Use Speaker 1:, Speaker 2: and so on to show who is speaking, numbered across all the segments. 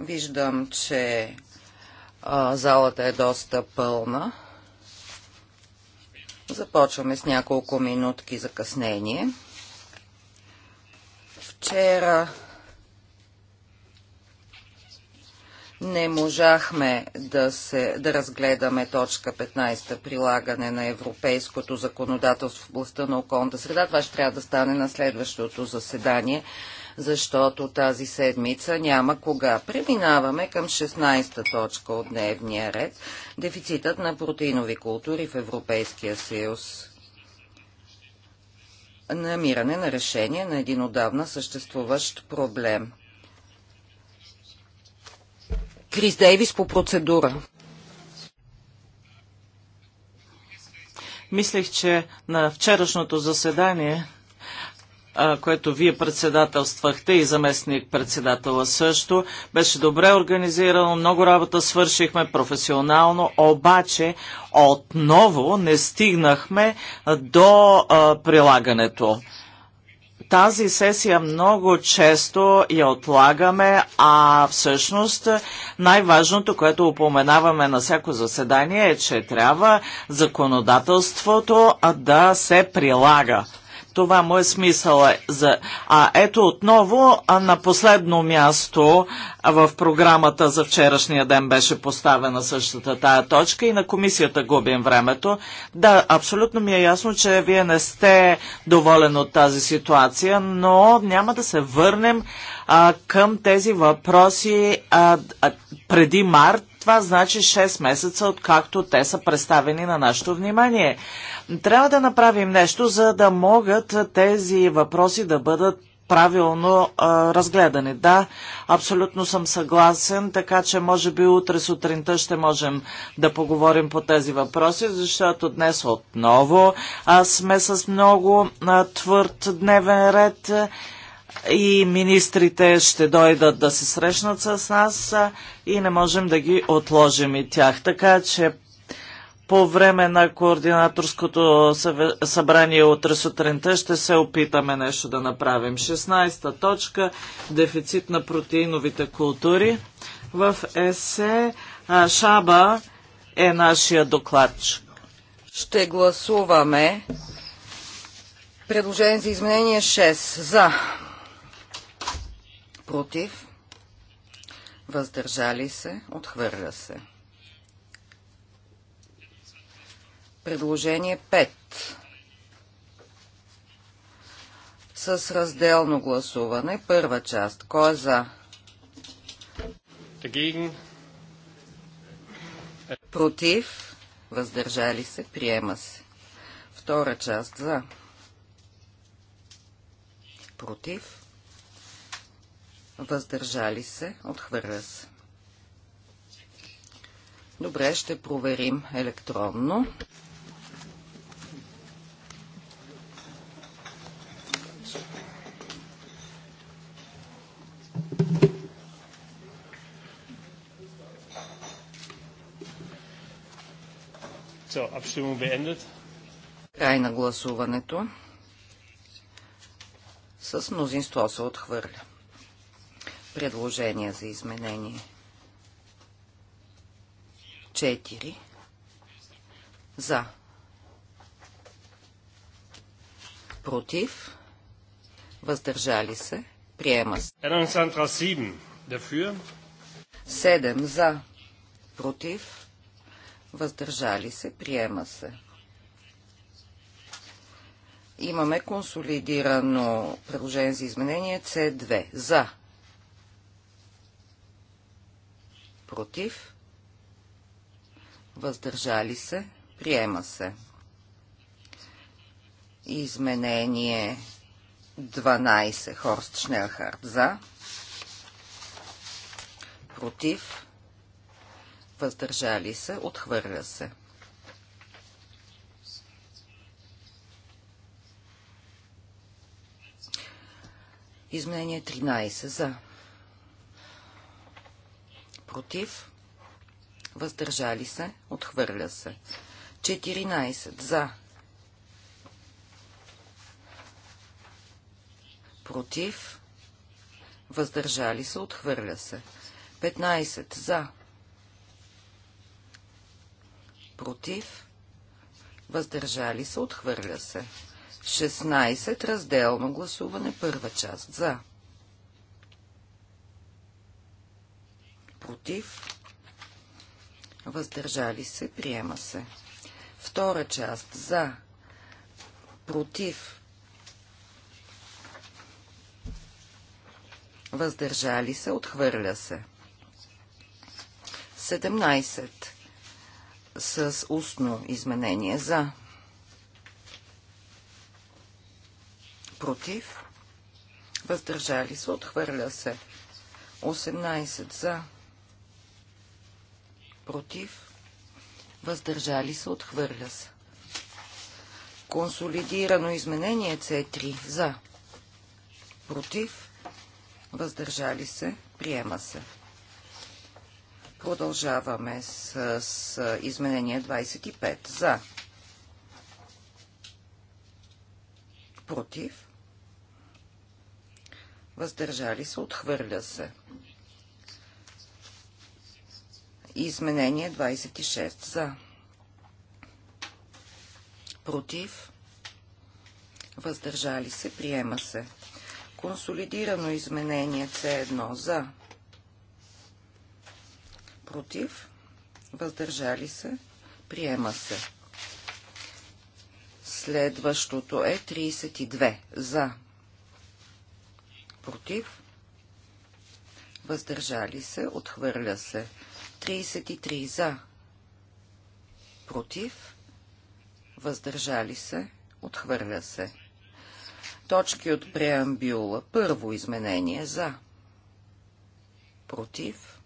Speaker 1: Виждам, че а, залата е доста пълна. Започваме с няколко минутки закъснение. Вчера не можахме да, се, да разгледаме точка 15 прилагане на европейското законодателство в областта на околната среда. Това ще трябва да стане на следващото заседание защото тази седмица няма кога. Преминаваме към 16-та точка от дневния ред – дефицитът на протеинови култури в Европейския съюз. Намиране на решение на един отдавна съществуващ проблем.
Speaker 2: Крис Дейвис по процедура. Мислех, че на вчерашното заседание което вие председателствахте и заместник председателя също. Беше добре организирано, много работа свършихме професионално, обаче отново не стигнахме до прилагането тази сесия много често я отлагаме, а всъщност най-важното, което упоменаваме на всяко заседание е, че трябва законодателството да се прилага. Това му е смисъл. Е, за... А ето отново на последно място в програмата за вчерашния ден беше поставена същата тая точка и на комисията губим времето. Да, абсолютно ми е ясно, че вие не сте доволен от тази ситуация, но няма да се върнем а, към тези въпроси а, а, преди март това значи 6 месеца, откакто те са представени на нашето внимание. Трябва да направим нещо, за да могат тези въпроси да бъдат правилно а, разгледани. Да, абсолютно съм съгласен, така че може би утре сутринта ще можем да поговорим по тези въпроси, защото днес отново а, сме с много а, твърд дневен ред. А, и министрите ще дойдат да се срещнат с нас и не можем да ги отложим и тях. Така че по време на координаторското събрание утре сутринта ще се опитаме нещо да направим. 16-та точка – дефицит на протеиновите култури. В ЕСЕ Шаба е нашия докладчик. Ще гласуваме
Speaker 1: предложение за изменение 6. За против, въздържали се, отхвърля се. Предложение 5 с разделно гласуване. Първа част. Кой е за? Против. Въздържали се. Приема се. Втора част. За. Против въздържали се, отхвърля се. Добре, ще проверим електронно. Край на гласуването. С мнозинство се отхвърля предложения за изменение. 4 за против въздържали се
Speaker 3: приема се. 7
Speaker 1: за против въздържали се приема се. Имаме консолидирано предложение за изменение с 2 за против, въздържали се, приема се. Изменение 12 Хорст Шнелхард за, против, въздържали се, отхвърля се. Изменение 13 за против, въздържали се, отхвърля се. 14 за, против, въздържали се, отхвърля се. 15 за, против, въздържали се, отхвърля се. 16 разделно гласуване, първа част за, против, въздържали се, приема се. Втора част за, против, въздържали се, отхвърля се. 17 с устно изменение за, против, въздържали се, отхвърля се. 18 за, против, въздържали се, отхвърля се. Консолидирано изменение C3 за, против, въздържали се, приема се. Продължаваме с, с изменение 25 за, против, въздържали се, отхвърля се. Изменение 26 за. Против. Въздържали се. Приема се. Консолидирано изменение C1 за. Против. Въздържали се. Приема се. Следващото е 32 за. Против. Въздържали се. Отхвърля се. 33 за, против, въздържали се, отхвърля се. Точки от преамбюла. Първо изменение за, против,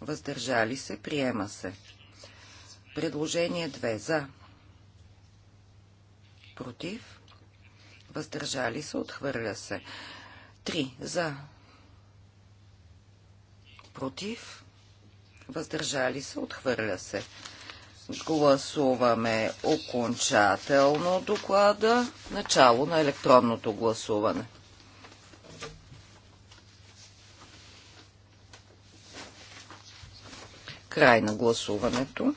Speaker 1: въздържали се, приема се. Предложение 2 за, против, въздържали се, отхвърля се. 3 за, против, въздържали се, отхвърля се. Гласуваме окончателно доклада, начало на електронното гласуване. Край на гласуването.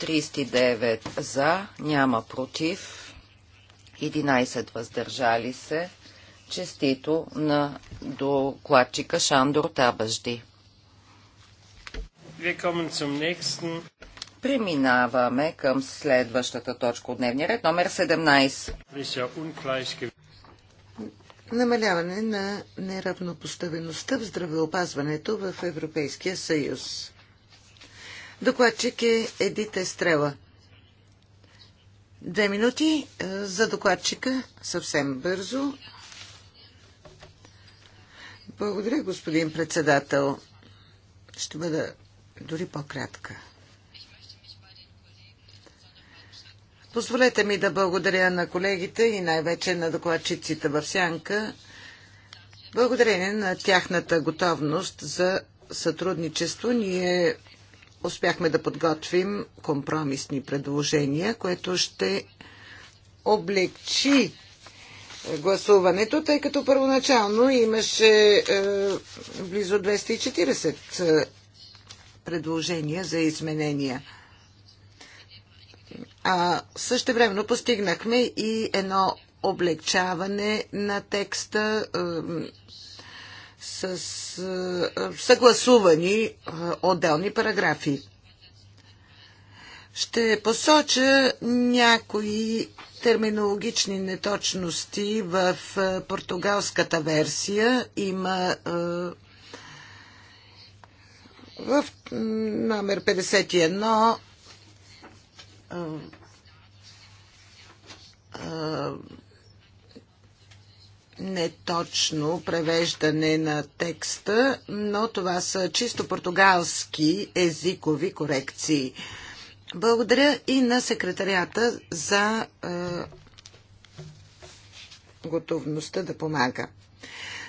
Speaker 1: 39 за, няма против, 11 въздържали се. Честито на докладчика Шандор Табажди. Преминаваме към следващата точка от дневния ред, номер 17.
Speaker 4: Намаляване на неравнопоставеността в здравеопазването в Европейския съюз. Докладчик е Едит Естрела. Две минути за докладчика, съвсем бързо. Благодаря, господин председател. Ще бъда дори по-кратка. Позволете ми да благодаря на колегите и най-вече на докладчиците в Сянка. Благодарение на тяхната готовност за сътрудничество ние успяхме да подготвим компромисни предложения, което ще облегчи гласуването, тъй като първоначално имаше е, близо 240 е, предложения за изменения. А също времено постигнахме и едно облегчаване на текста е, с е, съгласувани е, отделни параграфи. Ще посоча някои терминологични неточности в е, португалската версия. Има е, в номер 51 е, неточно превеждане на текста, но това са чисто португалски езикови корекции. Благодаря и на секретарията за е, готовността да помага.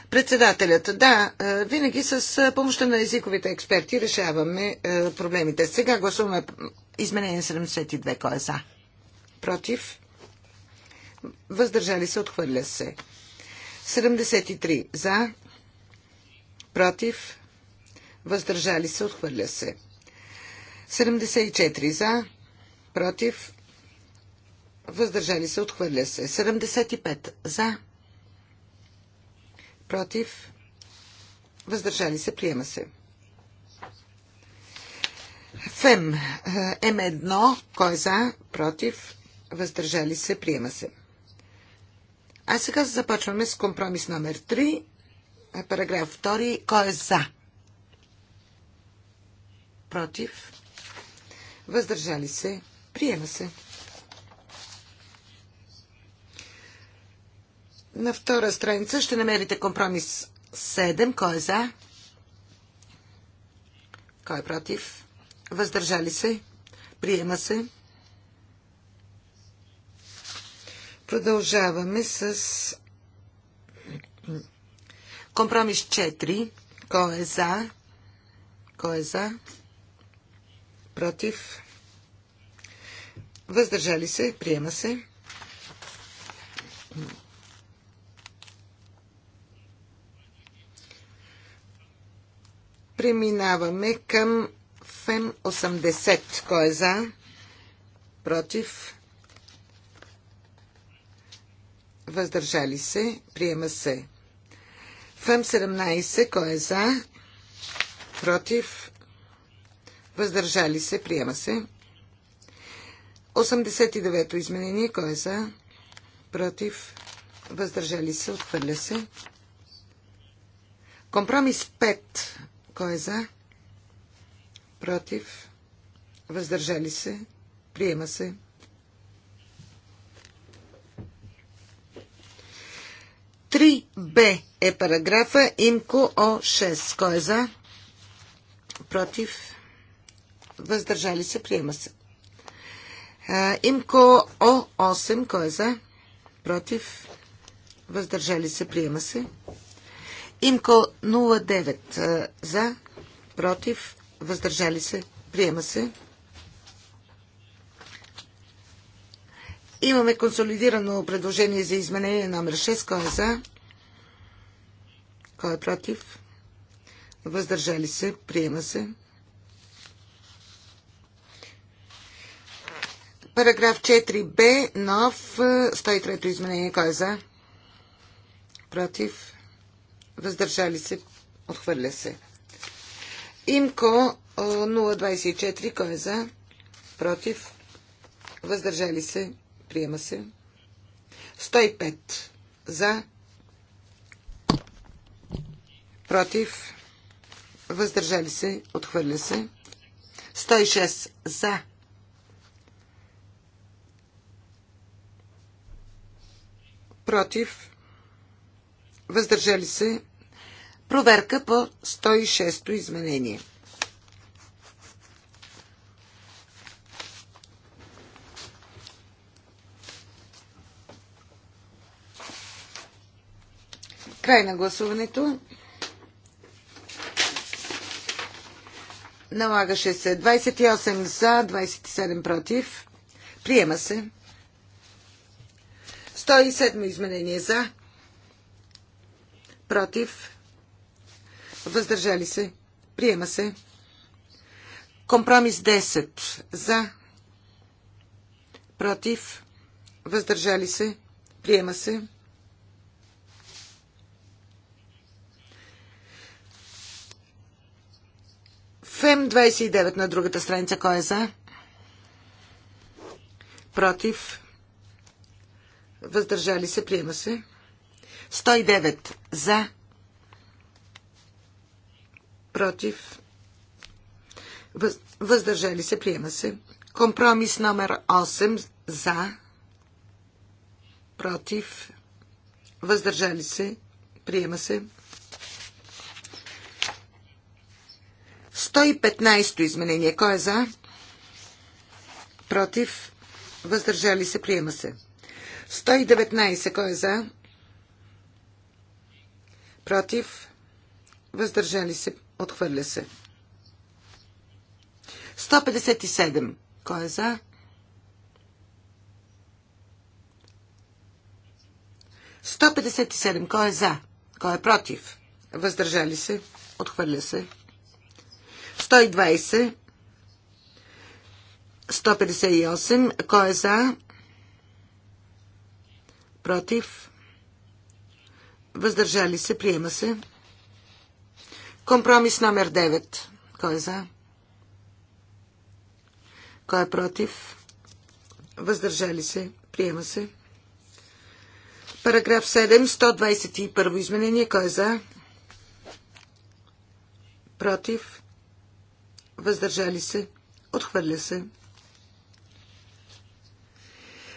Speaker 4: Председателят, да, е, винаги с е, помощта на езиковите експерти решаваме е, проблемите. Сега гласуваме изменение 72. Кой е за? Против? Въздържали се, отхвърля се. 73 за, против, въздържали се, отхвърля се. 74 за, против, въздържали се, отхвърля се. 75 за, против, въздържали се, приема се. ФЕМ е, М1, кой е за, против, въздържали се, приема се. А сега започваме с компромис номер 3, параграф 2, кой е за, против, въздържали се, приема се. На втора страница ще намерите компромис 7. Кой е за? Кой е против? Въздържали се? Приема се? Продължаваме с компромис 4. Кой е за? Кой е за? против, въздържали се, приема се. Преминаваме към ФЕМ 80. Кой е за? Против? Въздържали се? Приема се. ФЕМ 17. Кой е за? Против? въздържали се, приема се. 89-то изменение, кой е за, против, въздържали се, отхвърля се. Компромис 5, кой е за, против, въздържали се, приема се. Три Б е параграфа, имко О6. Кой е за? Против? въздържали се, приема се. Имко О8, кой е за? Против, въздържали се, приема се. Имко 09 за, против, въздържали се, приема се. Имаме консолидирано предложение за изменение номер 6. Кой е за? Кой е против? Въздържали се, приема се. Параграф 4б, нов, 103-то е, изменение. Кой е за? Против? Въздържали се? Отхвърля се. Имко 024. Е, Кой е за? Против? Въздържали се? Приема се. 105. За? Против? Въздържали се? Отхвърля се. 106. За? против, въздържали се. Проверка по 106-то изменение. Край на гласуването. Налагаше се 28 за, 27 против. Приема се. 107 изменение за. Против. Въздържали се. Приема се. Компромис 10 за. Против. Въздържали се. Приема се. ФЕМ 29 на другата страница. Кой е за? Против въздържали се, приема се. 109 за, против, въздържали се, приема се. Компромис номер 8 за, против, въздържали се, приема се. 115-то изменение. Кой е за? Против? Въздържали се? Приема се. 119. Кой е за? Против? Въздържали се. Отхвърля се. 157. Кой е за? Сто Кой е за? Кой е против? Въздържали се? Отхвърля се. 120. 158. Кой е за? против, въздържали се, приема се. Компромис номер 9. Кой е за? Кой е против? Въздържали се, приема се. Параграф 7, 121 изменение. Кой е за? Против? Въздържали се? Отхвърля се.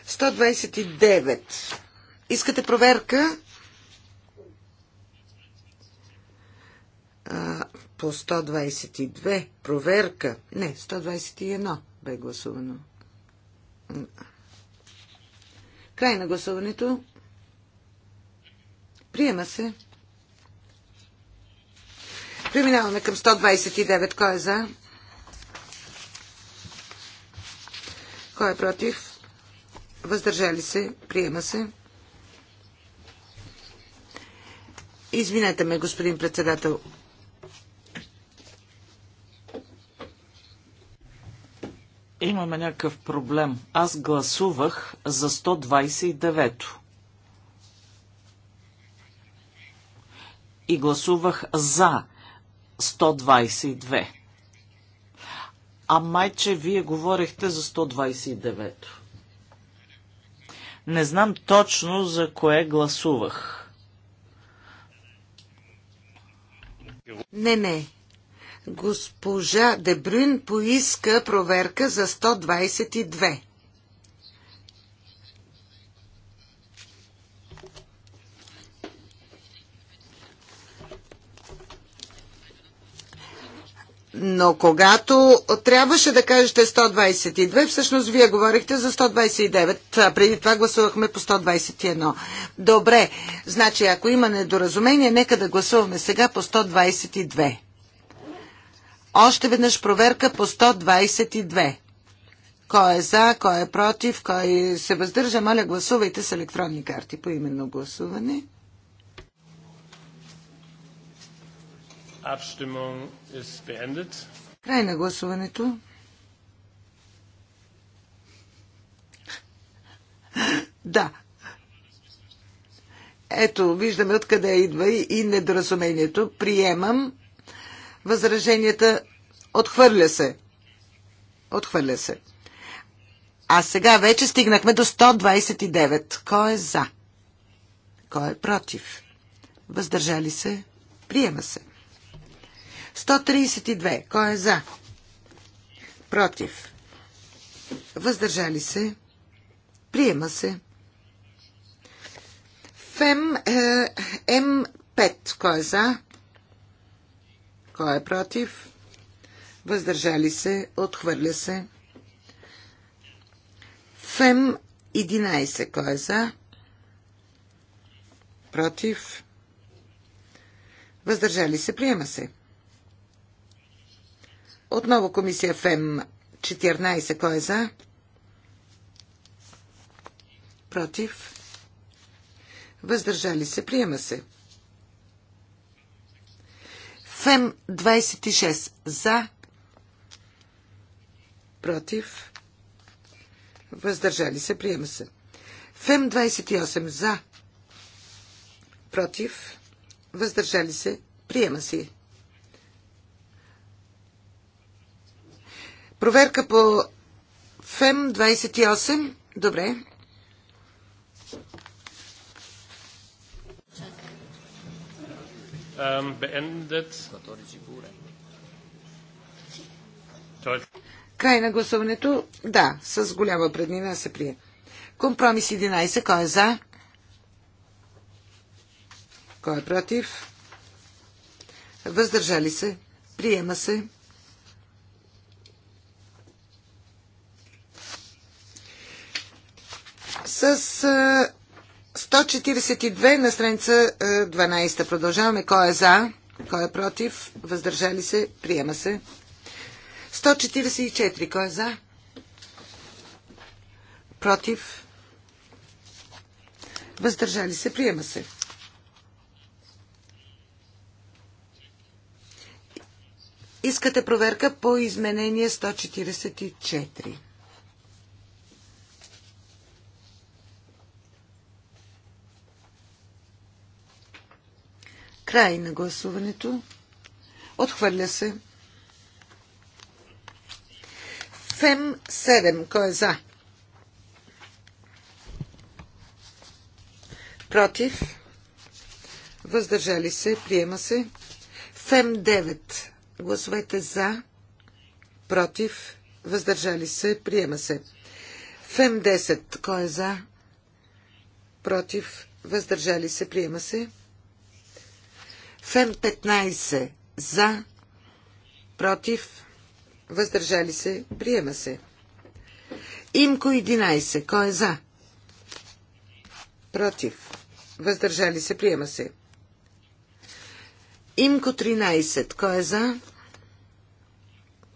Speaker 4: 129. Искате проверка? А, по 122. Проверка. Не, 121 бе гласувано. Край на гласуването. Приема се. Преминаваме към 129. Кой е за? Кой е против? Въздържали се? Приема се. Извинете ме, господин председател.
Speaker 2: Имаме някакъв проблем. Аз гласувах за 129-то. И гласувах за 122. А майче, вие говорихте за 129-то. Не знам точно за кое гласувах. Не, не.
Speaker 4: Госпожа Дебрюн поиска проверка за 122. Но когато трябваше да кажете 122, всъщност вие говорихте за 129, а преди това гласувахме по 121. Добре, значи ако има недоразумение, нека да гласуваме сега по 122. Още веднъж проверка по 122. Кой е за, кой е против, кой се въздържа, моля гласувайте с електронни карти по именно гласуване.
Speaker 3: Abstimmung ist beendet.
Speaker 4: Край на гласуването. Да. Ето, виждаме откъде идва и недоразумението. Приемам възраженията. Отхвърля се. Отхвърля се. А сега вече стигнахме до 129. Кой е за? Кой е против? Въздържали се? Приема се. 132. Кой е за? Против. Въздържали се. Приема се. ФЕМ е, М5. Кой е за? Кой е против? Въздържали се. Отхвърля се. ФЕМ 11. Кой е за? Против. Въздържали се. Приема се. Отново комисия ФЕМ 14. Кой е за? Против. Въздържали се. Приема се. ФЕМ 26. За. Против. Въздържали се. Приема се. ФЕМ 28. За. Против. Въздържали се. Приема се. Проверка по ФЕМ 28. Добре. Край на гласуването. Да, с голяма преднина се прие. Компромис 11. Кой е за? Кой е против? Въздържали се. Приема се. с 142 на страница 12. Продължаваме. Кой е за? Кой е против? Въздържали се? Приема се. 144. Кой е за? Против? Въздържали се? Приема се. Искате проверка по изменение 144. Край на гласуването. Отхвърля се. Фем 7. Кой е за? Против. Въздържали се. Приема се. Фем 9. Гласовете за. Против. Въздържали се. Приема се. Фем 10. Кой е за? Против. Въздържали се. Приема се. Фем 15 за, против, въздържали се, приема се. Имко 11, кой е за? Против, въздържали се, приема се. Имко 13, кой е за?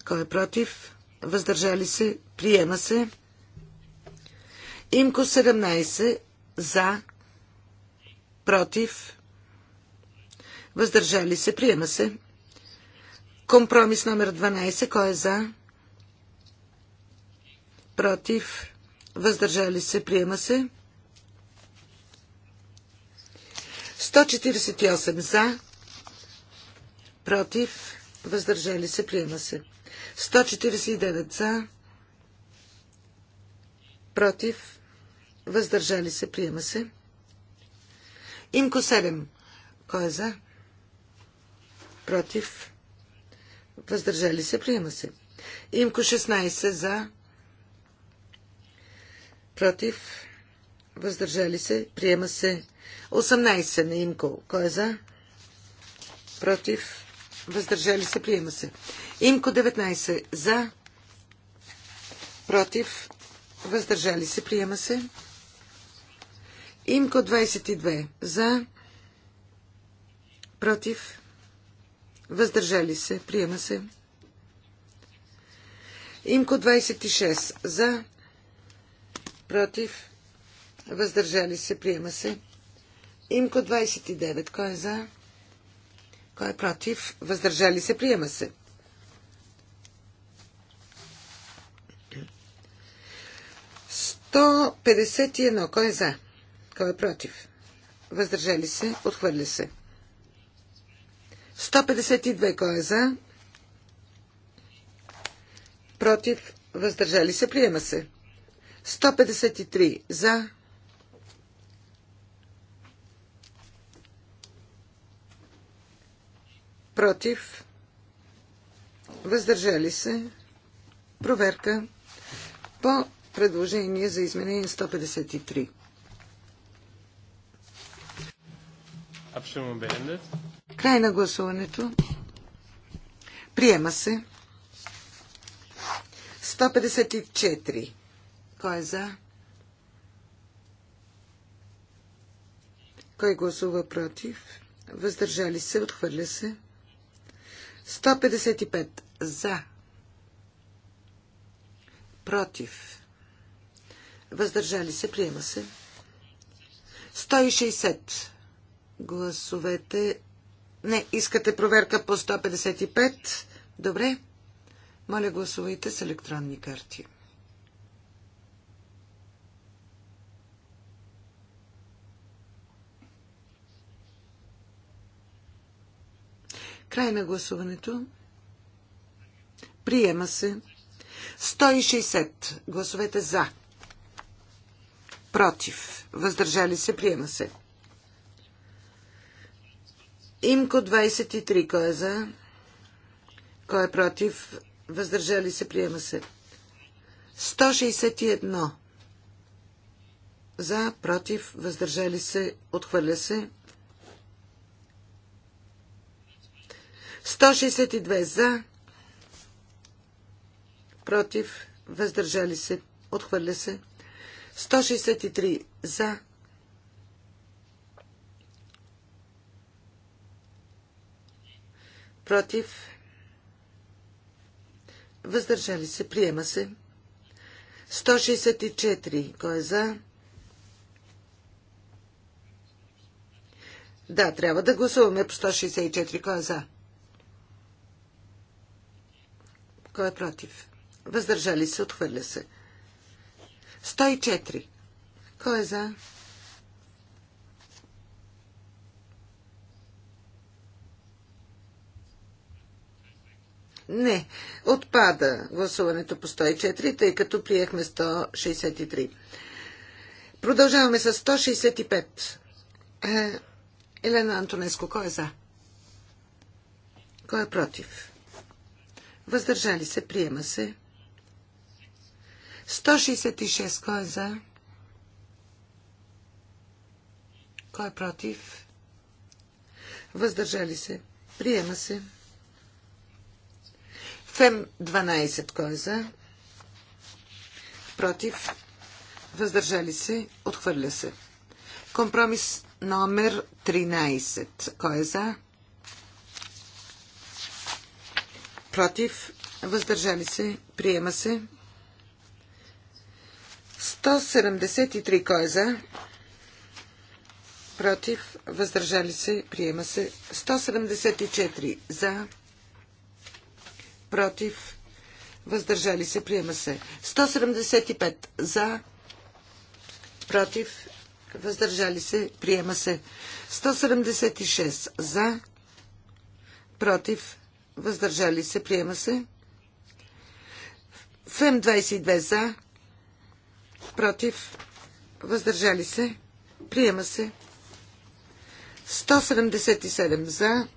Speaker 4: Кой е против? Въздържали се, приема се. Имко 17, за, против, въздържали се, приема се. Компромис номер 12, кой е за? Против, въздържали се, приема се. 148 за, против, въздържали се, приема се. 149 за, против, въздържали се, приема се. Имко 7. Кой е за? против, въздържали се, приема се. Имко 16 за, против, въздържали се, приема се. 18 на Имко, кой е за? Против, въздържали се, приема се. Имко 19 за, против, въздържали се, приема се. Имко 22 за, против, Въздържали се. Приема се. Имко 26. За. Против. Въздържали се. Приема се. Имко 29. Кой е за? Кой е против? Въздържали се. Приема се. Сто 151. Кой е за? Кой е против? Въздържали се. Отхвърля се. 152. Кой е за? Против. Въздържали се. Приема се. 153. За. Против. Въздържали се. Проверка по предложение за изменение 153.
Speaker 3: Abstimmung beendet.
Speaker 4: Край на гласуването. Приема се. 154. Кой е за? Кой гласува против? Въздържали се, отхвърля се. 155. За. Против. Въздържали се, приема се. 160. Гласовете не, искате проверка по 155. Добре. Моля, гласувайте с електронни карти. Край на гласуването. Приема се. 160 гласовете за. Против. Въздържали се. Приема се. Имко 23. Кой е за? Кой е против? Въздържали се, приема се. 161. За, против, въздържали се, отхвърля се. 162 за, против, въздържали се, отхвърля се. 163 за, против, въздържали се, приема се. 164, кой е за? Да, трябва да гласуваме по 164, кой е за? Кой е против? Въздържали се, отхвърля се. 104, кой е за? Не, отпада гласуването по 104, тъй като приехме 163. Продължаваме с 165. Е, Елена Антонеско, кой е за? Кой е против? Въздържали се, приема се. 166, кой е за? Кой е против? Въздържали се, приема се. Фем 12, кой е за? Против. Въздържали се. Отхвърля се. Компромис номер 13. Кой е за? Против. Въздържали се. Приема се. 173. Кой е за? Против. Въздържали се. Приема се. 174. За против, въздържали се, приема се. 175 за, против, въздържали се, приема се. 176 за, против, въздържали се, приема се. ФЕМ 22 за, против, въздържали се, приема се. 177 за,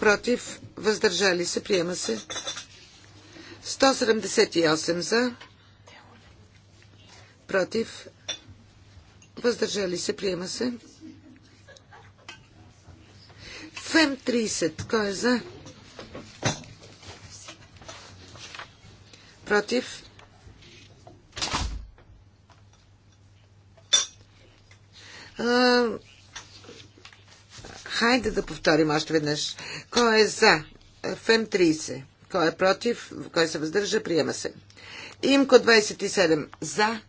Speaker 4: против, въздържали се, приема се. 178 за, против, въздържали се, приема се. ФЕМ 30, кой е за? Против. А, Хайде да повторим още веднъж. Кой е за? ФЕМ 30. Кой е против? Кой се въздържа? Приема се. Имко 27. За.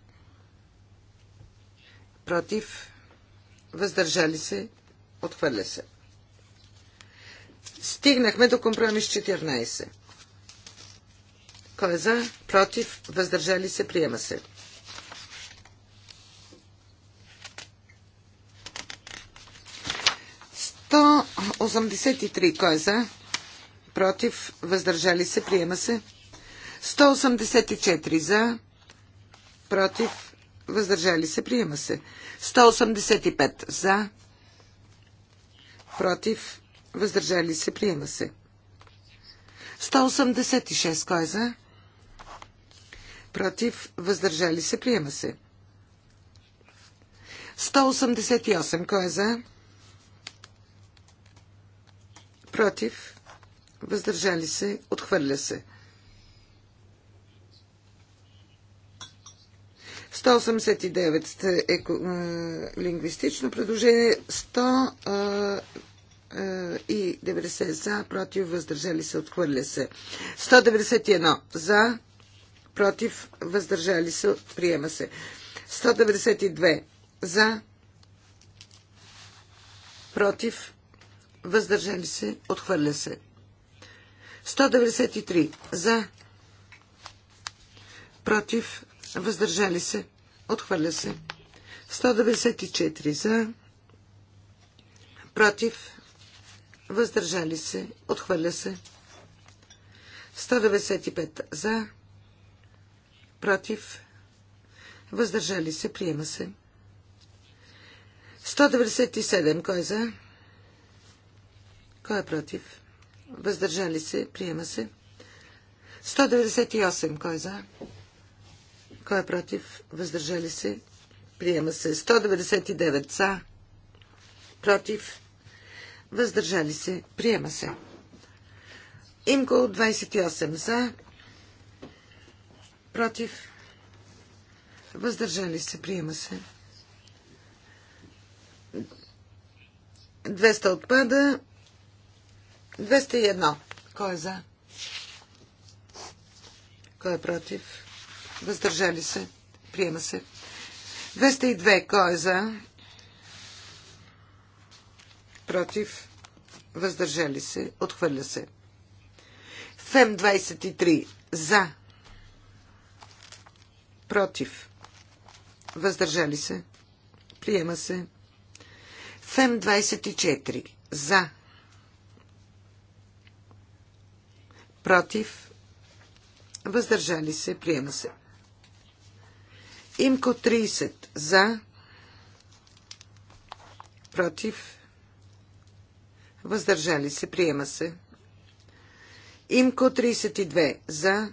Speaker 4: Против. Въздържали се. Отхвърля се. Стигнахме до компромис 14. Кой е за? Против. Въздържали се. Приема се. 83, Кой е за? Против. Въздържали се. Приема се. 184 за. Против. Въздържали се. Приема се. 185 за. Против. Въздържали се. Приема се. 186. Кой е за? Против. Въздържали се. Приема се. 188. Кой е за? против, въздържали се, отхвърля се. 189 е лингвистично предложение, 190 за, против, въздържали се, отхвърля се. 191 за, против, въздържали се, приема се. 192 за, против, въздържали се, отхвърля се. 193 за, против, въздържали се, отхвърля се. 194 за, против, въздържали се, отхвърля се. 195 за, против, въздържали се, приема се. 197 кой е за? Кой е против? Въздържали се. Приема се. 198. Кой е за? Кой е против? Въздържали се. Приема се. 199 за. Против. Въздържали се. Приема се. Имко 28 за. Против. Въздържали се. Приема се. 200 отпада. 201. Кой е за? Кой е против? Въздържали се. Приема се. 202. Кой е за? Против. Въздържали се. Отхвърля се. ФЕМ 23. За. Против. Въздържали се. Приема се. ФЕМ 24. За. против, въздържали се, приема се. Имко 30 за, против, въздържали се, приема се. Имко 32 за,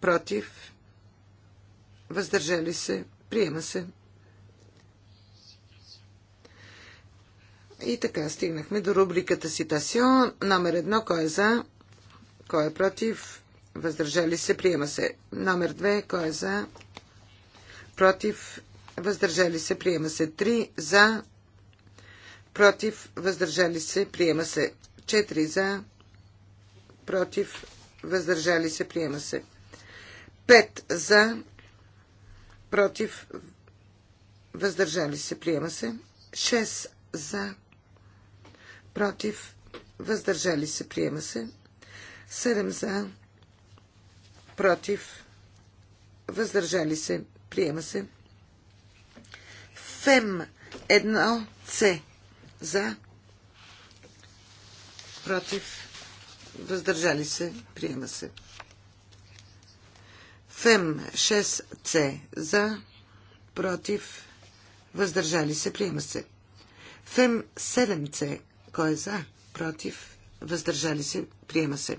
Speaker 4: против, въздържали се, приема се. И така, стигнахме до рубриката Ситасион. Номер едно, кой е за, кой е против, въздържали се, приема се. Номер две, кой е за, против, въздържали се, приема се. Три, за, против, въздържали се, приема се. Четири, за, против, въздържали се, приема се. Пет, за, против, въздържали се, приема се. 6 за, против, въздържали се, приема се. 7 за, против, въздържали се, приема се. Фем 1 С за, против, въздържали се, приема се. Фем 6 С за, против, въздържали се, приема се. Фем 7 С кой е за? Против? Въздържали се? Приема се.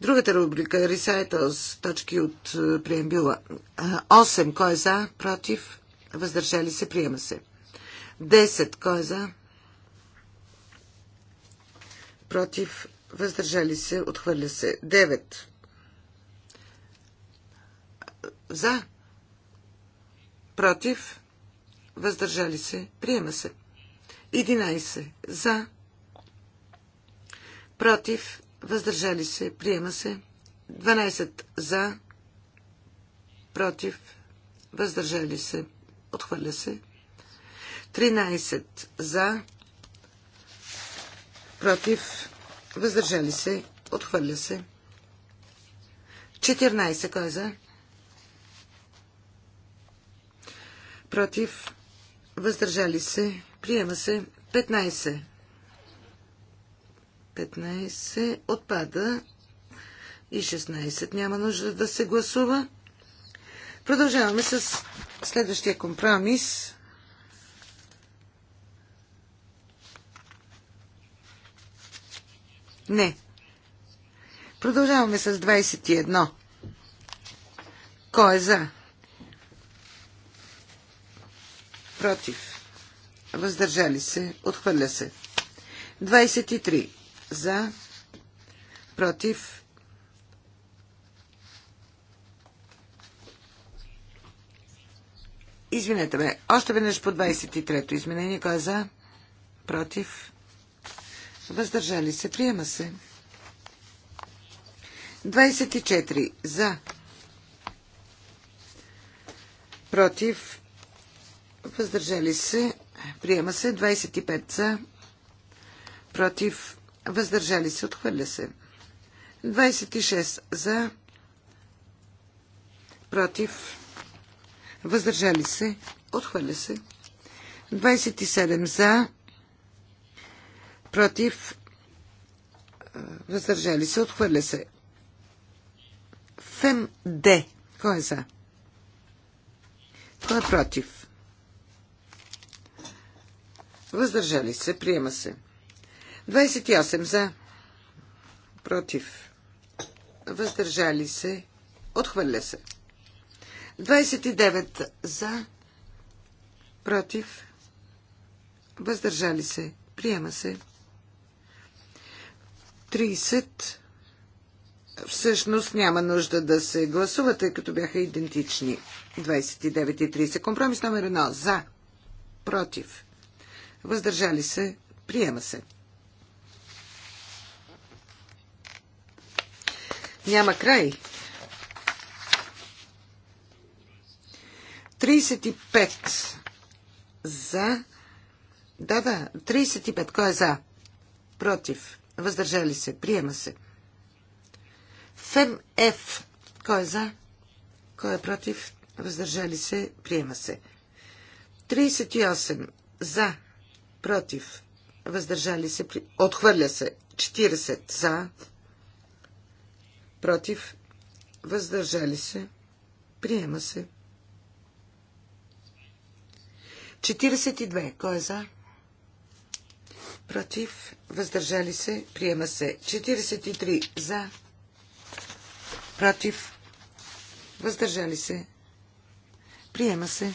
Speaker 4: Другата рубрика Recitals, точки от е, преембюла. 8. Кой е за? Против? Въздържали се? Приема се. 10. Кой е за? Против? Въздържали се? Отхвърля се. 9. За? Против? Въздържали се? Приема се. 11 за, против, въздържали се, приема се. 12 за, против, въздържали се, отхвърля се. 13 за, против, въздържали се, отхвърля се. 14 кой е за? Против, въздържали се, Приема се 15. 15 отпада и 16 няма нужда да се гласува. Продължаваме с следващия компромис. Не. Продължаваме с 21. Кой е за? Против въздържали се, отхвърля се. 23 за, против, Извинете ме, още веднъж по 23-то изменение, кой е за, против, въздържали се, приема се. 24 за, против, въздържали се, Приема се 25 за. Против. Въздържали се. Отхвърля се. 26 за. Против. Въздържали се. Отхвърля се. 27 за. Против. Въздържали се. Отхвърля се. Фем Д. Кой е за? Кой е против? Въздържали се. Приема се. 28 за. Против. Въздържали се. Отхвърля се. 29 за. Против. Въздържали се. Приема се. 30. Всъщност няма нужда да се гласува, тъй като бяха идентични. 29 и 30. Компромис номер 1. За. Против въздържали се, приема се. Няма край. 35 за. Да, да, 35. Кой е за? Против. Въздържали се. Приема се. Фем Ф. Кой е за? Кой е против? Въздържали се. Приема се. 38. За против, въздържали се, отхвърля се 40 за, против, въздържали се, приема се. 42. Кой е за? Против. Въздържали се. Приема се. 43. За. Против. Въздържали се. Приема се.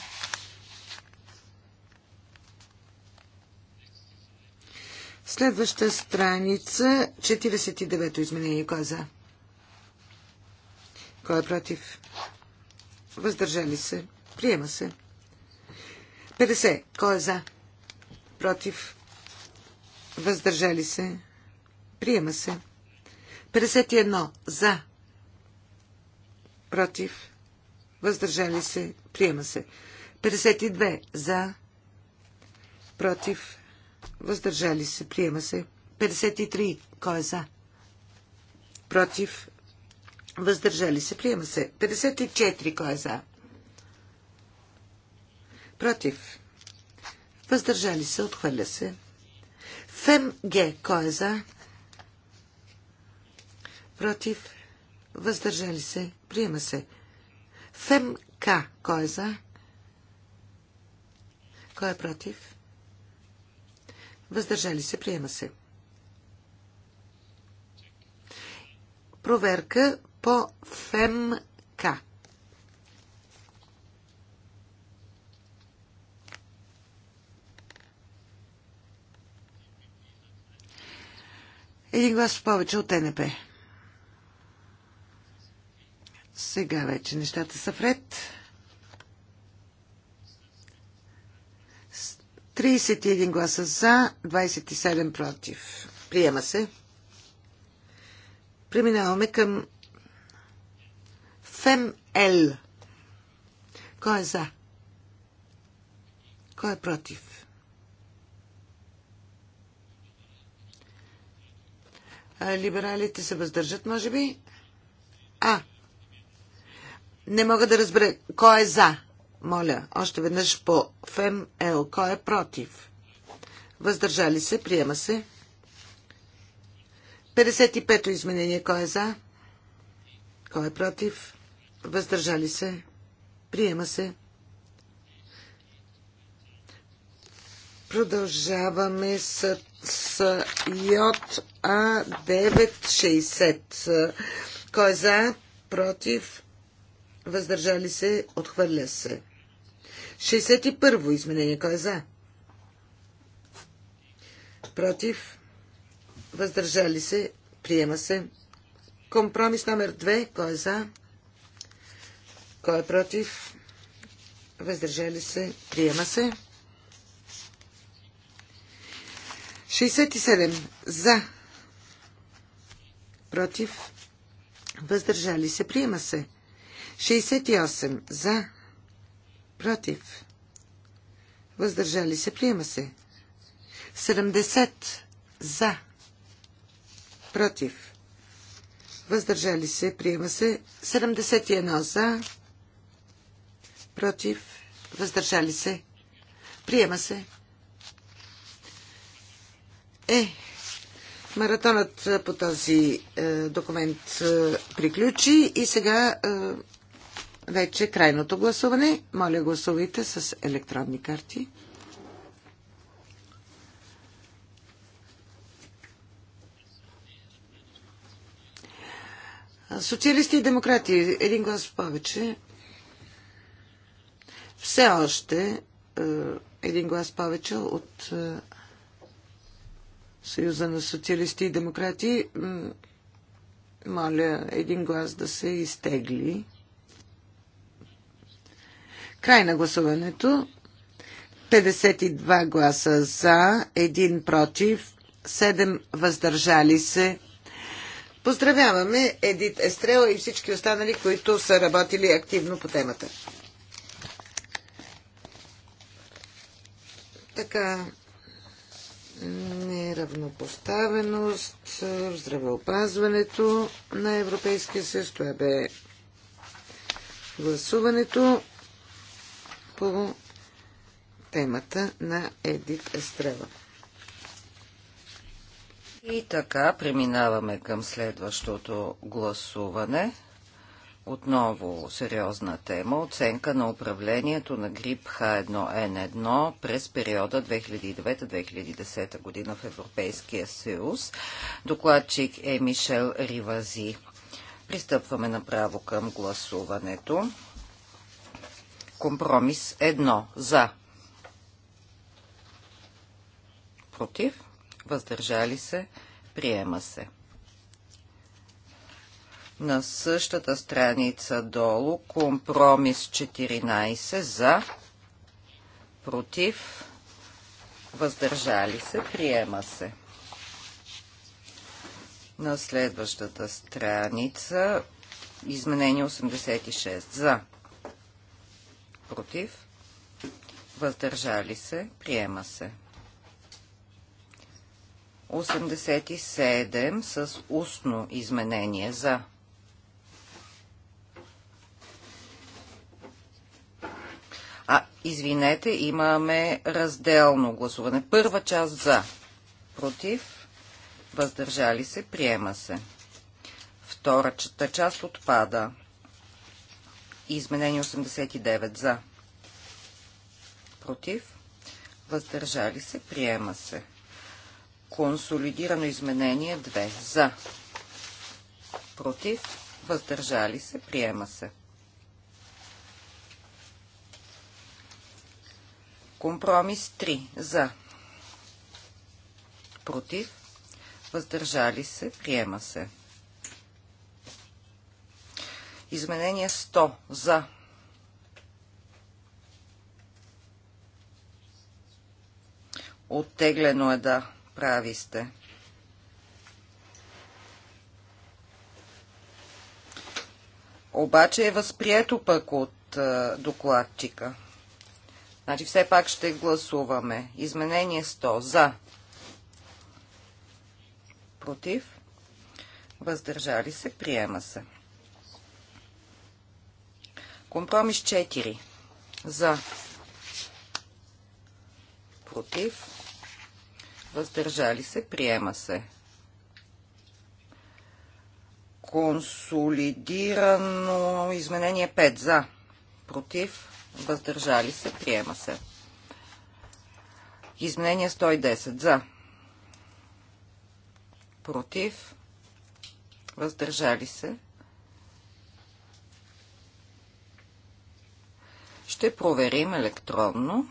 Speaker 4: Следваща страница, 49-то изменение. Кой е за? Кой е против? Въздържали се. Приема се. 50. Кой е за? Против? Въздържали се. Приема се. 51. За. Против. Въздържали се. Приема се. 52. За. Против въздържали се, приема се. 53, кой е за? Против, въздържали се, приема се. 54, кой е за? Против, въздържали се, отхвърля се. Фем Г, кой е за? Против, въздържали се, приема се. Фем К, кой е за? Кой е против? въздържали се, приема се. Проверка по ФМК. Един глас повече от НП. Сега вече нещата са вред. 31 гласа за, 27 против. Приема се. Преминаваме към ФМЛ. Кой е за? Кой е против? А, либералите се въздържат, може би? А. Не мога да разбера. Кой е за? Моля, още веднъж по ФЕМ Ел. Кой е против? Въздържали се, приема се. 55-то изменение. Кой е за? Кой е против? Въздържали се. Приема се. Продължаваме с, с JA960. Кой е за? Против? Въздържали се? Отхвърля се. 61-во изменение. Кой е за? Против. Въздържали се. Приема се. Компромис номер 2. Кой е за? Кой е против? Въздържали се. Приема се. 67. За. Против. Въздържали се. Приема се. 68. За против, въздържали се, приема се. 70 за, против, въздържали се, приема се. 71 за, против, въздържали се, приема се. Е, маратонът по този е, документ е, приключи и сега е, вече крайното гласуване. Моля, гласувайте с електронни карти. Социалисти и демократи, един глас повече. Все още е, един глас повече от е, Съюза на социалисти и демократи. Моля един глас да се изтегли. Край на гласуването. 52 гласа за, 1 против, 7 въздържали се. Поздравяваме Едит Естрела и всички останали, които са работили активно по темата. Така, неравнопоставеност в здравеопазването на Европейския съюз. Това бе гласуването по темата на Едит Естрела.
Speaker 1: И така преминаваме към следващото гласуване. Отново сериозна тема – оценка на управлението на грип H1N1 през периода 2009-2010 година в Европейския съюз. Докладчик е Мишел Ривази. Пристъпваме направо към гласуването. Компромис 1 за. Против. Въздържали се. Приема се. На същата страница долу компромис 14 за. Против. Въздържали се. Приема се. На следващата страница изменение 86 за против, въздържали се, приема се. 87 с устно изменение за. А, извинете, имаме разделно гласуване. Първа част за, против, въздържали се, приема се. Втората част отпада и изменение 89 за. Против. Въздържали се. Приема се. Консолидирано изменение 2 за. Против. Въздържали се. Приема се. Компромис 3 за. Против. Въздържали се. Приема се. Изменение 100 за. Оттеглено е да прави сте. Обаче е възприето пък от е, докладчика. Значи все пак ще гласуваме. Изменение 100. За. Против. Въздържали се. Приема се. Компромис 4. За. Против. Въздържали се. Приема се. Консолидирано изменение 5. За. Против. Въздържали се. Приема се. Изменение 110. За. Против. Въздържали се. Ще проверим електронно.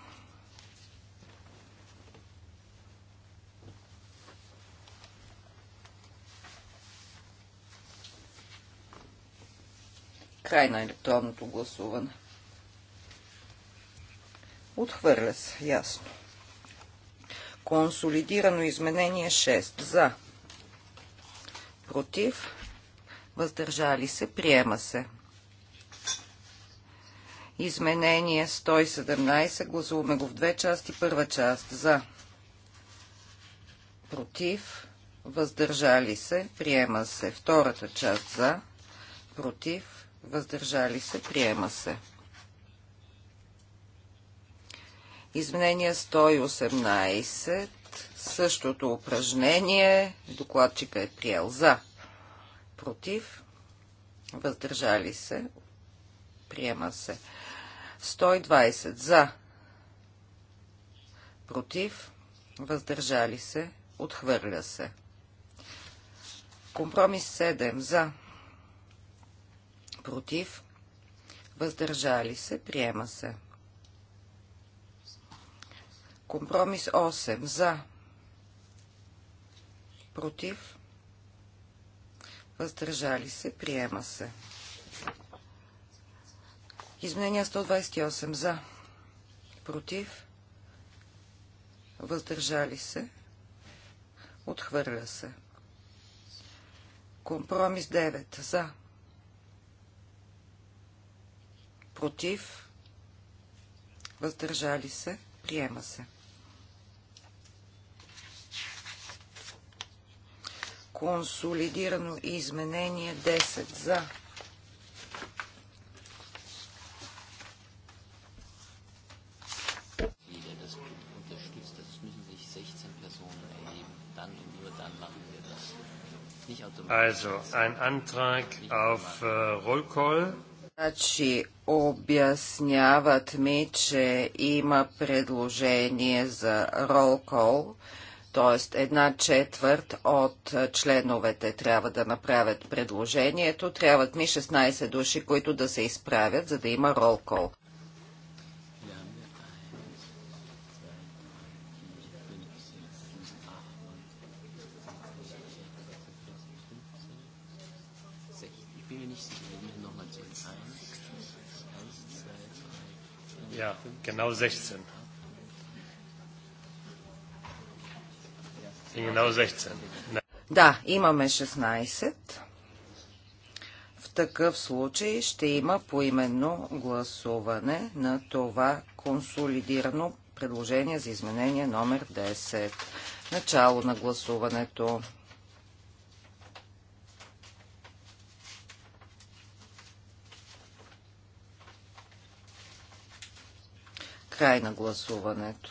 Speaker 1: край на електронното гласуване. Отхвърля се, ясно. Консолидирано изменение 6. За. Против. Въздържали се. Приема се. Изменение 117. Гласуваме го в две части. Първа част за. Против. Въздържали се. Приема се. Втората част за. Против. Въздържали се. Приема се. Изменение 118. Същото упражнение. Докладчика е приел за. Против. Въздържали се. Приема се. 120 за, против, въздържали се, отхвърля се. Компромис 7 за, против, въздържали се, приема се. Компромис 8 за, против, въздържали се, приема се. Изменение 128 за, против, въздържали се, отхвърля се. Компромис 9 за, против, въздържали се, приема се. Консолидирано изменение 10
Speaker 3: за Also, ein Antrag auf äh, Roll Call.
Speaker 1: Значи обясняват ми, че има предложение за ролкол, т.е. една четвърт от е, членовете трябва да направят предложението. Трябват ми 16 души, които да се изправят, за да има ролкол.
Speaker 3: Genau 16. Genau 16.
Speaker 1: Да, имаме 16. В такъв случай ще има поименно гласуване на това консолидирано предложение за изменение номер 10. Начало на гласуването. Край на гласуването.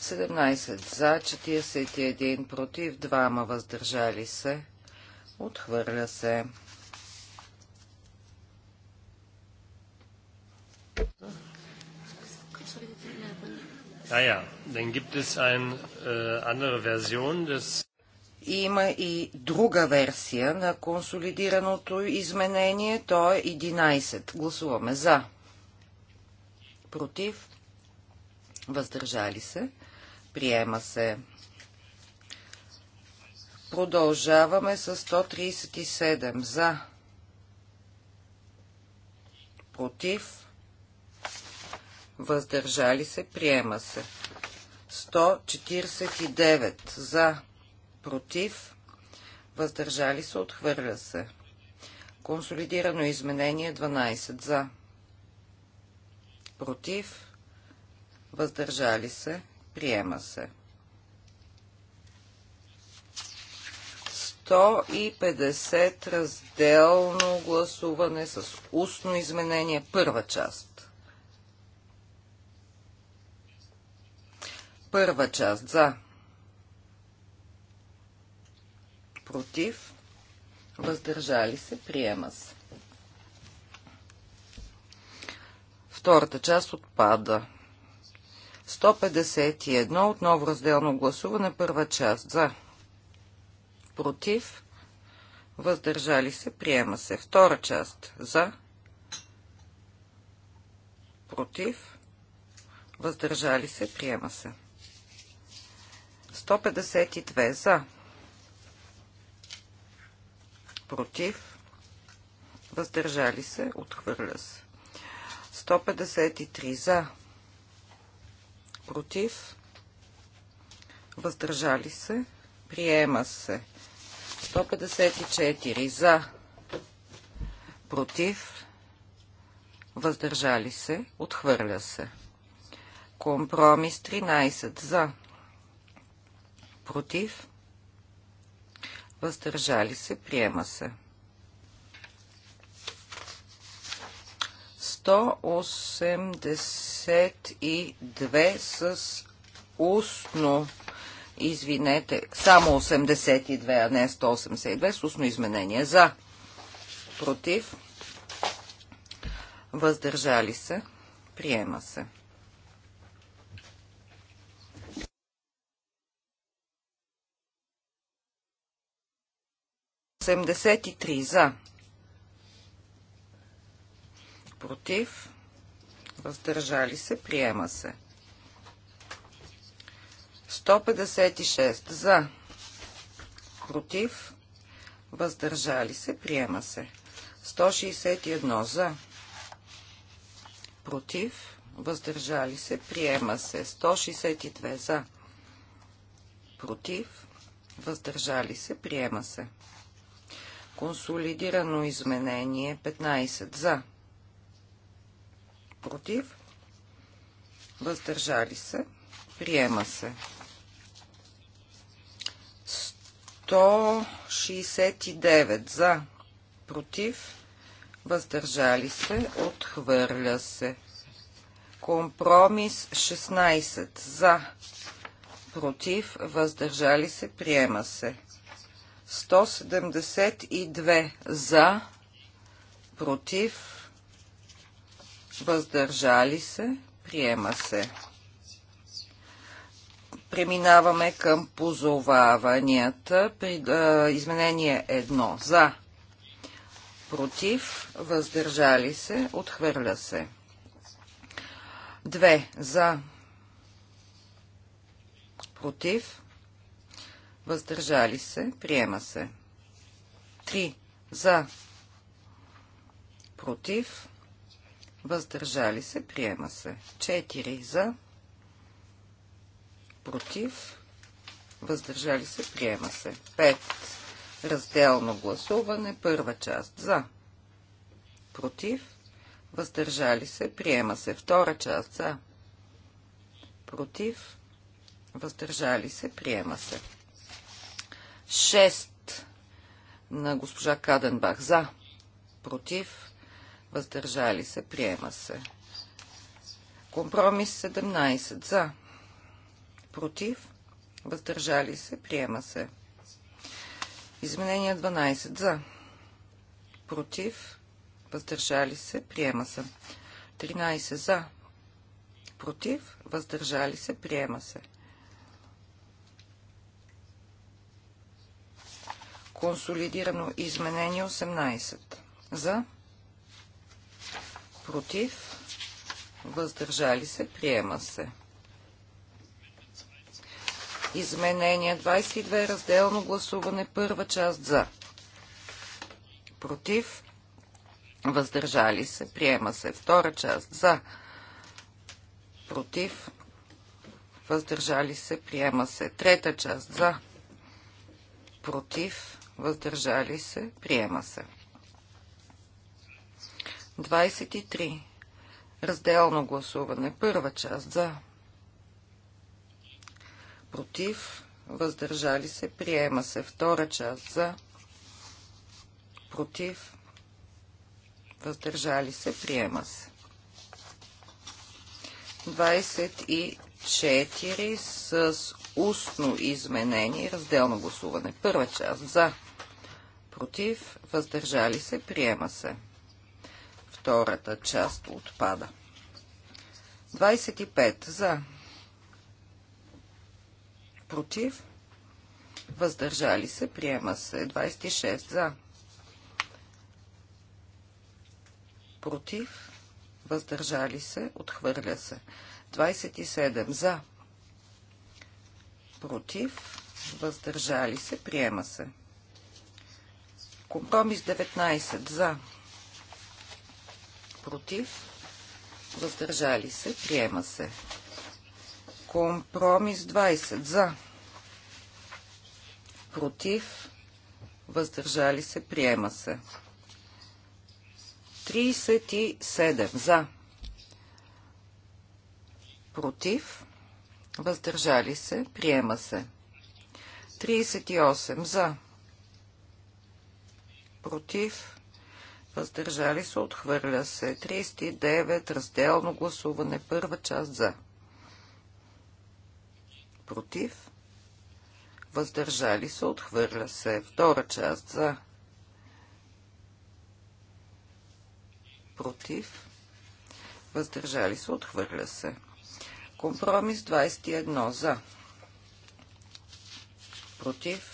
Speaker 1: 17 за, 41 против, 2 ма въздържали се. Отхвърля се.
Speaker 3: Naja, dann gibt es eine äh, andere Version des
Speaker 1: има и друга версия на консолидираното изменение. То е 11. Гласуваме за. Против. Въздържали се. Приема се. Продължаваме с 137. За. Против. Въздържали се. Приема се. 149. За против, въздържали се, отхвърля се. Консолидирано изменение 12 за, против, въздържали се, приема се. 150 разделно гласуване с устно изменение, първа част. Първа част за против, въздържали се, приема се. Втората част отпада. 151, отново разделно гласуване, първа част за, против, въздържали се, приема се. Втора част за, против, въздържали се, приема се. 152 за, против, въздържали се, отхвърля се. 153 за, против, въздържали се, приема се. 154 за, против, въздържали се, отхвърля се. Компромис 13 за, против, въздържали се, приема се. 182 с устно, извинете, само 82, а не 182 с устно изменение. За, против, въздържали се, приема се. 83 за. Против. Въздържали се. Приема се. 156 за. Против. Въздържали се. Приема се. 161 за. Против. Въздържали се. Приема се. 162 за. Против. Въздържали се. Приема се. Консолидирано изменение 15 за. Против. Въздържали се. Приема се. 169 за. Против. Въздържали се. Отхвърля се. Компромис 16 за. Против. Въздържали се. Приема се. 172 за, против, въздържали се, приема се. Преминаваме към позоваванията. изменение 1 за, против, въздържали се, отхвърля се. 2 за, против, въздържали се, приема се. 3 за, против, въздържали се, приема се. 4 за, против, въздържали се, приема се. 5. Разделно гласуване, първа част за, против, въздържали се, приема се. Втора част за, против, въздържали се, приема се. 6 на госпожа Каденбах. За. Против. Въздържали се. Приема се. Компромис 17. За. Против. Въздържали се. Приема се. Изменение 12. За. Против. Въздържали се. Приема се. 13. За. Против. Въздържали се. Приема се. Консолидирано изменение 18. За. Против. Въздържали се. Приема се. Изменение 22. Разделно гласуване. Първа част за. Против. Въздържали се. Приема се. Втора част за. Против. Въздържали се. Приема се. Трета част за. Против въздържали се, приема се. 23. Разделно гласуване. Първа част за. Против. Въздържали се. Приема се. Втора част за. Против. Въздържали се. Приема се. 24 с устно изменение разделно гласуване. Първа част за против, въздържали се, приема се. Втората част отпада. 25 за, против, въздържали се, приема се. 26 за, против, въздържали се, отхвърля се. 27 за, против, въздържали се, приема се. Компромис 19 за, против, въздържали се, приема се. Компромис 20 за, против, въздържали се, приема се. 37 за, против, въздържали се, приема се. 38 за, против, въздържали се, отхвърля се. 39, разделно гласуване, първа част за, против, въздържали се, отхвърля се. Втора част за, против, въздържали се, отхвърля се. Компромис 21 за, против,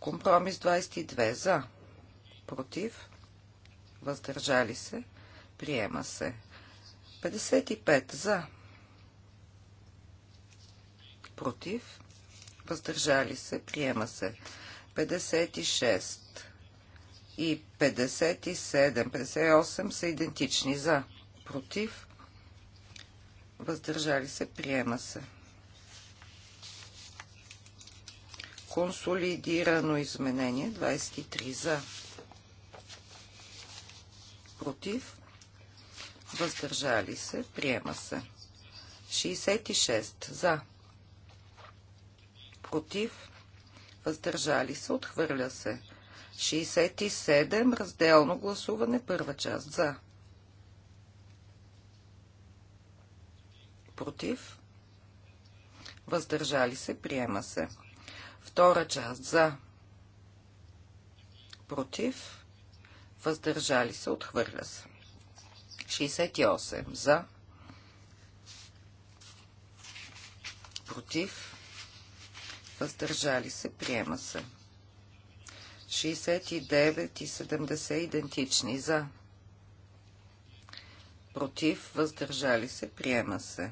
Speaker 1: Компромис 22 за, против, въздържали се, приема се. 55 за, против, въздържали се, приема се. 56 и 57, 58 са идентични за, против, въздържали се, приема се. консолидирано изменение 23 за. Против. Въздържали се. Приема се. 66 за. Против. Въздържали се. Отхвърля се. 67 разделно гласуване. Първа част за. Против. Въздържали се. Приема се. Втора част за. Против. Въздържали се. Отхвърля се. 68 за. Против. Въздържали се. Приема се. 69 и 70 идентични за. Против. Въздържали се. Приема се.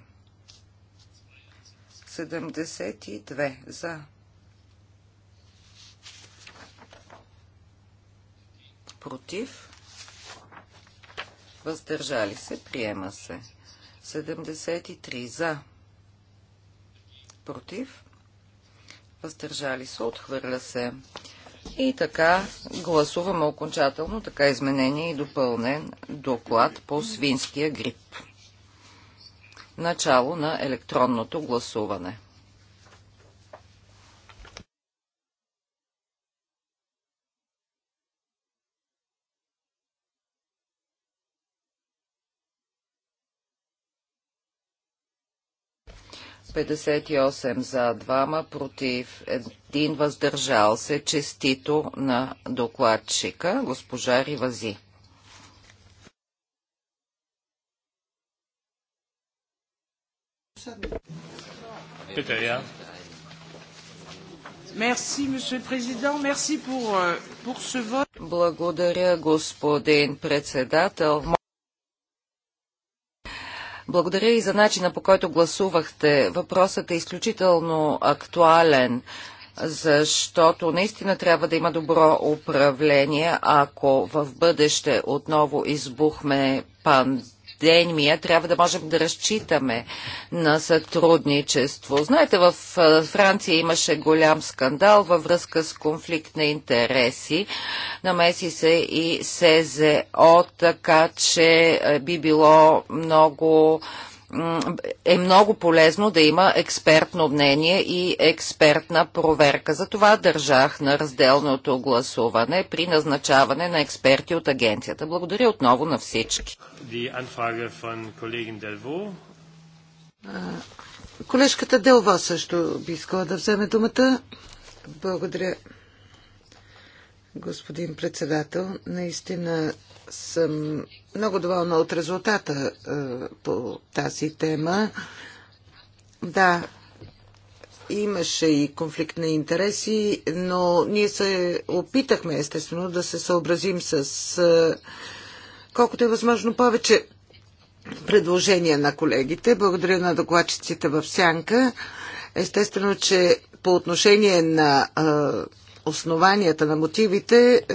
Speaker 1: 72 за против, въздържали се, приема се. 73 за, против, въздържали се, отхвърля се. И така гласуваме окончателно така изменение и допълнен доклад по свинския грип. Начало на електронното гласуване. 58 за 2, против 1, въздържал се. Честито на докладчика, госпожа Ривази. Euh, Благодаря, господин председател. Благодаря и за начина по който гласувахте. Въпросът е изключително актуален защото наистина трябва да има добро управление, ако в бъдеще отново избухме пандемия епидемия трябва да можем да разчитаме на сътрудничество. Знаете, в Франция имаше голям скандал във връзка с конфликт на интереси. Намеси се и СЗО, така че би било много е много полезно да има експертно мнение и експертна проверка. За това държах на разделното гласуване при назначаване на експерти от агенцията. Благодаря отново на всички.
Speaker 4: Колежката Делва също би искала да вземе думата. Благодаря, господин председател. Наистина съм много доволна от резултата е, по тази тема. Да, имаше и конфликт на интереси, но ние се опитахме естествено да се съобразим с е, колкото е възможно повече предложения на колегите. Благодаря на докладчиците в Сянка. Естествено, че по отношение на е, основанията, на мотивите е,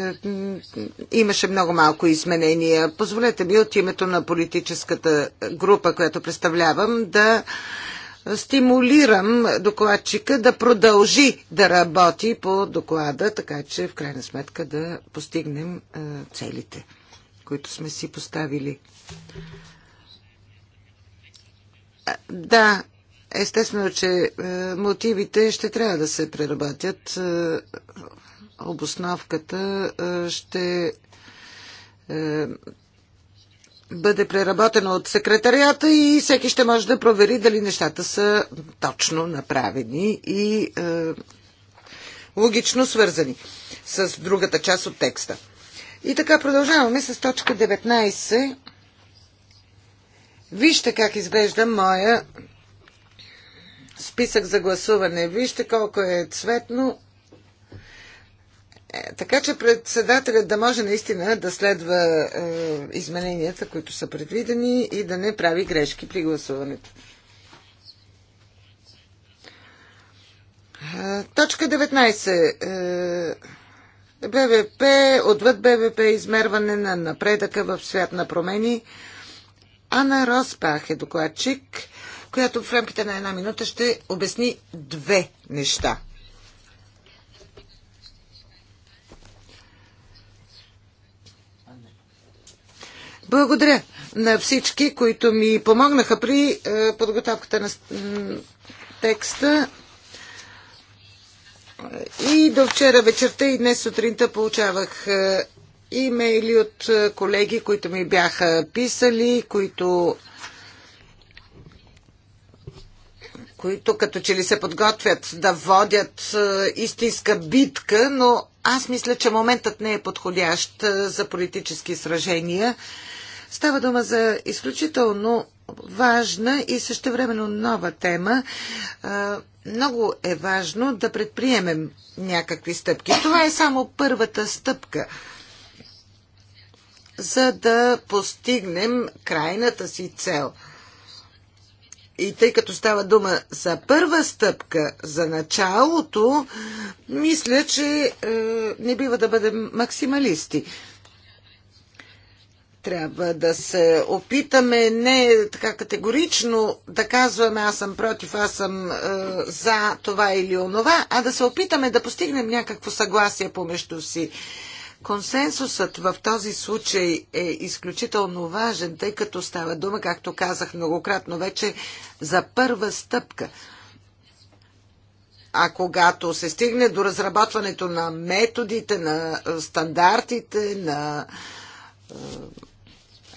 Speaker 4: имаше много малко изменения. Позволете ми от името на политическата група, която представлявам, да стимулирам докладчика да продължи да работи по доклада, така че в крайна сметка да постигнем е, целите, които сме си поставили. Е, да, Естествено, че е, мотивите ще трябва да се преработят. Е, обосновката е, ще бъде преработена от секретарията и всеки ще може да провери дали нещата са точно направени и логично свързани с другата част от текста. И така продължаваме с точка 19. Вижте как изглежда моя списък за гласуване. Вижте колко е цветно. Е, така че председателят да може наистина да следва е, измененията, които са предвидени и да не прави грешки при гласуването. Е, точка 19. Е, БВП, отвъд БВП, измерване на напредъка в свят на промени. Ана Роспах е докладчик. Е, която в рамките на една минута ще обясни две неща. Благодаря на всички, които ми помогнаха при е, подготовката на текста. И до вчера вечерта и днес сутринта получавах е, имейли от е, колеги, които ми бяха писали, които които като че ли се подготвят да водят е, истинска битка, но аз мисля, че моментът не е подходящ е, за политически сражения. Става дума за изключително важна и същевременно нова тема. Е, много е важно да предприемем някакви стъпки. Това е само първата стъпка за да постигнем крайната си цел – и тъй като става дума за първа стъпка, за началото, мисля, че е, не бива да бъдем максималисти. Трябва да се опитаме не така категорично да казваме аз съм против, аз съм е, за това или онова, а да се опитаме да постигнем някакво съгласие помежду си. Консенсусът в този случай е изключително важен, тъй като става дума, както казах многократно вече, за първа стъпка. А когато се стигне до разработването на методите, на стандартите, на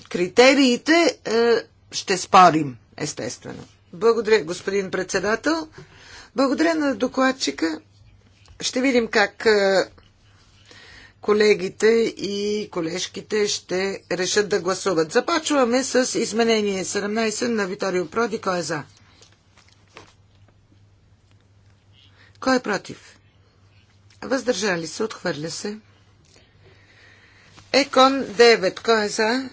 Speaker 4: критериите, е, ще спорим, естествено. Благодаря, господин председател. Благодаря на докладчика. Ще видим как. Е, колегите и колежките ще решат да гласуват. Започваме с изменение 17 на Виторио Проди. Кой е за? Кой е против? Въздържали се, отхвърля се. Екон 9. Кой е за?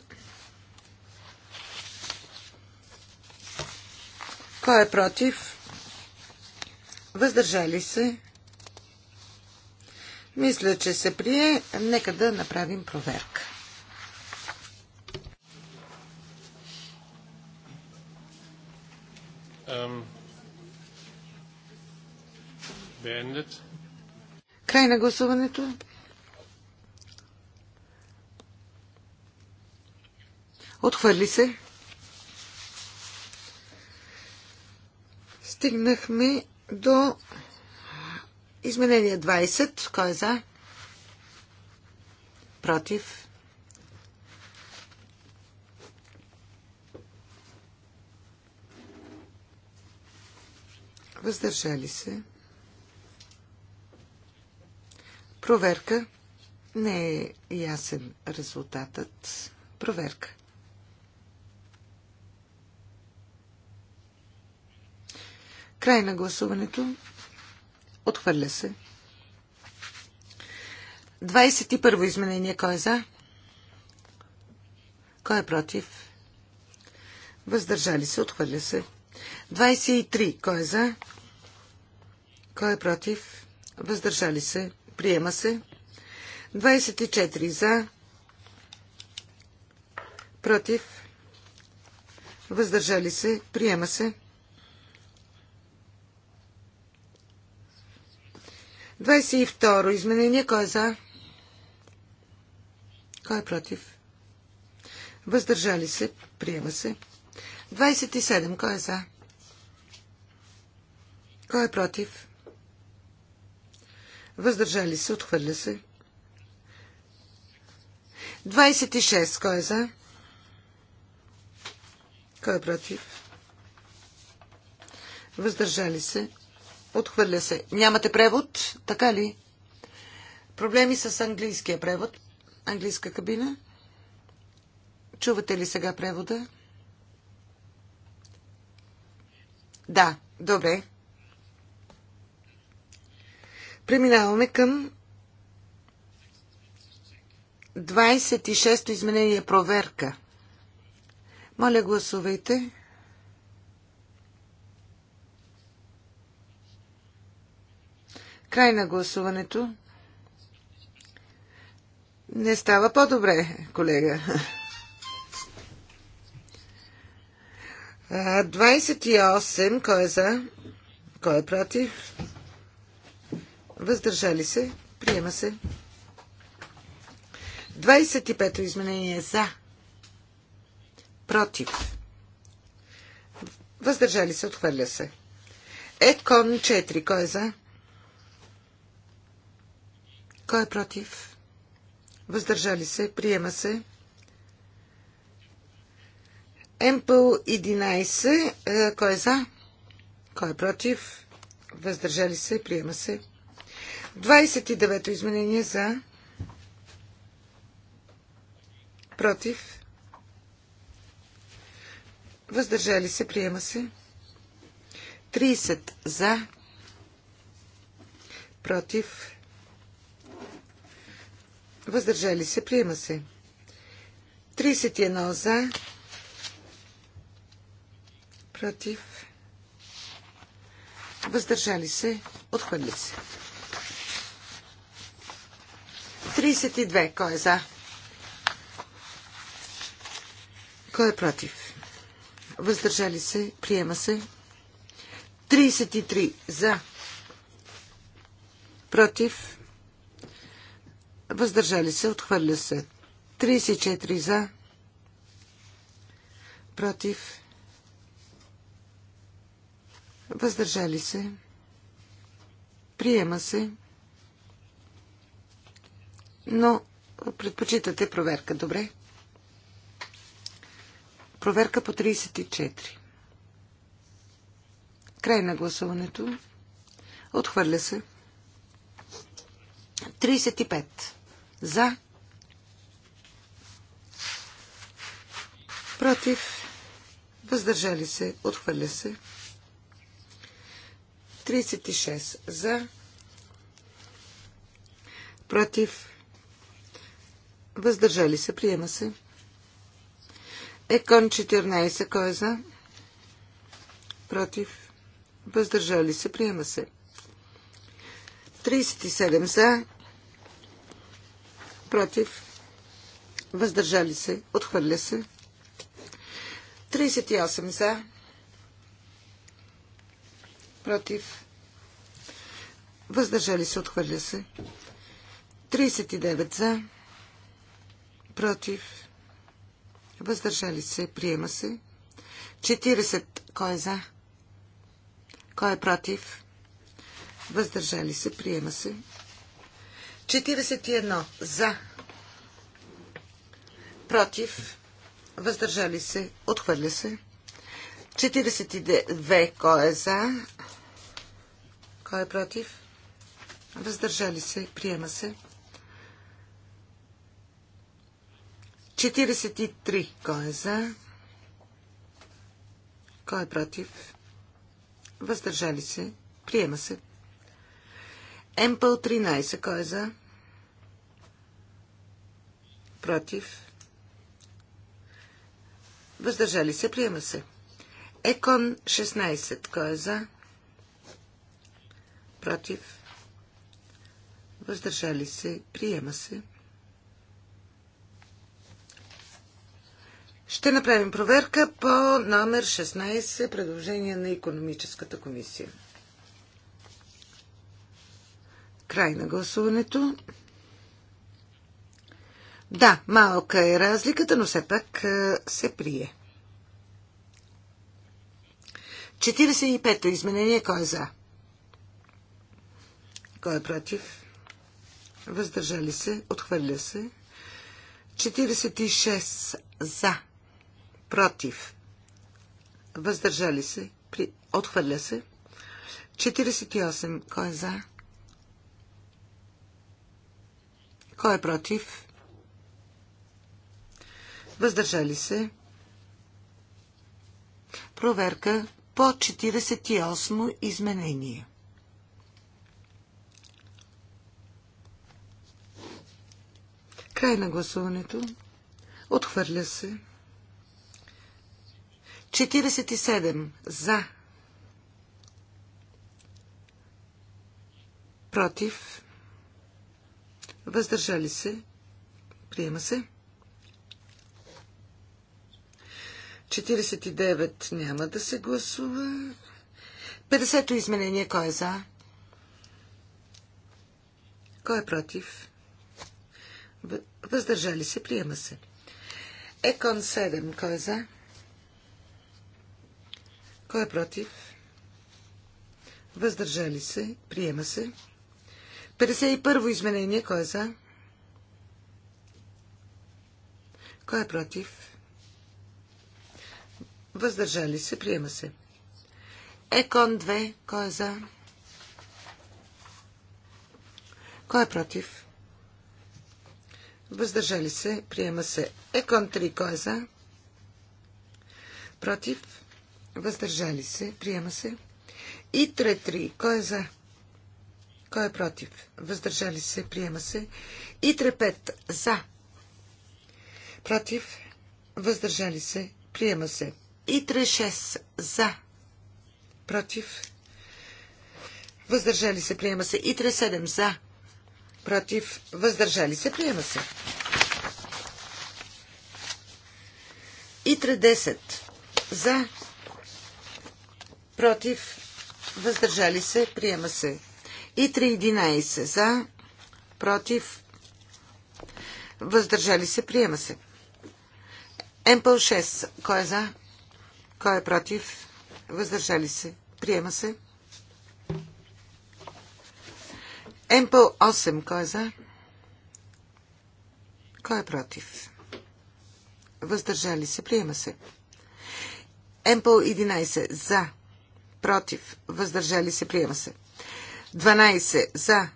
Speaker 4: Кой е против? Въздържали се. Мисля, че се прие. Нека да направим проверка. Край на гласуването. Отхвърли се. Стигнахме до Изменение 20. Кой е за? Против. Въздържали се. Проверка. Не е ясен резултатът. Проверка. Край на гласуването. Отхвърля се. 21 изменение. Кой е за? Кой е против? Въздържали се. Отхвърля се. 23. Кой е за? Кой е против? Въздържали се. Приема се. 24 за. Против. Въздържали се. Приема се. 22 изменение. Кой е за? Кой е против? Въздържали се. Приема се. 27. Кой е за? Кой е против? Въздържали се. Отхвърля се. 26. Кой е за? Кой е против? Въздържали се. Отхвърля се. Нямате превод, така ли? Проблеми с английския превод. Английска кабина. Чувате ли сега превода? Да, добре. Преминаваме към 26-то изменение проверка. Моля, гласувайте. Край на гласуването. Не става по-добре, колега. 28. Кой е за? Кой е против? Въздържали се? Приема се. 25-то изменение е за. Против. Въздържали се? Отхвърля се. Еткон 4. Кой е за? Кой е против? Въздържали се. Приема се. МПЛ 11. Е, кой е за? Кой е против? Въздържали се. Приема се. 29-то изменение за. Против. Въздържали се. Приема се. 30 за. Против въздържали се, приема се. 31 за, против, въздържали се, отхвърли се. 32. Кой е за? Кой е против? Въздържали се, приема се. 33 за, против, въздържали се, отхвърля се. 34 за, против, въздържали се, приема се, но предпочитате проверка, добре? Проверка по 34. Край на гласуването. Отхвърля се. 35. За. Против. Въздържали се. Отхвърля се. 36. За. Против. Въздържали се. Приема се. Екон 14. Кой е за? Против. Въздържали се. Приема се. 37 за против, въздържали се, отхвърля се. 38 за, против, въздържали се, отхвърля се. 39 за, против, въздържали се, приема се. 40 кой е за? Кой е против? Въздържали се, приема се. 41 за, против, въздържали се, отхвърля се. 42 кой е за, кой е против, въздържали се, приема се. 43 кой е за, кой е против, въздържали се, приема се. МПЛ 13. Кой е за? Против. Въздържали се. Приема се. Екон 16. Кой е за? Против. Въздържали се. Приема се. Ще направим проверка по номер 16, предложение на економическата комисия. Край на гласуването. Да, малка е разликата, но все пак е, се прие. 45-то изменение. Кой е за? Кой е против? Въздържали се. Отхвърля се. 46 за. Против. Въздържали се. При... Отхвърля се. 48. Кой е за? Кой е против? Въздържали се. Проверка по 48 изменение. Край на гласуването. Отхвърля се. 47 за. Против въздържали се, приема се. 49 няма да се гласува. 50-то изменение, е е кой е за? Кой е против? Въздържали се, приема се. Екон 7, кой е за? Кой е против? Въздържали се, приема се. 51-во изменение. Кой е за? Кой е против? Въздържали се. Приема се. Екон 2. Кой е за? Кой е против? Въздържали се. Приема се. Екон 3. Кой е за? Против? Въздържали се. Приема се. И 3-3. Кой е за? Кой е против? Въздържали се, приема се. И трепет за. Против, въздържали се, приема се. И шест за. Против, въздържали се, приема се. И седем за. Против, въздържали се, приема се. И десет за. Против, въздържали се, приема се. И 3.11 за, против, въздържали се, приема се. МПЛ 6, кой е за, кой е против, въздържали се, приема се. МПЛ 8, кой е за, кой е против, въздържали се, приема се. МПЛ 11, за, против, въздържали се, приема се. 12 за,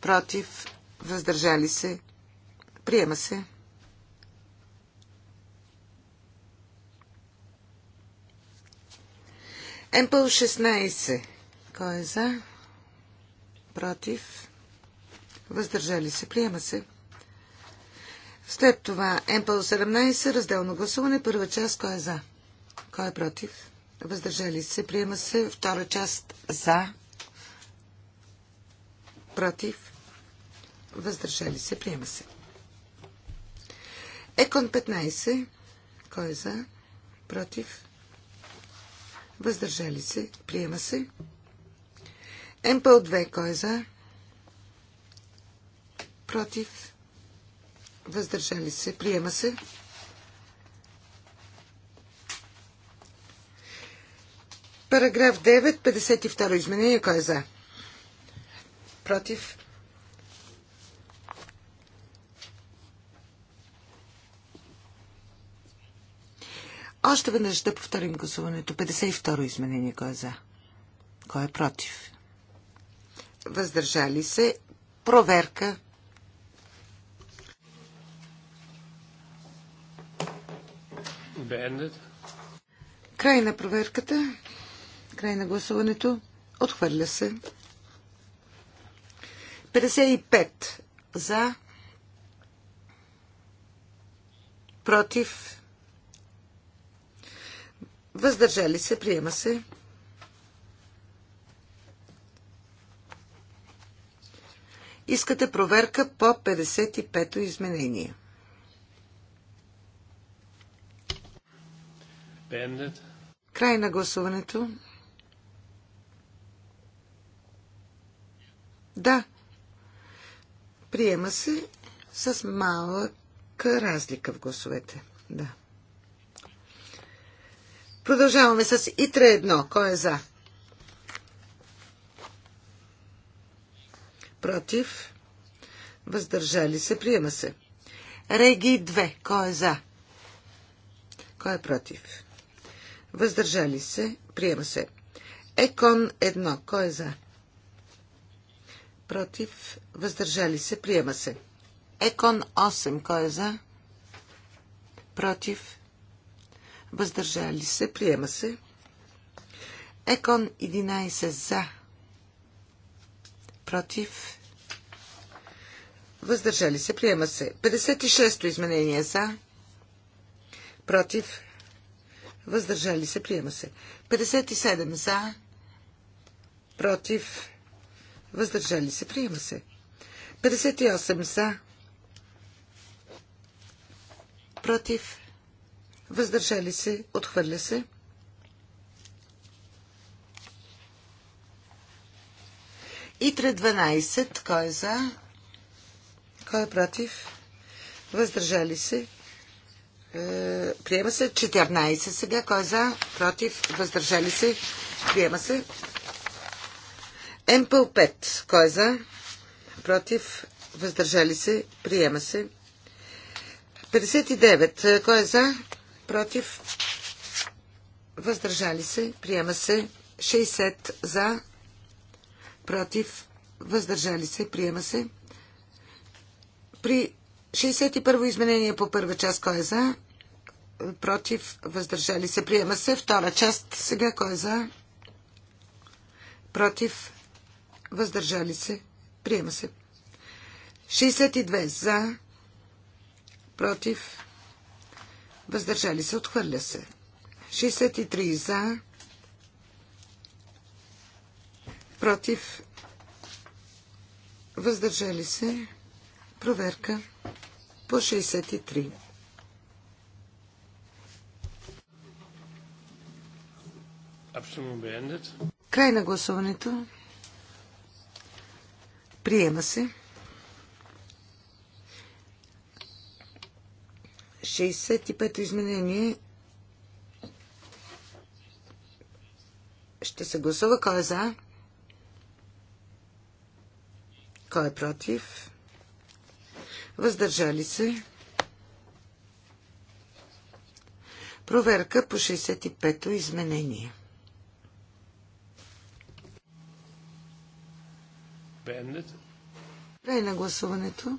Speaker 4: против, въздържали се, приема се. МПЛ 16. Кой е за? Против? Въздържали се. Приема се. След това МПЛ 17. Разделно гласуване. Първа част. Кой е за? Кой е против? Въздържали се. Приема се. Втора част. За против, въздържали се, приема се. Екон 15, кой е за, против, въздържали се, приема се. МПЛ 2, кой е за, против, въздържали се, приема се. Параграф 9, 52 изменение, кой е за? против. Още веднъж да повторим гласуването. 52-ро изменение. Кой е за? Кой е против? Въздържали се. Проверка. Бендит. Край на проверката. Край на гласуването.
Speaker 3: Отхвърля се.
Speaker 4: 55 за, против, въздържали се, приема се. Искате проверка по 55-то изменение. Bandit. Край на гласуването. Да, Приема се с малка разлика в гласовете. Да. Продължаваме с ИТРА едно. Кой е за? Против. Въздържали се. Приема се. Реги 2. Кой е за? Кой е против? Въздържали се. Приема се. Екон 1. Кой е за? против, въздържали се, приема се. Екон 8, кой е за? Против, въздържали се, приема се. Екон 11 за, против, въздържали се, приема се. 56-то изменение за, против, въздържали се, приема се. 57 за, против, Въздържали се. Приема се. 58 за. Против. Въздържали се. Отхвърля се. Итре 12. Кой е за? Кой е против? Въздържали се. Е, приема се 14 сега. Кой е за? Против? Въздържали се. Приема се. МПЛ 5. Кой е за? Против. Въздържали се. Приема се. 59. Кой е за? Против. Въздържали се. Приема се. 60 за. Против. Въздържали се. Приема се. При 61-во изменение по първа част кой е за? Против. Въздържали се. Приема се. Втора част сега кой е за? Против въздържали се, приема се. 62 за, против, въздържали се, отхвърля се. 63 за, против, въздържали се, проверка по 63. Край на гласуването. Приема се. 65-то изменение ще се гласува. Кой е за? Кой е против? Въздържали се. Проверка по 65-то изменение. Край на гласуването.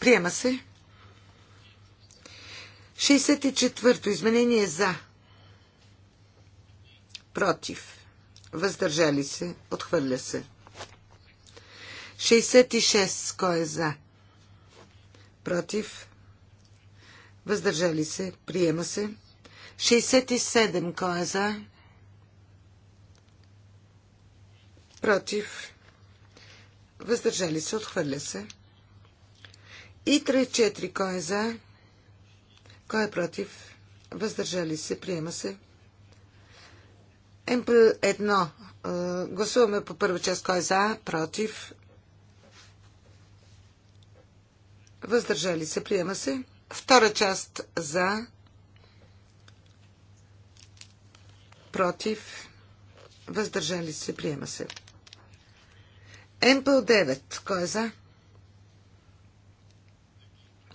Speaker 4: Приема се. 64-то изменение за. Против. Въздържали се. Отхвърля се. 66. Кой е за? Против. Въздържали се. Приема се. 67. Кой е за? против, въздържали се, отхвърля се. И 3-4, кой е за, кой е против, въздържали се, приема се. МП 1, гласуваме по първа част, кой е за, против, въздържали се, приема се. Втора част за, против, въздържали се, приема се. МПЛ 9. Кой е за?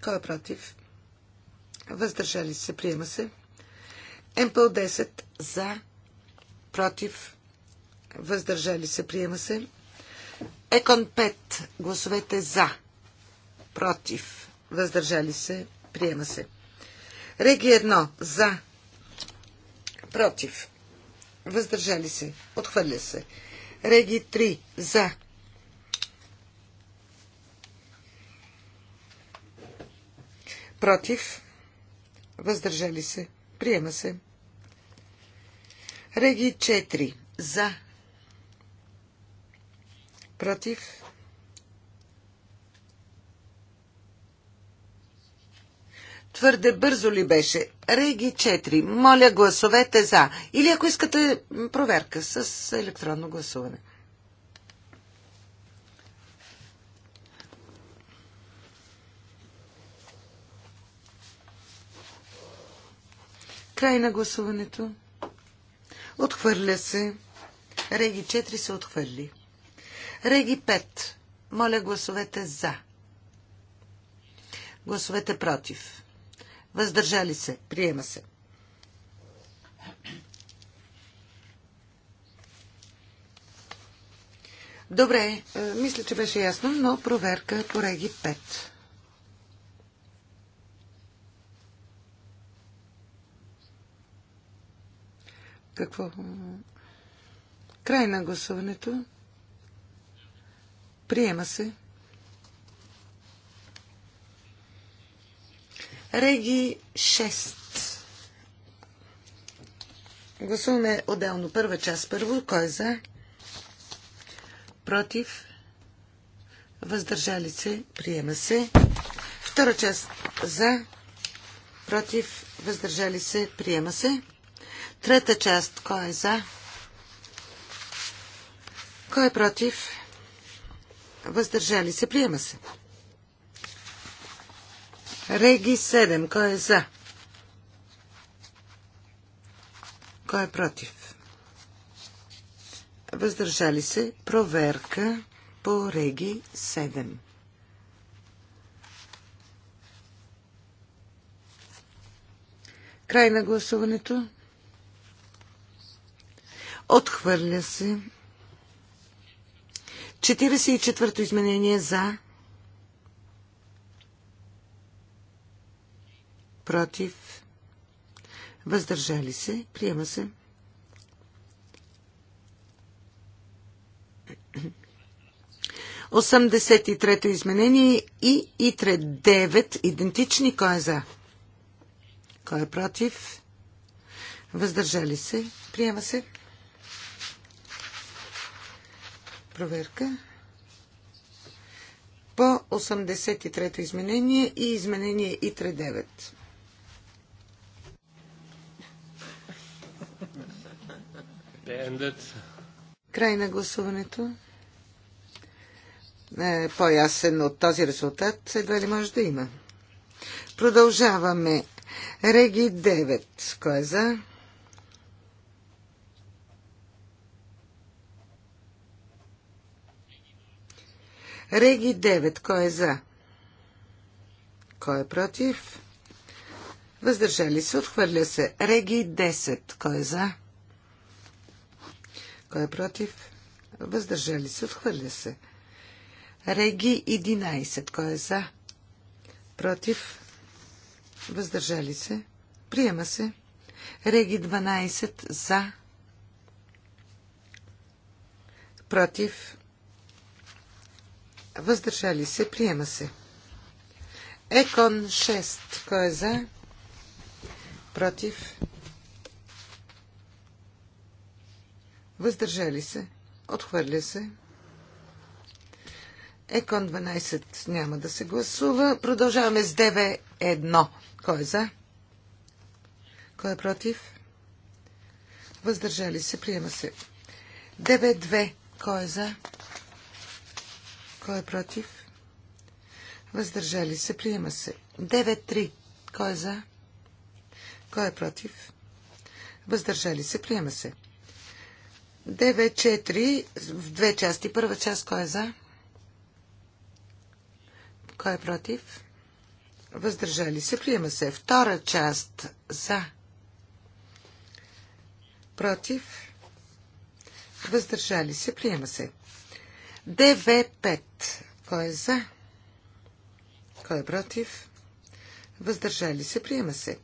Speaker 4: Кой е против? Въздържали се. Приема се. МПЛ 10. За. Против. Въздържали се. Приема се. Екон 5. Гласовете за. Против. Въздържали се. Приема се. Реги 1. За. Против. Въздържали се. Отхвърля се. Реги 3. За. против, въздържали се, приема се. Реги 4 за, против, Твърде бързо ли беше? Реги 4. Моля, гласовете за. Или ако искате проверка с електронно гласуване. Край на гласуването. Отхвърля се. Реги 4 се отхвърли. Реги 5. Моля гласовете за. Гласовете против. Въздържали се. Приема се. Добре, е, мисля, че беше ясно, но проверка по Реги 5. Какво? Край на гласуването. Приема се. Реги 6. Гласуваме отделно първа част. Първо, кой е за? Против? Въздържали се? Приема се. Втора част за? Против? Въздържали се? Приема се. Трета част. Кой е за? Кой е против? Въздържали се. Приема се. Реги 7. Кой е за? Кой е против? Въздържали се. Проверка по Реги 7. Край на гласуването. Отхвърля се. 44-то изменение за. Против. Въздържали се. Приема се. Осъмдесет и трето изменение и ИТРЕ 9 идентични. Кой е за? Кой е против? Въздържали се. Приема се. Проверка. По 83-то изменение и изменение И39. Край на гласуването. Е, по-ясен от този резултат едва ли може да има. Продължаваме. Реги 9. Кой е за? Реги 9. Кой е за? Кой е против? Въздържали се. Отхвърля се. Реги 10. Кой е за? Кой е против? Въздържали се. Отхвърля се. Реги 11. Кой е за? Против? Въздържали се. Приема се. Реги 12. За? Против? въздържали се, приема се. Екон 6. Кой е за? Против? Въздържали се. Отхвърля се. Екон 12 няма да се гласува. Продължаваме с 9 1 Кой е за? Кой е против? Въздържали се. Приема се. 9 2 Кой е за? Кой е против? Въздържали се. Приема се. 9-3. Кой е за? Кой е против? Въздържали се. Приема се. 9-4 в две части. Първа част кой е за? Кой е против? Въздържали се. Приема се. Втора част за. Против. Въздържали се. Приема се. 9-5. Кой е за? Кой е против? Въздържали се. Приема се.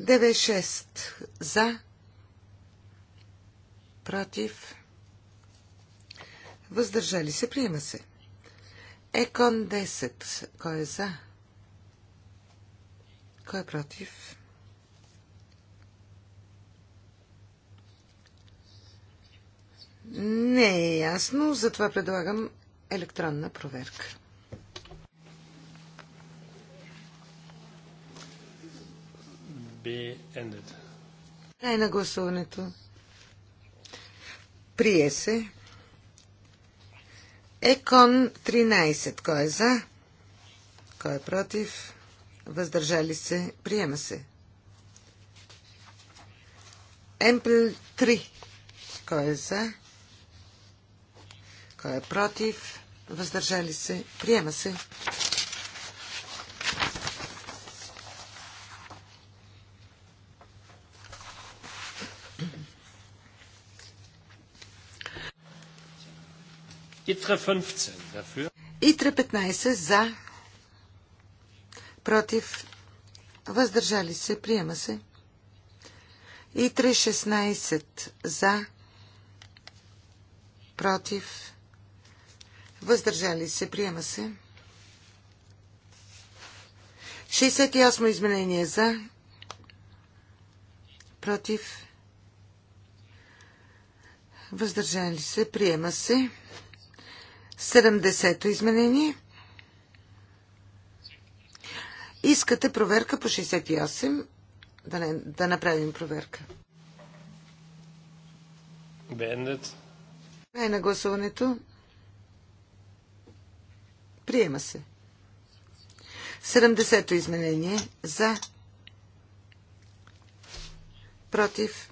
Speaker 4: дв 6 За. Против. Въздържали се. Приема се. Екон 10. Кой е за? Кой е против? Не е ясно, затова предлагам електронна проверка.
Speaker 3: Be ended.
Speaker 4: Край на гласуването. Прие се. Екон 13. Кой е за? Кой е против? Въздържали се? Приема се. Емпл 3. Кой е за? Кой е против? Въздържали се. Приема се.
Speaker 3: Итра 15.
Speaker 4: 15 за. Против. Въздържали се. Приема се. Итра 16 за. Против Въздържали се. Приема се. 68 изменение за. Против. Въздържали се. Приема се. 70-то изменение. Искате проверка по 68. Да, не, да направим проверка.
Speaker 3: Бендът.
Speaker 4: Не на гласуването. Приема се. 70-то изменение за против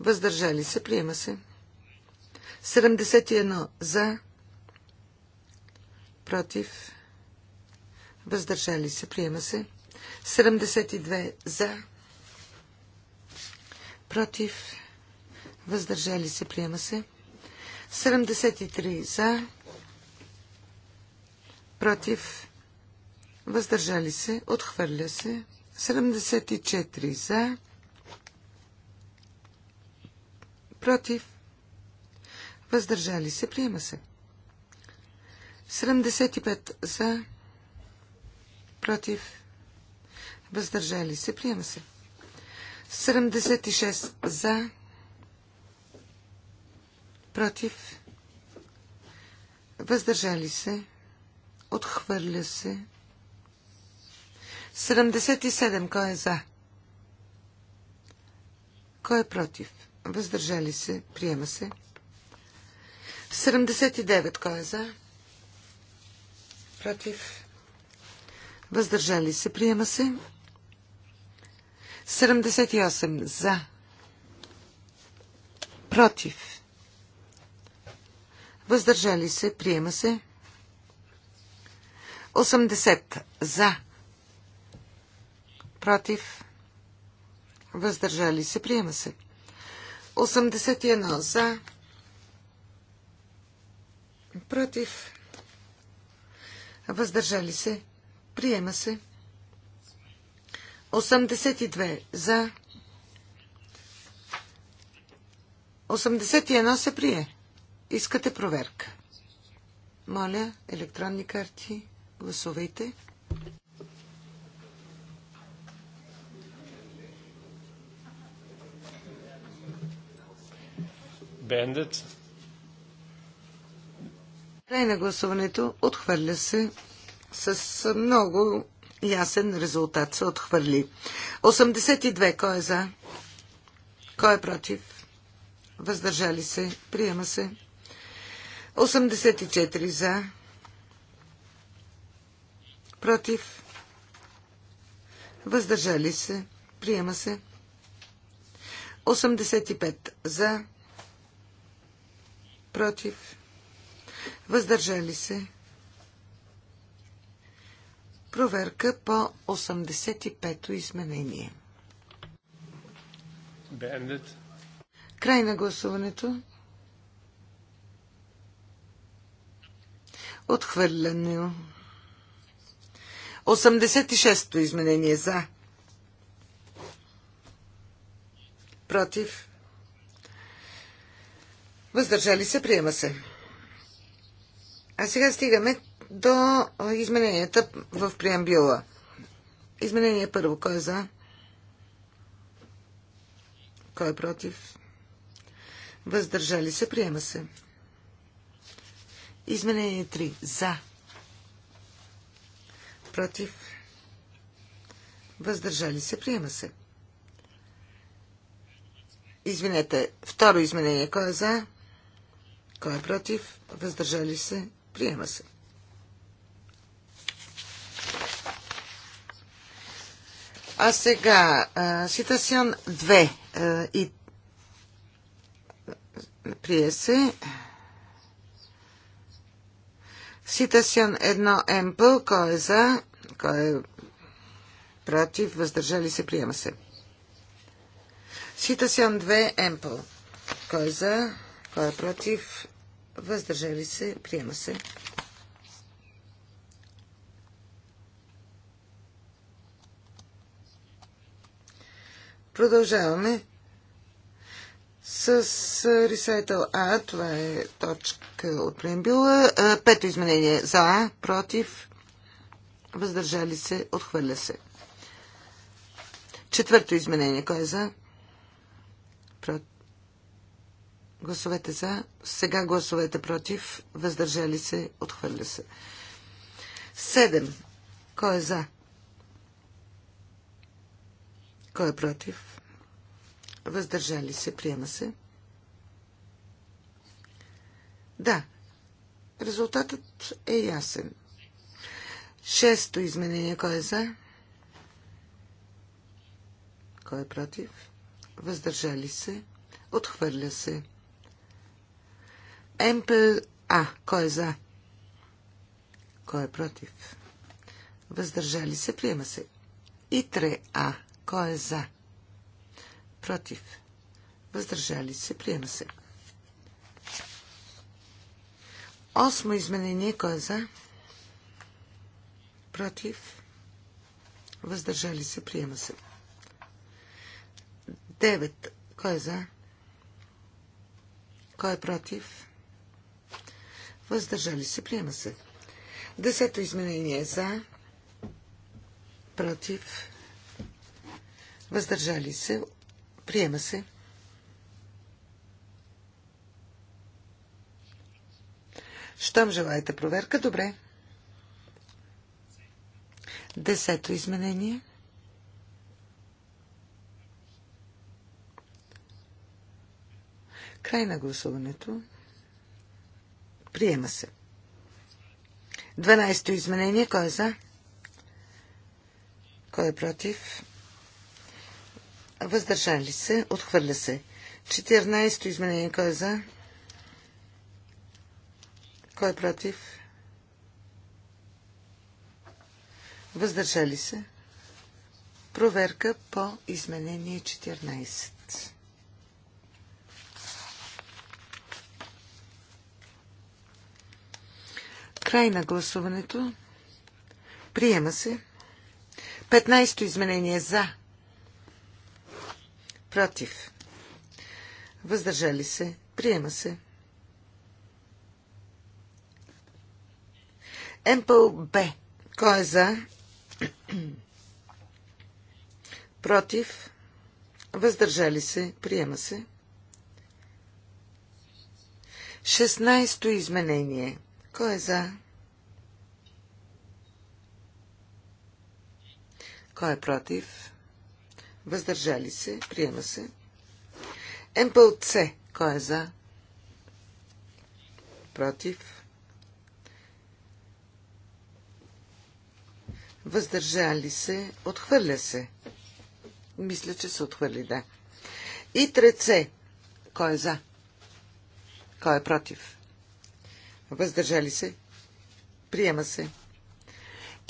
Speaker 4: въздържали се. Приема се. 71 за против въздържали се. Приема се. 72 за против въздържали се. Приема се. 73 за против, въздържали се, отхвърля се. 74 за, против, въздържали се, приема се. 75 за, против, въздържали се, приема се. 76 за, против, въздържали се, Отхвърля се. 77. Кой е за? Кой е против? Въздържали се. Приема се. 79. Кой е за? Против. Въздържали се. Приема се. 78. За. Против. Въздържали се. Приема се. 80 за. Против. Въздържали се. Приема се. 81 за. Против. Въздържали се. Приема се. 82 за. 81 се прие. Искате проверка. Моля, електронни карти. Гласувайте.
Speaker 3: Бендет.
Speaker 4: Край на гласуването отхвърля се с много ясен резултат се отхвърли. 82. Кой е за? Кой е против? Въздържали се. Приема се. 84 за против, въздържали се, приема се. 85 за, против, въздържали се. Проверка по 85-то изменение.
Speaker 3: Бендит.
Speaker 4: Край на гласуването. Отхвърлено. 86-то изменение за. Против. Въздържали се, приема се. А сега стигаме до измененията в преамбюла. Изменение първо. Кой е за? Кой е против? Въздържали се, приема се. Изменение 3. За против, въздържали се, приема се. Извинете, второ изменение. Кой е за? Кой е против? Въздържали се? Приема се. А сега, ситуацион 2 и прие се. Ситасион 1 МПЛ, Кой е за? Кой е против? Въздържали се? Приема се. Ситасион 2 МПЛ. Кой е за? Кой е против? Въздържали се? Приема се. Продължаваме с ресайтъл А, това е точка от преембюла. Пето изменение за А, против, въздържали се, отхвърля се. Четвърто изменение, кой е за? Гласовете за, сега гласовете против, въздържали се, отхвърля се. Седем, кой е за? Кой е против? въздържали се, приема се. Да, резултатът е ясен. Шесто изменение, кой е за? Кой е против? Въздържали се, отхвърля се. МПА, кой е за? Кой е против? Въздържали се, приема се. И 3А, кой е за? против, въздържали се, приема се. Осмо изменение, кой е за? Против, въздържали се, приема се. Девет, кой е за? Кой е против? Въздържали се, приема се. Десето изменение е за, против, въздържали се, Приема се. Щом желаете проверка, добре. Десето изменение. Край на гласуването. Приема се. Дванайсто изменение. Кой е за? Кой е против? въздържали се, отхвърля се. 14-то изменение, кой е за? Кой е против? Въздържали се. Проверка по изменение 14. Край на гласуването. Приема се. 15-то изменение за против, въздържали се, приема се. Емпъл Б. Кой е за? против, въздържали се, приема се. 16-то изменение. Кой е за? Кой е против? въздържали се, приема се. МПЛЦ. С, кой е за? Против. Въздържали се, отхвърля се. Мисля, че се отхвърли, да. И треце. Кой е за? Кой е против? Въздържали се? Приема се.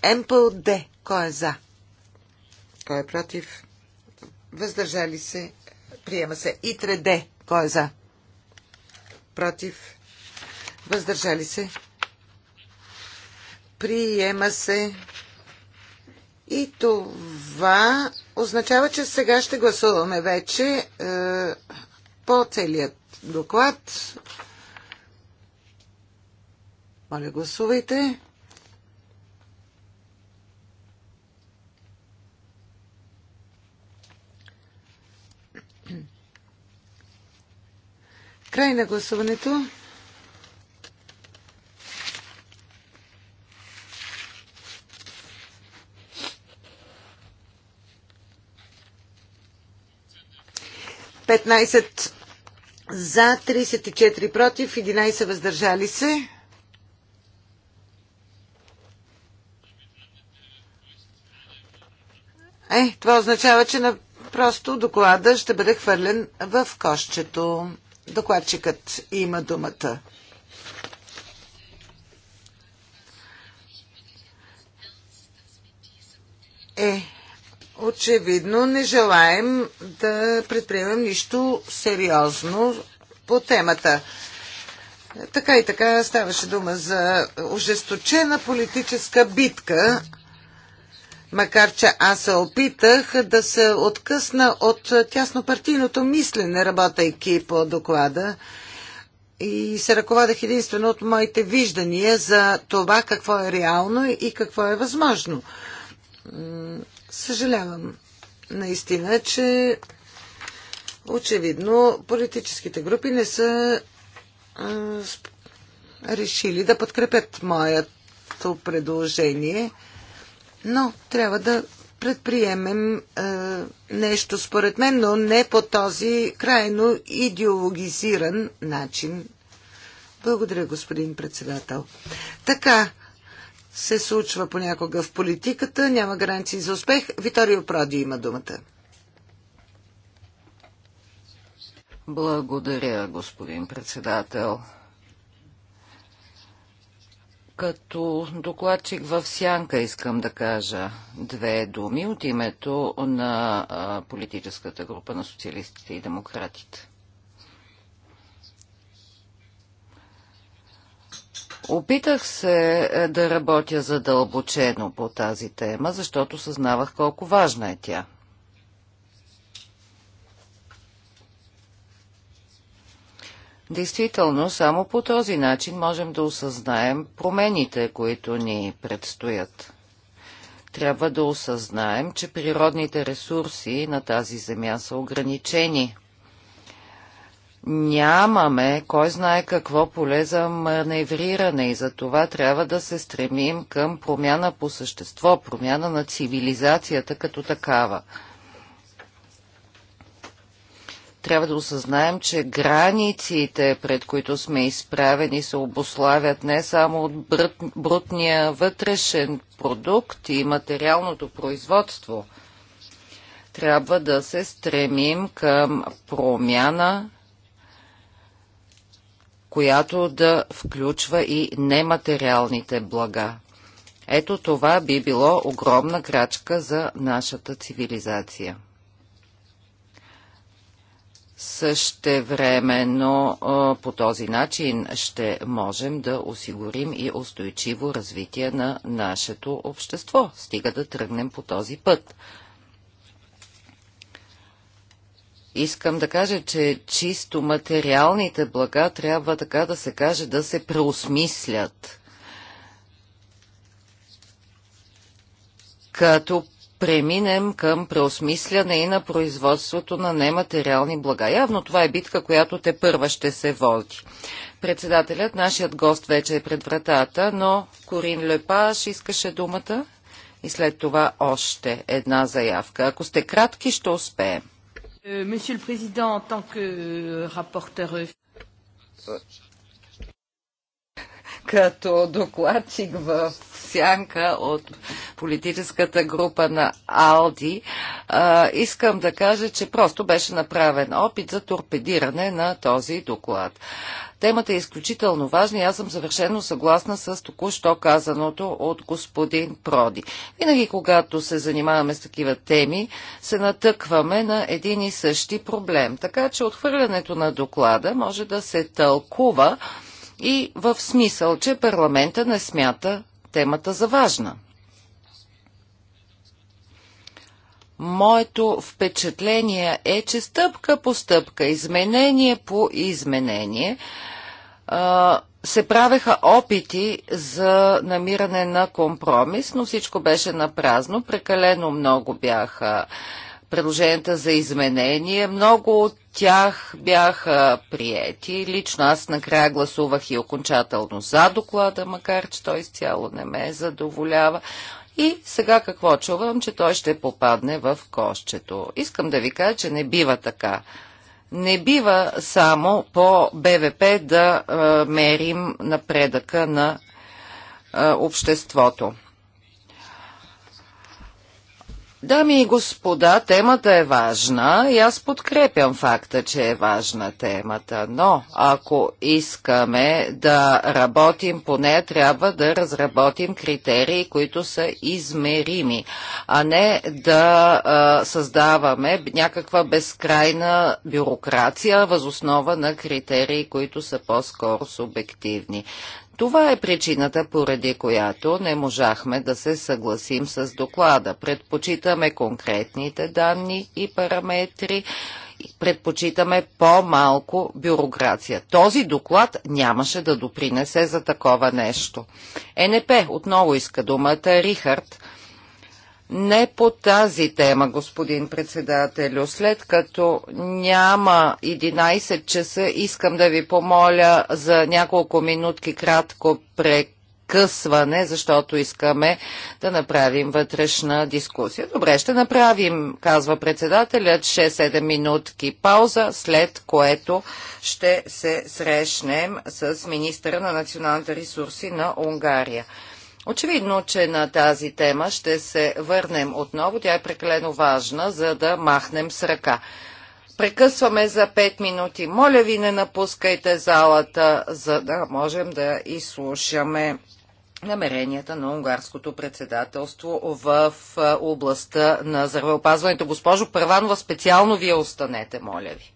Speaker 4: е Д. Кой е за? Кой е против? въздържали се, приема се. И 3D, кой е за? Против, въздържали се, приема се. И това означава, че сега ще гласуваме вече е, по целият доклад. Моля, гласувайте. Край на гласуването. Петнайсет за, 34 против, 11 въздържали се. Е, това означава, че на просто доклада ще бъде хвърлен в кошчето. Докладчикът има думата. Е, очевидно не желаем да предприемем нищо сериозно по темата. Така и така ставаше дума за ожесточена политическа битка макар че аз се опитах да се откъсна от тясно партийното мислене, работейки по доклада и се ръководех единствено от моите виждания за това какво е реално и какво е възможно. Съжалявам наистина, че очевидно политическите групи не са решили да подкрепят моето предложение – но трябва да предприемем е, нещо, според мен, но не по този крайно идеологизиран начин. Благодаря, господин председател. Така се случва понякога в политиката, няма гаранции за успех. Виторио Проди
Speaker 1: има думата. Благодаря, господин председател. Като докладчик в Сянка искам да кажа две думи от името на политическата група на социалистите и демократите. Опитах се е, да работя задълбочено по тази тема, защото съзнавах колко важна е тя – Действително, само по този начин можем да осъзнаем промените, които ни предстоят. Трябва да осъзнаем, че природните ресурси на тази земя са ограничени. Нямаме кой знае какво поле за маневриране и за това трябва да се стремим към промяна по същество, промяна на цивилизацията като такава трябва да осъзнаем, че границите, пред които сме изправени, се обославят не само от брутния вътрешен продукт и материалното производство. Трябва да се стремим към промяна, която да включва и нематериалните блага. Ето това би било огромна крачка за нашата цивилизация но по този начин ще можем да осигурим и устойчиво развитие на нашето общество. Стига да тръгнем по този път. Искам да кажа, че чисто материалните блага трябва така да се каже да се преосмислят. Като преминем към преосмисляне и на производството на нематериални блага. Явно това е битка, която те първа ще се води. Председателят, нашият гост вече е пред вратата, но Корин Лепаш искаше думата и след това още една заявка. Ако сте кратки, ще успеем. Е, euh, euh, като докладчик в сянка от политическата група на Алди, а, искам да кажа, че просто беше направен опит за торпедиране на този доклад. Темата е изключително важна и аз съм съвършено съгласна с току-що казаното от господин Проди. Винаги, когато се занимаваме с такива теми, се натъкваме на един и същи проблем. Така че отхвърлянето на доклада може да се тълкува и в смисъл, че парламента не смята темата за важна. Моето впечатление е, че стъпка по стъпка, изменение по изменение, се правеха опити за намиране на компромис, но всичко беше напразно. Прекалено много бяха предложенията за изменение. Много от тях бяха приети. Лично аз накрая гласувах и окончателно за доклада, макар че той изцяло не ме задоволява. И сега какво чувам, че той ще попадне в кошчето. Искам да ви кажа, че не бива така. Не бива само по БВП да мерим напредъка на обществото. Дами и господа, темата е важна и аз подкрепям факта, че е важна темата, но ако искаме да работим по нея, трябва да разработим критерии, които са измерими, а не да а, създаваме някаква безкрайна бюрокрация възоснова на критерии, които са по-скоро субективни. Това е причината, поради която не можахме да се съгласим с доклада. Предпочитаме конкретните данни и параметри, предпочитаме по-малко бюрокрация. Този доклад нямаше да допринесе за такова нещо. ЕНП отново иска думата Рихард, не по тази тема, господин председателю. След като няма 11 часа, искам да ви помоля за няколко минутки кратко прекъсване, защото искаме да направим вътрешна дискусия. Добре, ще направим, казва председателят, 6-7 минутки пауза, след което ще се срещнем с министра на националните ресурси на Унгария. Очевидно, че на тази тема ще се върнем отново. Тя е прекалено важна, за да махнем с ръка. Прекъсваме за 5 минути. Моля ви, не напускайте залата, за да можем да изслушаме намеренията на унгарското председателство в областта на здравеопазването. Госпожо Първанова, специално вие останете, моля ви.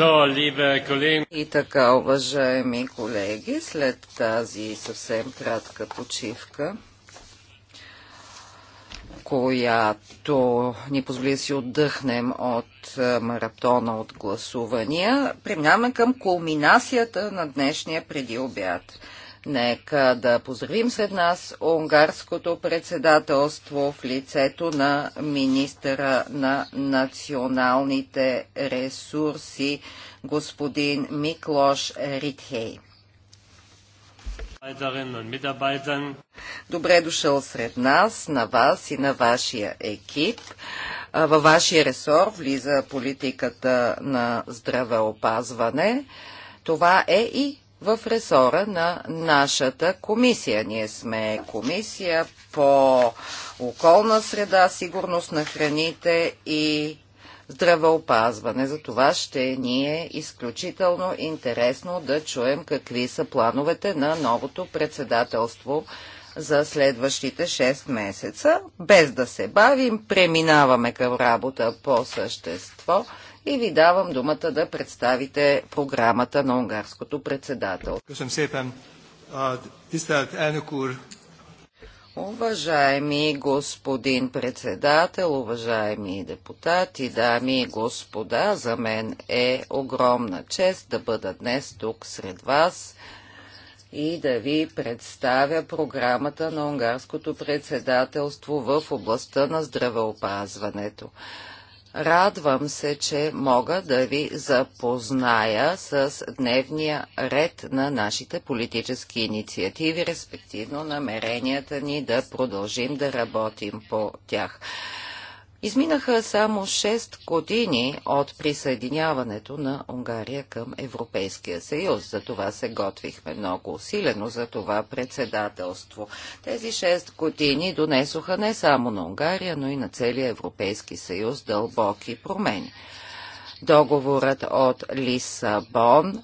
Speaker 1: И така, уважаеми колеги, след тази съвсем кратка почивка, която ни позволи да си отдъхнем от е, маратона от гласувания, преминаваме към кулминацията на днешния преди обяд. Нека да поздравим след нас унгарското председателство в лицето на министъра на националните ресурси господин Миклош Ритхей. Добре дошъл сред нас, на вас и на вашия екип. Във вашия ресор влиза политиката на здравеопазване. Това е и в ресора на нашата комисия. Ние сме комисия по околна среда, сигурност на храните и здравеопазване. За това ще ни е изключително интересно да чуем какви са плановете на новото председателство за следващите 6 месеца. Без да се бавим, преминаваме към работа по същество – и ви давам думата да представите програмата на унгарското председател. Уважаеми господин председател, уважаеми депутати, дами и господа, за мен е огромна чест да бъда днес тук сред вас и да ви представя програмата на унгарското председателство в областта на здравеопазването. Радвам се, че мога да ви запозная с дневния ред на нашите политически инициативи, респективно намеренията ни да продължим да работим по тях. Изминаха само 6 години от присъединяването на Унгария към Европейския съюз. За това се готвихме много усилено за това председателство. Тези 6 години донесоха не само на Унгария, но и на целия Европейски съюз дълбоки промени. Договорът от Лисабон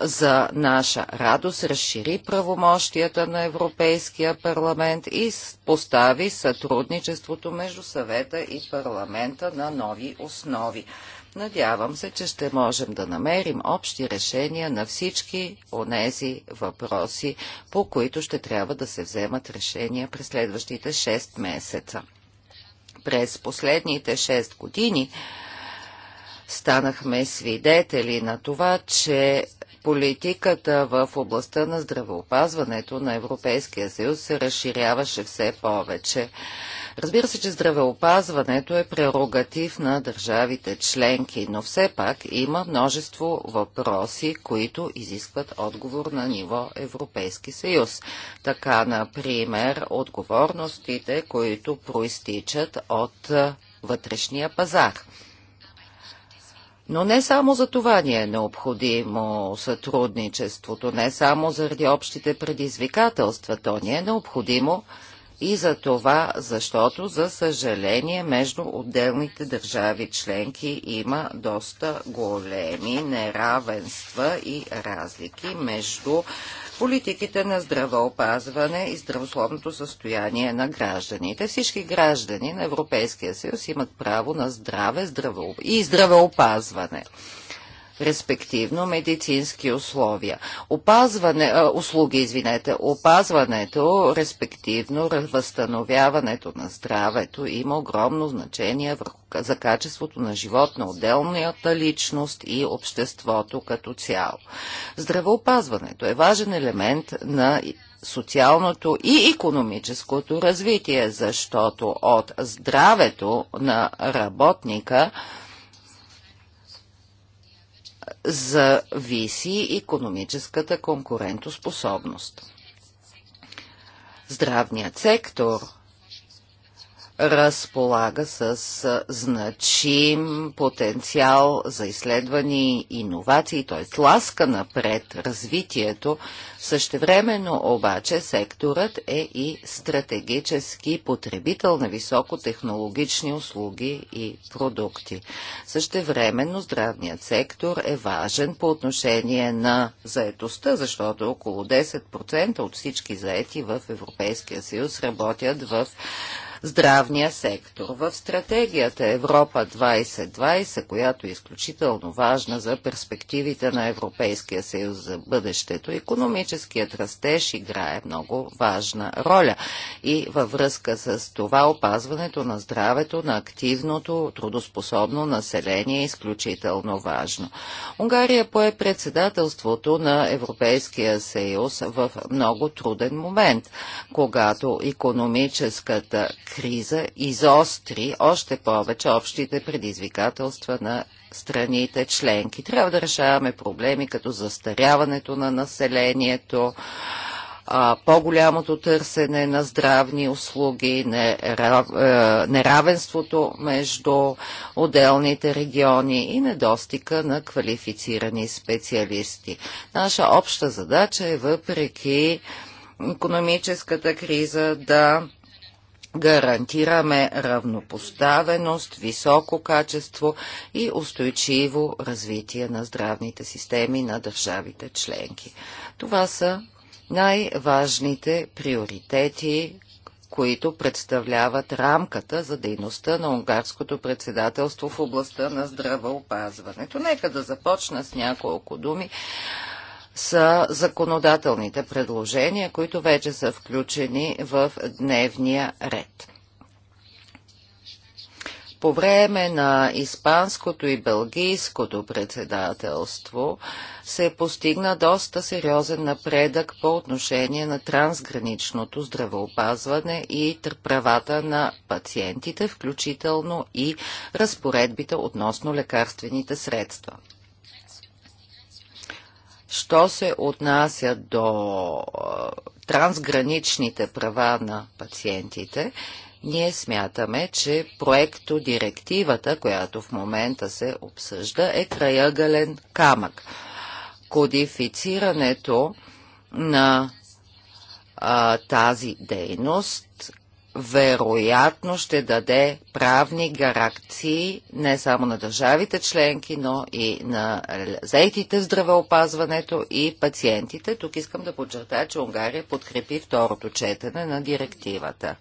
Speaker 1: за наша радост разшири правомощията на Европейския парламент и постави сътрудничеството между съвета и парламента на нови основи. Надявам се, че ще можем да намерим общи решения на всички онези въпроси, по които ще трябва да се вземат решения през следващите 6 месеца. През последните 6 години станахме свидетели на това, че Политиката в областта на здравеопазването на Европейския съюз се разширяваше все повече. Разбира се, че здравеопазването е прерогатив на държавите членки, но все пак има множество въпроси, които изискват отговор на ниво Европейски съюз. Така, например, отговорностите, които проистичат от вътрешния пазар. Но не само за това ни е необходимо сътрудничеството, не само заради общите предизвикателства, то ни е необходимо и за това, защото, за съжаление, между отделните държави членки има доста големи неравенства и разлики между политиките на здравеопазване и здравословното състояние на гражданите. Всички граждани на Европейския съюз имат право на здраве здраво... и здравеопазване респективно медицински условия. Опазване, а, услуги, извинете, опазването, респективно възстановяването на здравето има огромно значение върху, за качеството на живот на отделната личност и обществото като цяло. Здравеопазването е важен елемент на социалното и економическото развитие, защото от здравето на работника – зависи економическата конкурентоспособност. Здравният сектор – разполага с значим потенциал за изследвания и иновации, т.е. ласка напред развитието. Същевременно обаче секторът е и стратегически потребител на високотехнологични услуги и продукти. Същевременно здравният сектор е важен по отношение на заетостта, защото около 10% от всички заети в Европейския съюз работят в здравния сектор. В стратегията Европа 2020, която е изключително важна за перспективите на Европейския съюз за бъдещето, економическият растеж играе много важна роля. И във връзка с това опазването на здравето на активното трудоспособно население е изключително важно. Унгария пое председателството на Европейския съюз в много труден момент, когато економическата криза изостри още повече общите предизвикателства на страните членки. Трябва да решаваме проблеми като застаряването на населението, по-голямото търсене на здравни услуги, е, неравенството между отделните региони и недостига на квалифицирани специалисти. Наша обща задача е въпреки економическата криза да гарантираме равнопоставеност, високо качество и устойчиво развитие на здравните системи на държавите членки. Това са най-важните приоритети, които представляват рамката за дейността на унгарското председателство в областта на здравеопазването. Нека да започна с няколко думи са законодателните предложения, които вече са включени в дневния ред. По време на испанското и бългийското председателство се постигна доста сериозен напредък по отношение на трансграничното здравеопазване и правата на пациентите, включително и разпоредбите относно лекарствените средства. Що се отнася до трансграничните права на пациентите, ние смятаме, че проекто директивата, която в момента се обсъжда, е краягален камък. Кодифицирането на а, тази дейност вероятно ще даде правни гаракции не само на държавите членки, но и на заетите в здравеопазването и пациентите. Тук искам да подчертая, че Унгария подкрепи второто четене на директивата.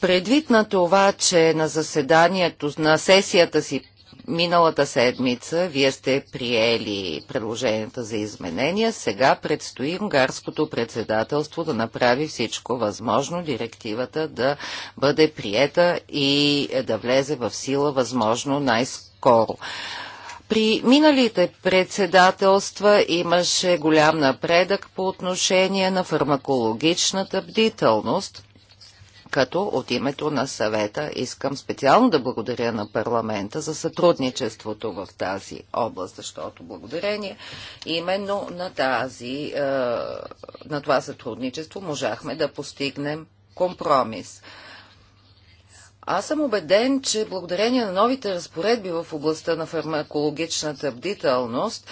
Speaker 1: Предвид на това, че на заседанието, на сесията си Миналата седмица вие сте приели предложенията за изменения. Сега предстои унгарското председателство да направи всичко възможно директивата да бъде приета и да влезе в сила възможно най-скоро. При миналите председателства имаше голям напредък по отношение на фармакологичната бдителност като от името на съвета искам специално да благодаря на парламента за сътрудничеството в тази област, защото благодарение именно на, тази, е, на това сътрудничество можахме да постигнем компромис. Аз съм убеден, че благодарение на новите разпоредби в областта на фармакологичната бдителност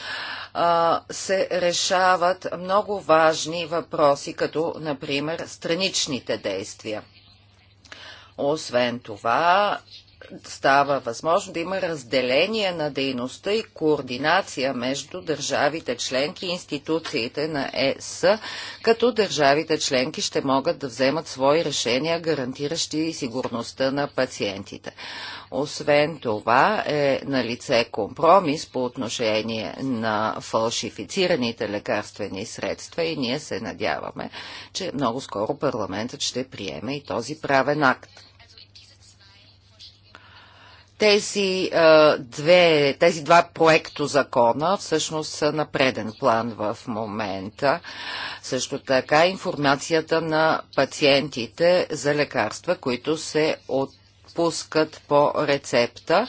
Speaker 1: се решават много важни въпроси, като например страничните действия. Освен това, става възможно да има разделение на дейността и координация между държавите членки и институциите на ЕС, като държавите членки ще могат да вземат свои решения, гарантиращи сигурността на пациентите. Освен това е на лице компромис по отношение на фалшифицираните лекарствени средства и ние се надяваме, че много скоро парламентът ще приеме и този правен акт. Тези, две, тези два проекто закона всъщност са на преден план в момента. Също така информацията на пациентите за лекарства, които се отпускат по рецепта.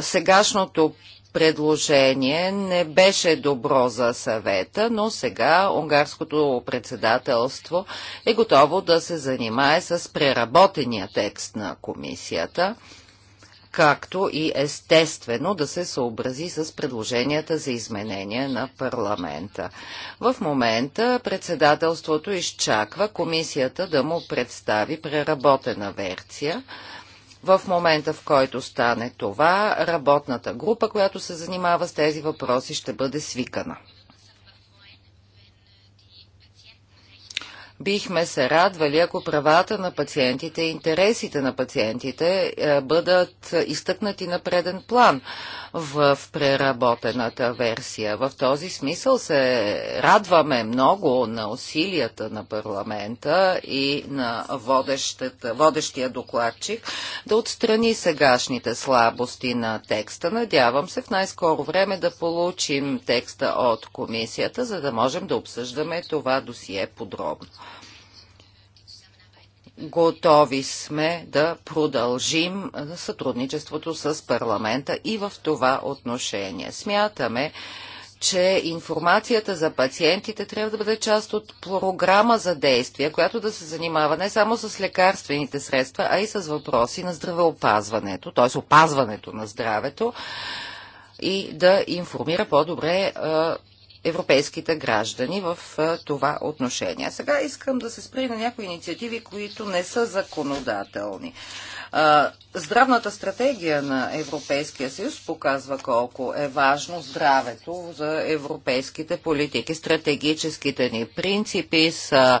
Speaker 1: Сегашното предложение не беше добро за съвета, но сега унгарското председателство е готово да се занимае с преработения текст на комисията както и естествено да се съобрази с предложенията за изменения на парламента. В момента председателството изчаква комисията да му представи преработена версия. В момента, в който стане това, работната група, която се занимава с тези въпроси, ще бъде свикана. Бихме се радвали, ако правата на пациентите и интересите на пациентите е, бъдат изтъкнати на преден план в преработената версия. В този смисъл се радваме много на усилията на парламента и на водещия докладчик да отстрани сегашните слабости на текста. Надявам се в най-скоро време да получим текста от комисията, за да можем да обсъждаме това досие подробно готови сме да продължим сътрудничеството с парламента и в това отношение. Смятаме, че информацията за пациентите трябва да бъде част от програма за действие, която да се занимава не само с лекарствените средства, а и с въпроси на здравеопазването, т.е. опазването на здравето и да информира по-добре европейските граждани в това отношение. Сега искам да се спре на някои инициативи, които не са законодателни. Здравната стратегия на Европейския съюз показва колко е важно здравето за европейските политики. Стратегическите ни принципи са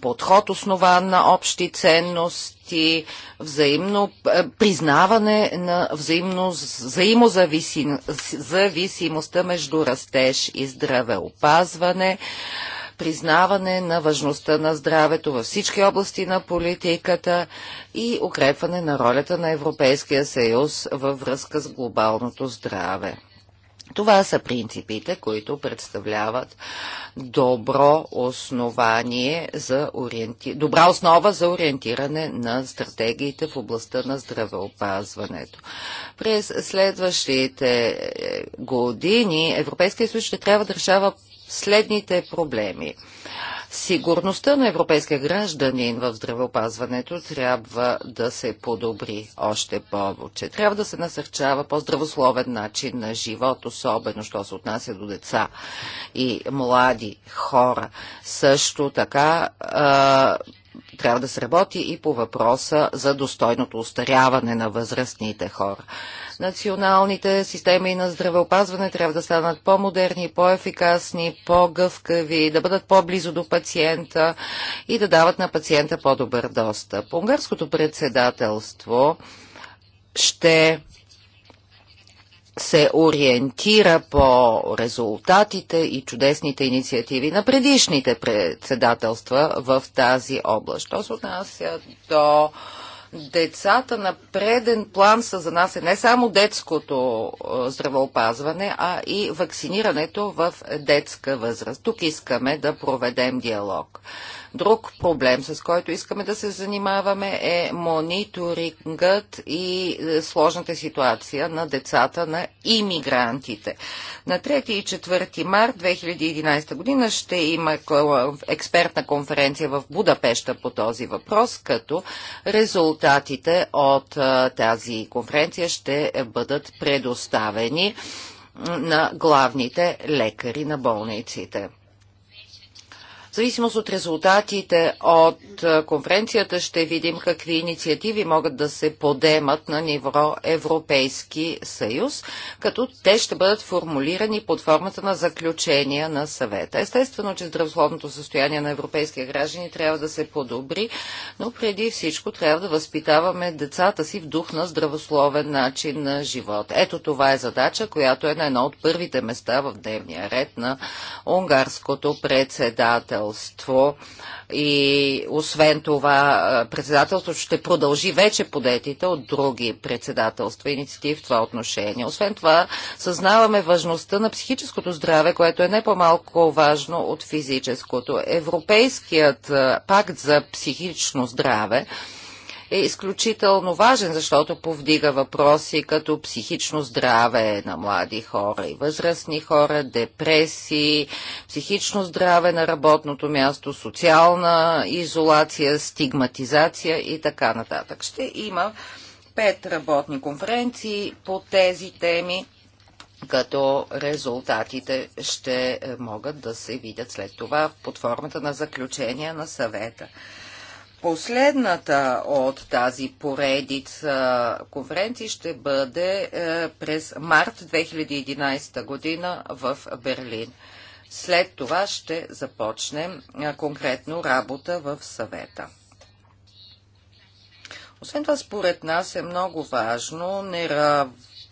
Speaker 1: подход основан на общи ценности, зависимости, взаимно е, признаване на взаимно, взаимозависимостта между растеж и здравеопазване, признаване на важността на здравето във всички области на политиката и укрепване на ролята на Европейския съюз във връзка с глобалното здраве. Това са принципите, които представляват добро основание за ориенти... добра основа за ориентиране на стратегиите в областта на здравеопазването. През следващите е, години Европейския съюз ще трябва да решава следните проблеми Сигурността на европейския гражданин в здравеопазването трябва да се подобри още повече. Трябва да се насърчава по-здравословен начин на живот, особено що се отнася до деца и млади хора. Също така трябва да се работи и по въпроса за достойното устаряване на възрастните хора. Националните системи на здравеопазване трябва да станат по-модерни, по-ефикасни, по-гъвкави, да бъдат по-близо до пациента и да дават на пациента по-добър достъп. Унгарското председателство ще се ориентира по резултатите и чудесните инициативи на предишните председателства в тази област. Що се отнася до децата на преден план са за нас е не само детското е, здравеопазване, а и вакцинирането в детска възраст. Тук искаме да проведем диалог. Друг проблем, с който искаме да се занимаваме е мониторингът и е, сложната ситуация на децата на иммигрантите. На 3 и 4 март 2011 година ще има експертна конференция в Будапешта по този въпрос, като резултатите от е, тази конференция ще бъдат предоставени на главните лекари на болниците зависимост от резултатите от е, конференцията ще видим какви инициативи могат да се подемат на ниво Европейски съюз, като те ще бъдат формулирани под формата на заключения на съвета. Естествено, че здравословното състояние на европейския граждани трябва да се подобри, но преди всичко трябва да възпитаваме децата си в дух на здравословен начин на живот. Ето това е задача, която е на едно от първите места в дневния ред на унгарското председател председателство и освен това председателството ще продължи вече подетите от други председателства инициативи в това отношение. Освен това, съзнаваме важността на психическото здраве, което е не по-малко важно от физическото. Европейският пакт за психично здраве е изключително важен, защото повдига въпроси като психично здраве на млади хора и възрастни хора, депресии, психично здраве на работното място, социална изолация, стигматизация и така нататък. Ще има пет работни конференции по тези теми като резултатите ще могат да се видят след това под формата на заключения на съвета. Последната от тази поредица конференции ще бъде е, през март 2011 година в Берлин. След това ще започнем е, конкретно работа в съвета. Освен това, според нас е много важно нерав...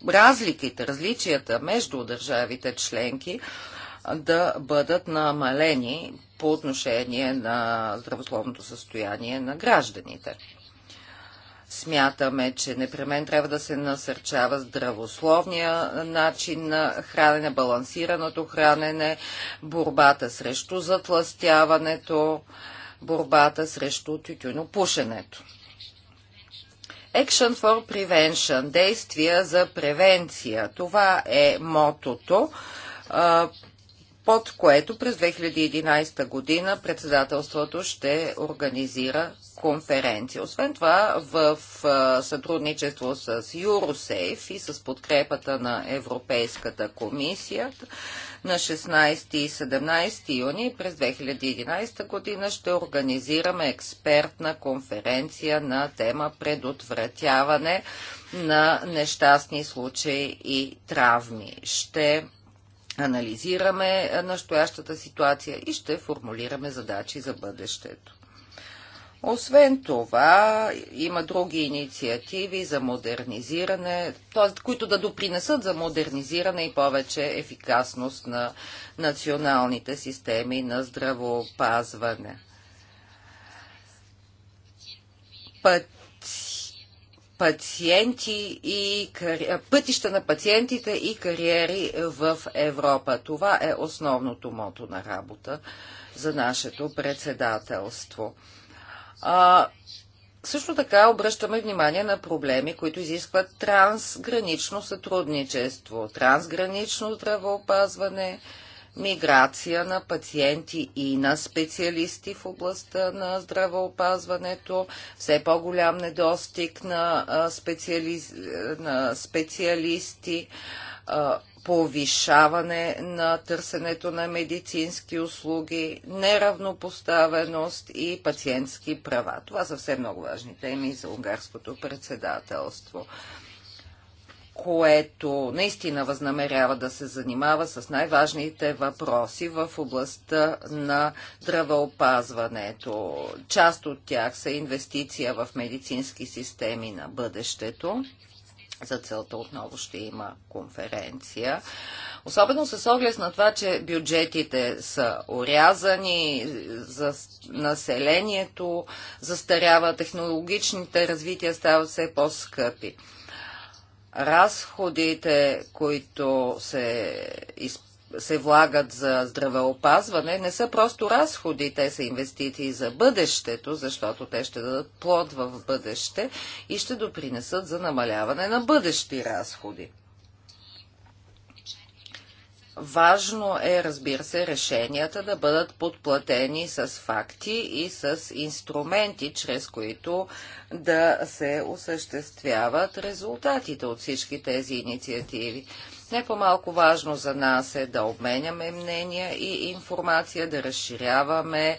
Speaker 1: разликите, различията между държавите членки да бъдат намалени по отношение на здравословното състояние на гражданите. Смятаме, че непременно трябва да се насърчава здравословния начин на хранене, балансираното хранене, борбата срещу затластяването, борбата срещу тютюнопушенето. Action for Prevention – действия за превенция. Това е мотото, под което през 2011 година председателството ще организира конференция. Освен това, в сътрудничество с Юросейф и с подкрепата на Европейската комисия на 16 и 17 юни през 2011 година ще организираме експертна конференция на тема предотвратяване на нещастни случаи и травми. Ще анализираме настоящата ситуация и ще формулираме задачи за бъдещето. Освен това, има други инициативи за модернизиране, т.е. които да допринесат за модернизиране и повече ефикасност на националните системи на здравоопазване. Път пациенти и кари... пътища на пациентите и кариери в Европа. Това е основното мото на работа за нашето председателство. А, също така обръщаме внимание на проблеми, които изискват трансгранично сътрудничество, трансгранично здравеопазване, миграция на пациенти и на специалисти в областта на здравеопазването, все по-голям недостиг на, специали... на специалисти, повишаване на търсенето на медицински услуги, неравнопоставеност и пациентски права. Това са все много важни теми за унгарското председателство което наистина възнамерява да се занимава с най-важните въпроси в областта на здравеопазването. Част от тях са инвестиция в медицински системи на бъдещето. За целта отново ще има конференция. Особено с оглед на това, че бюджетите са орязани, за населението застарява, технологичните развития стават все по-скъпи разходите, които се, из, се влагат за здравеопазване, не са просто разходи, те са инвестиции за бъдещето, защото те ще дадат плод в бъдеще и ще допринесат за намаляване на бъдещи разходи. Важно е, разбира се, решенията да бъдат подплатени с факти и с инструменти, чрез които да се осъществяват резултатите от всички тези инициативи. Не по-малко важно за нас е да обменяме мнения и информация, да разширяваме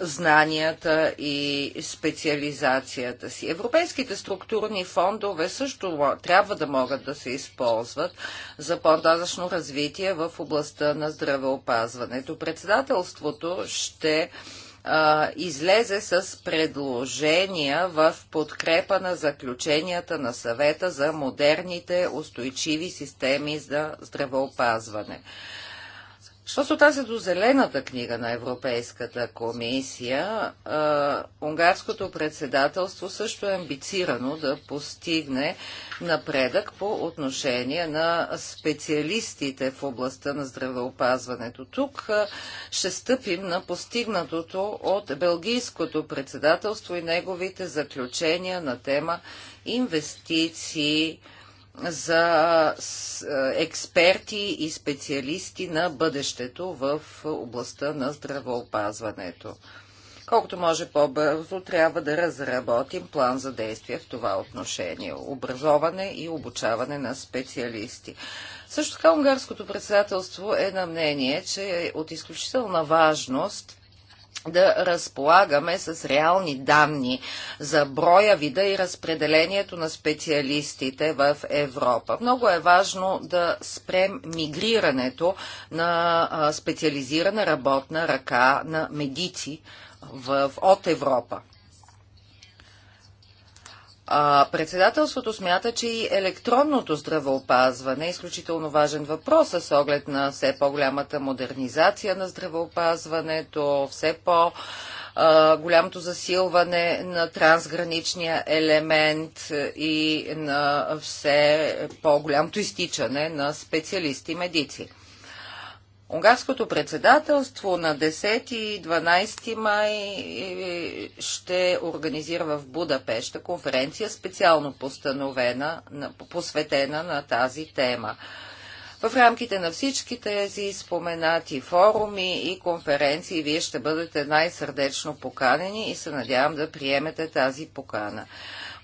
Speaker 1: знанията и специализацията си. Европейските структурни фондове също трябва да могат да се използват за по-дазъчно развитие в областта на здравеопазването. Председателството ще а, излезе с предложения в подкрепа на заключенията на съвета за модерните устойчиви системи за здравеопазване. Що се отнася до зелената книга на Европейската комисия, а, унгарското председателство също е амбицирано да постигне напредък по отношение на специалистите в областта на здравеопазването. Тук а, ще стъпим на постигнатото от Белгийското председателство и неговите заключения на тема инвестиции за е, експерти и специалисти на бъдещето в областта на здравоопазването. Колкото може по-бързо трябва да разработим план за действие в това отношение – образоване и обучаване на специалисти. Също така унгарското председателство е на мнение, че е от изключителна важност – да разполагаме с реални данни за броя, вида и разпределението на специалистите в Европа. Много е важно да спрем мигрирането на специализирана работна ръка на медици в, от Европа а, председателството смята, че и електронното здравеопазване е изключително важен въпрос с оглед на все по-голямата модернизация на здравеопазването, все по- голямото засилване на трансграничния елемент и на все по-голямото изтичане на специалисти медици. Унгарското председателство на 10 и 12 май е, ще организира в Будапешта конференция, специално постановена, посветена на тази тема. В рамките на всички тези споменати форуми и конференции вие ще бъдете най-сърдечно поканени и се надявам да приемете тази покана.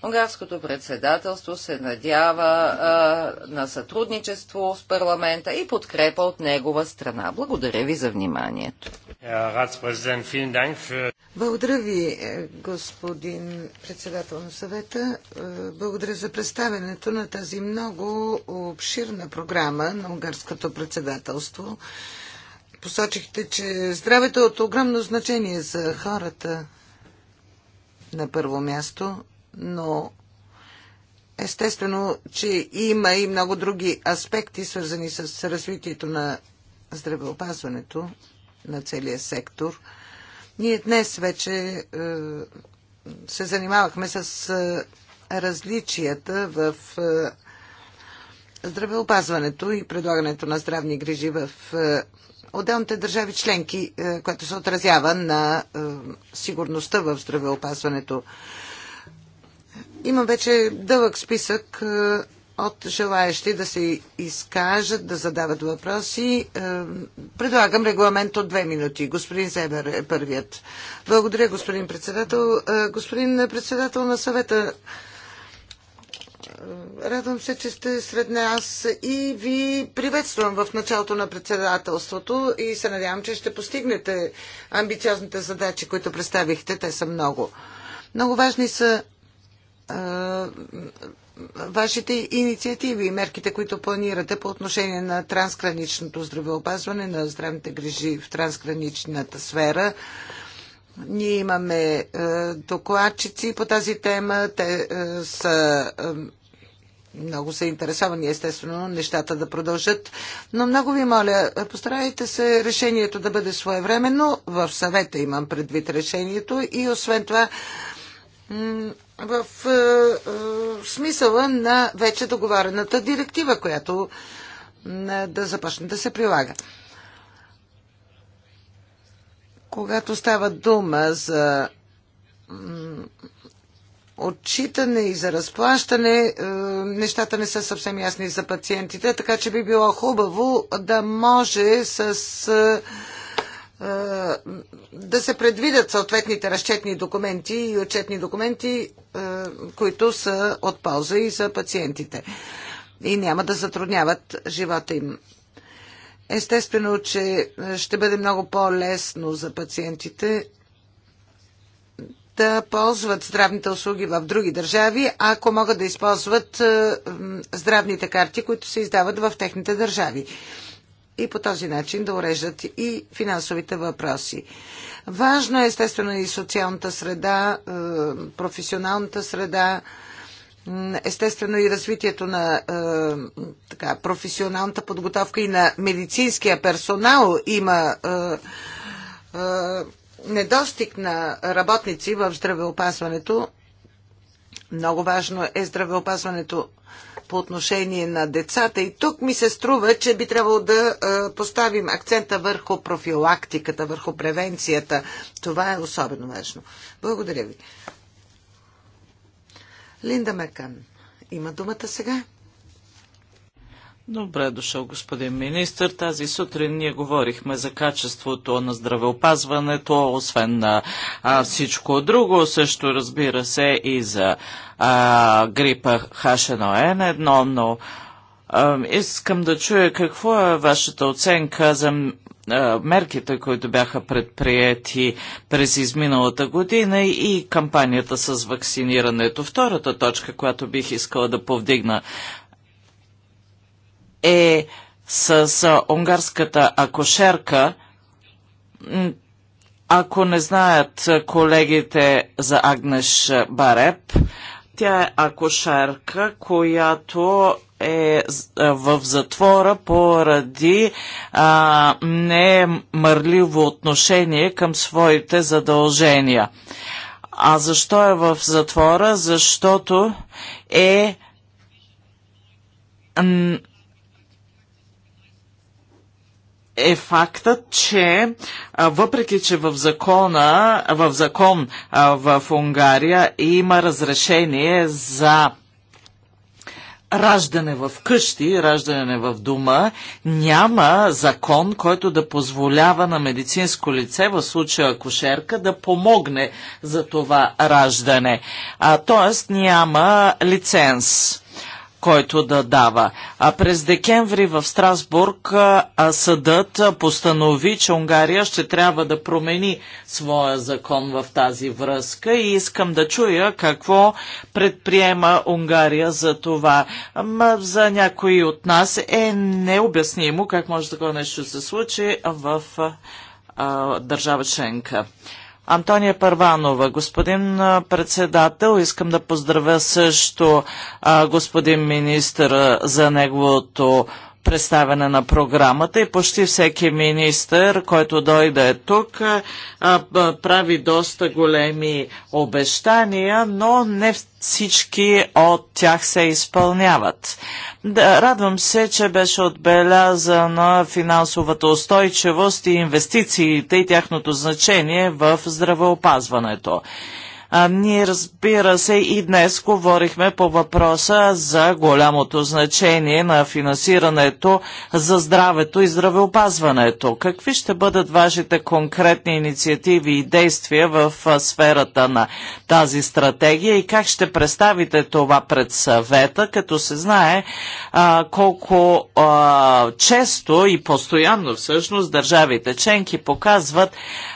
Speaker 1: Унгарското председателство се надява а, на сътрудничество с парламента и подкрепа от негова страна. Благодаря ви за вниманието.
Speaker 3: Благодаря ви, е, господин
Speaker 4: председател на съвета. Е, благодаря за представенето на тази много обширна програма на унгарското председателство. Посочихте, че здравето е от огромно значение за хората на първо място но естествено, че има и много други аспекти, свързани с развитието на здравеопазването на целия сектор. Ние днес вече е, се занимавахме с е, различията в е, здравеопазването и предлагането на здравни грижи в отделните държави членки, което се отразява на сигурността в здравеопазването. Имам вече дълъг списък е, от желаящи да се изкажат, да задават въпроси. Е, предлагам регламент от две минути. Господин Зебер е първият. Благодаря, господин председател. Е, господин председател на съвета, радвам се, че сте сред нас и ви приветствам в началото на председателството и се надявам, че ще постигнете амбициозните задачи, които представихте. Те са много. Много важни са вашите инициативи и мерките, които планирате по отношение на трансграничното здравеопазване, на здравните грижи в трансграничната сфера. Ние имаме е, докладчици по тази тема. Те е, са е, много са интересовани, естествено, нещата да продължат. Но много ви моля, постарайте се решението да бъде своевременно. В съвета имам предвид решението. И освен това, в е, е, смисъла на вече договорената директива, която е, да започне да се прилага. Когато става дума за отчитане и за разплащане, нещата не са съвсем ясни за пациентите, така че би било хубаво да може с да се предвидят съответните разчетни документи и отчетни документи, които са от полза и за пациентите и няма да затрудняват живота им. Естествено, че ще бъде много по-лесно за пациентите да ползват здравните услуги в други държави, ако могат да използват здравните карти, които се издават в техните държави и по този начин да уреждат и финансовите въпроси. Важно е естествено и социалната среда, е, професионалната среда, естествено и развитието на е, така, професионалната подготовка и на медицинския персонал има е, недостиг на работници в здравеопазването. Много важно е здравеопазването по отношение на децата. И тук ми се струва, че би трябвало да поставим акцента върху профилактиката, върху превенцията. Това е особено важно. Благодаря ви. Линда Мекан има думата сега.
Speaker 2: Добре дошъл, господин министр. Тази сутрин ние говорихме за качеството на здравеопазването, освен на а, всичко друго, също разбира се и за а, грипа H1N1, но а, искам да чуя какво е вашата оценка за мерките, които бяха предприяти през изминалата година и кампанията с вакцинирането. Втората точка, която бих искала да повдигна е с унгарската акушерка. Ако не знаят колегите за Агнеш Бареп, тя е акушерка, която е в затвора поради а, немърливо отношение към своите задължения. А защо е в затвора? Защото е е фактът, че въпреки, че в закона, в закон в Унгария има разрешение за раждане в къщи, раждане в дома, няма закон, който да позволява на медицинско лице, в случая акушерка, да помогне за това раждане. А, тоест няма лиценз който да дава. А през декември в Страсбург съдът постанови, че Унгария ще трябва да промени своя закон в тази връзка и искам да чуя какво предприема Унгария за това. За някои от нас е необяснимо как може такова нещо да се случи в държава членка. Антония Първанова. Господин председател, искам да поздравя също господин министър за неговото представяне на програмата и почти всеки министър, който дойде тук, прави доста големи обещания, но не всички от тях се изпълняват. Да, радвам се, че беше отбелязана финансовата устойчивост и инвестициите и тяхното значение в здравеопазването. А, ние разбира се и днес говорихме по въпроса за голямото значение на финансирането за здравето и здравеопазването. Какви ще бъдат вашите конкретни инициативи и действия в сферата на тази стратегия и как ще представите това пред съвета, като се знае а, колко а, често и постоянно всъщност държавите членки показват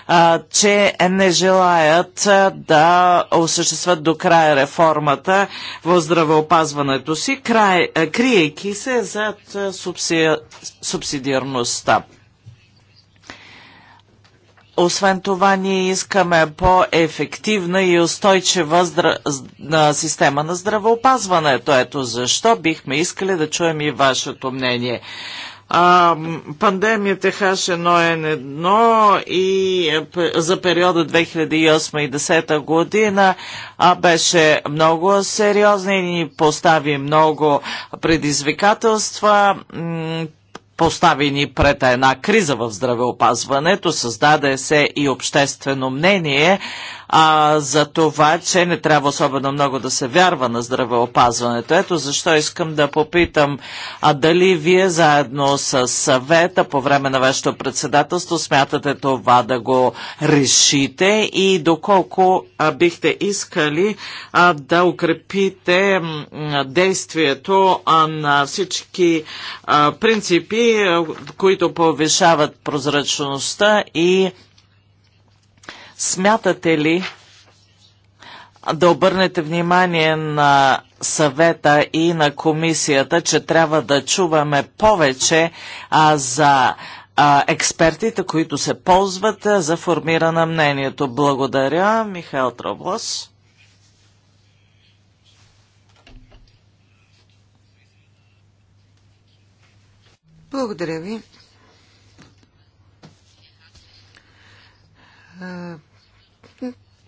Speaker 2: а, че не желаят да осъществят до края реформата в здравеопазването си, край, а, криейки се зад субси, субсидиарността. Освен това, ние искаме по-ефективна и устойчива здра... на система на здравеопазването. Ето защо бихме искали да чуем и вашето мнение а, пандемията H1N1 и е, за периода 2008 и 2010 година а беше много сериозна и ни постави много предизвикателства поставени пред една криза в здравеопазването, създаде се и обществено мнение а, за това, че не трябва особено много да се вярва на здравеопазването. Ето защо искам да попитам, а дали вие заедно с съвета по време на вашето председателство смятате това да го решите и доколко а, бихте искали а, да укрепите действието а, на всички а, принципи, а, които повишават прозрачността и Смятате ли да обърнете внимание на съвета и на комисията, че трябва да чуваме повече а, за а, експертите, които се ползват а, за формира на мнението. Благодаря, Михаил Троблос.
Speaker 4: Благодаря ви.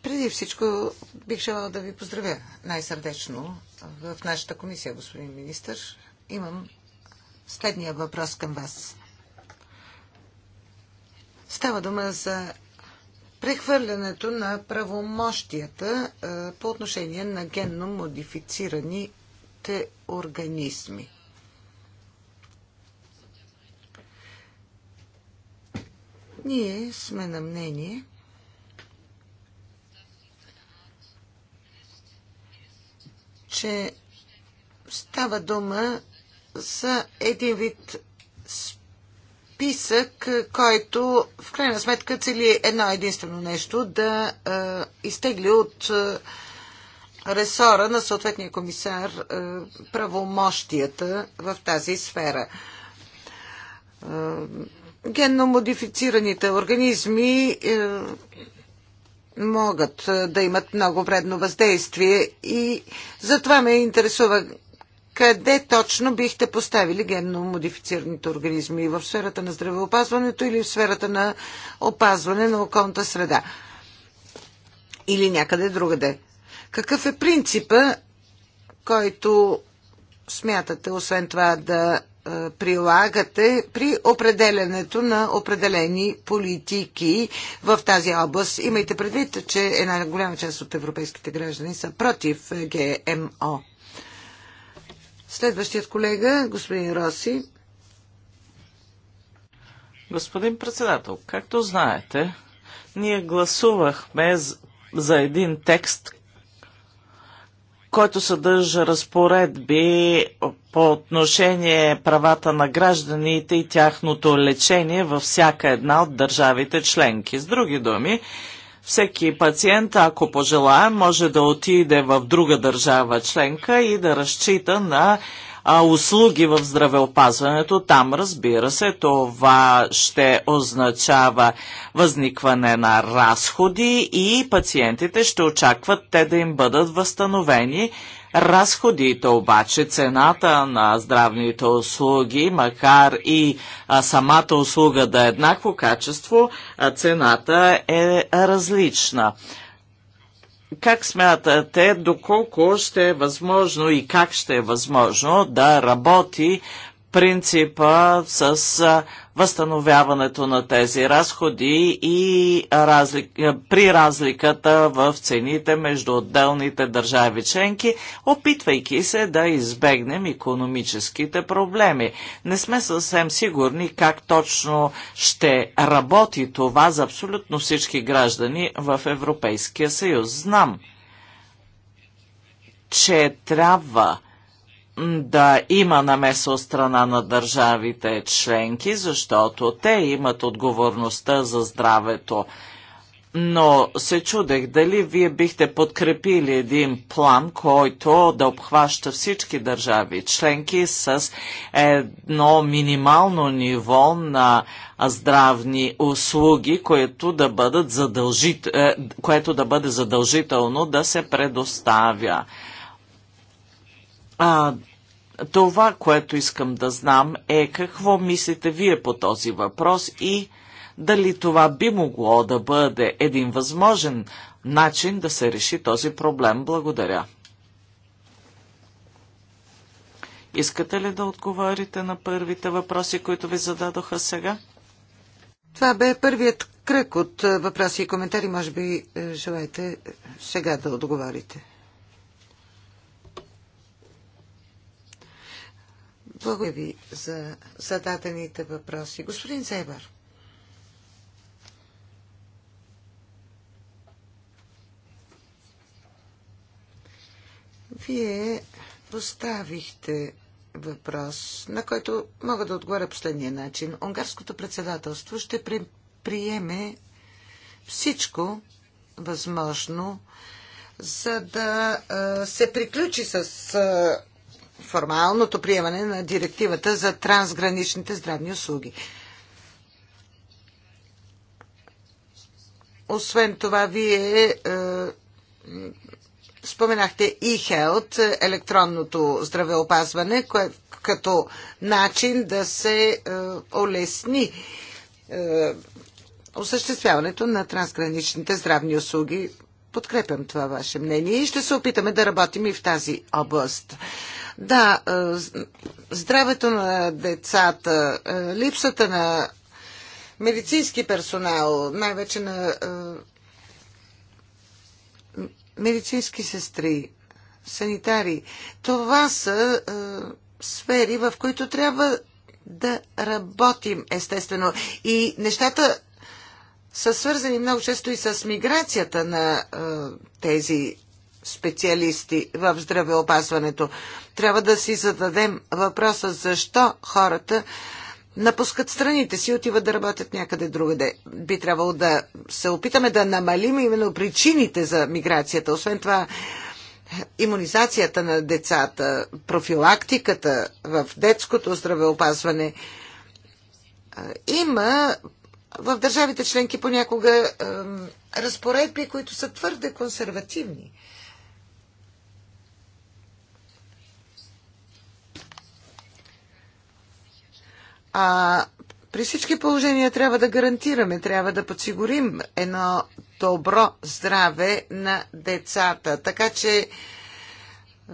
Speaker 4: Преди всичко бих желала да ви поздравя най-сърдечно в нашата комисия, господин министр. Имам следния въпрос към вас. Става дума за прехвърлянето на правомощията по отношение на генно модифицираните организми. Ние сме на мнение – че става дума за един вид списък, който в крайна сметка цели едно единствено нещо да а, изтегли от а, ресора на съответния комисар а, правомощията в тази сфера. А, генно модифицираните организми могат да имат много вредно въздействие и затова ме интересува къде точно бихте поставили генно модифицираните организми? В сферата на здравеопазването или в сферата на опазване на околната среда? Или някъде другаде? Какъв е принципа, който смятате, освен това, да е, прилагате при определенето на определени политики в тази област. Имайте предвид, че една голяма част от европейските граждани са против е, ГМО. Следващият колега, господин
Speaker 2: Роси. Господин председател, както знаете, ние гласувахме за един текст, който съдържа разпоредби по отношение правата на гражданите и тяхното лечение във всяка една от държавите членки. С други думи, всеки пациент, ако пожелая, може да отиде в друга държава членка и да разчита на а, услуги в здравеопазването, там разбира се, това ще означава възникване на разходи и пациентите ще очакват те да им бъдат възстановени. Разходите обаче, цената на здравните услуги, макар и а, самата услуга да е еднакво качество, а цената е различна. Как смятате, доколко ще е възможно и как ще е възможно да работи принципа с възстановяването на тези разходи и при разликата в цените между отделните държави членки, опитвайки се да избегнем економическите проблеми. Не сме съвсем сигурни как точно ще работи това за абсолютно всички граждани в Европейския съюз. Знам, че трябва да има намеса от страна на държавите членки, защото те имат отговорността за здравето. Но се чудех дали вие бихте подкрепили един план, който да обхваща всички държави членки с едно минимално ниво на здравни услуги, което да, бъдат задължит... Е, което да бъде задължително да се предоставя. А, това, което искам да знам е какво мислите вие по този въпрос и дали това би могло да бъде един възможен начин да се реши този проблем. Благодаря. Искате ли да отговорите на първите въпроси, които ви зададоха сега?
Speaker 4: Това бе първият кръг от въпроси и коментари. Може би е, желаете е, сега да отговорите. Благодаря ви за зададените въпроси. Господин Зебър. Вие поставихте въпрос, на който мога да отговоря последния начин. Унгарското председателство ще при, приеме всичко възможно, за да а, се приключи с а, формалното приемане на директивата за трансграничните здравни услуги. Освен това, вие е, споменахте e-health, електронното здравеопазване, кое, като начин да се е, олесни е, осъществяването на трансграничните здравни услуги. Подкрепям това ваше мнение и ще се опитаме да работим и в тази област. Да, е, здравето на децата, е, липсата на медицински персонал, най-вече на е, медицински сестри, санитари, това са сфери, в които трябва да работим, естествено. И нещата са свързани много често и с миграцията на тези специалисти в здравеопазването. Трябва да си зададем въпроса защо хората напускат страните си и отиват да работят някъде другаде. Би трябвало да се опитаме да намалим именно причините за миграцията. Освен това, иммунизацията на децата, профилактиката в детското здравеопазване има в държавите членки понякога разпоредби, които са твърде консервативни. А при всички положения трябва да гарантираме, трябва да подсигурим едно добро здраве на децата. Така че е,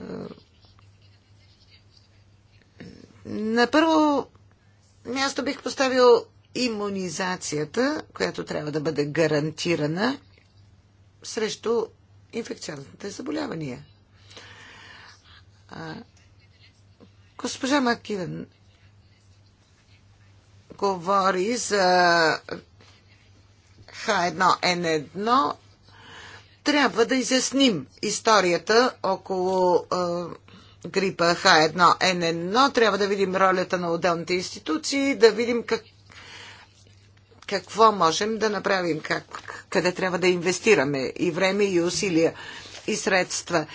Speaker 4: на първо място бих поставил иммунизацията, която трябва да бъде гарантирана срещу инфекционните заболявания. Госпожа Макивен говори за х 1 н 1 трябва да изясним историята около грипа х 1 н 1 Трябва да видим ролята на отделните институции, да видим как, какво можем да направим, как, къде трябва да инвестираме и време, и усилия, и средства.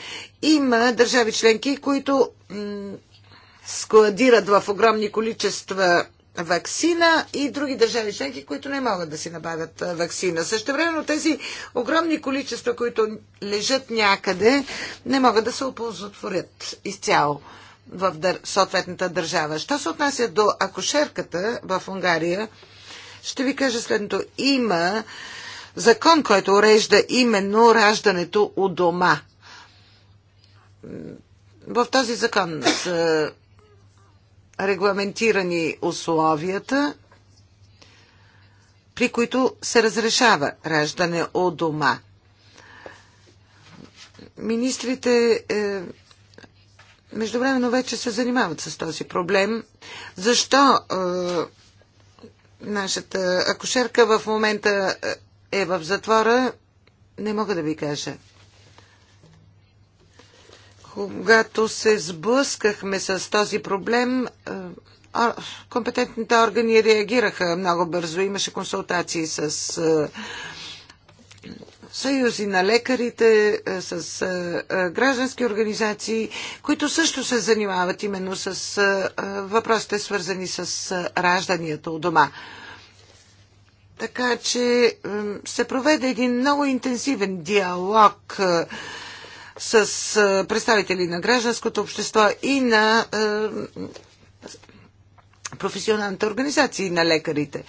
Speaker 4: Има държави членки, които складират в огромни количества вакцина и други държави членки, които не могат да си набавят вакцина. Също времено тези огромни количества, които лежат някъде, не могат да се оползотворят изцяло в дър... съответната държава. Що се отнася до акушерката в Унгария, ще ви кажа следното. Има закон, който урежда именно раждането у дома. В този закон са регламентирани условията, при които се разрешава раждане от дома. Министрите е, междувременно вече се занимават с този проблем. Защо е, нашата акушерка в момента е, е в затвора, не мога да ви кажа. Когато се сблъскахме с този проблем, е, компетентните органи реагираха много бързо. Имаше консултации с е, съюзи на лекарите, е, с граждански организации, които също се занимават именно с въпросите, свързани с ражданията у дома. Така че се проведе един много интенсивен диалог с представители на гражданското общество и на професионалните организации на лекарите.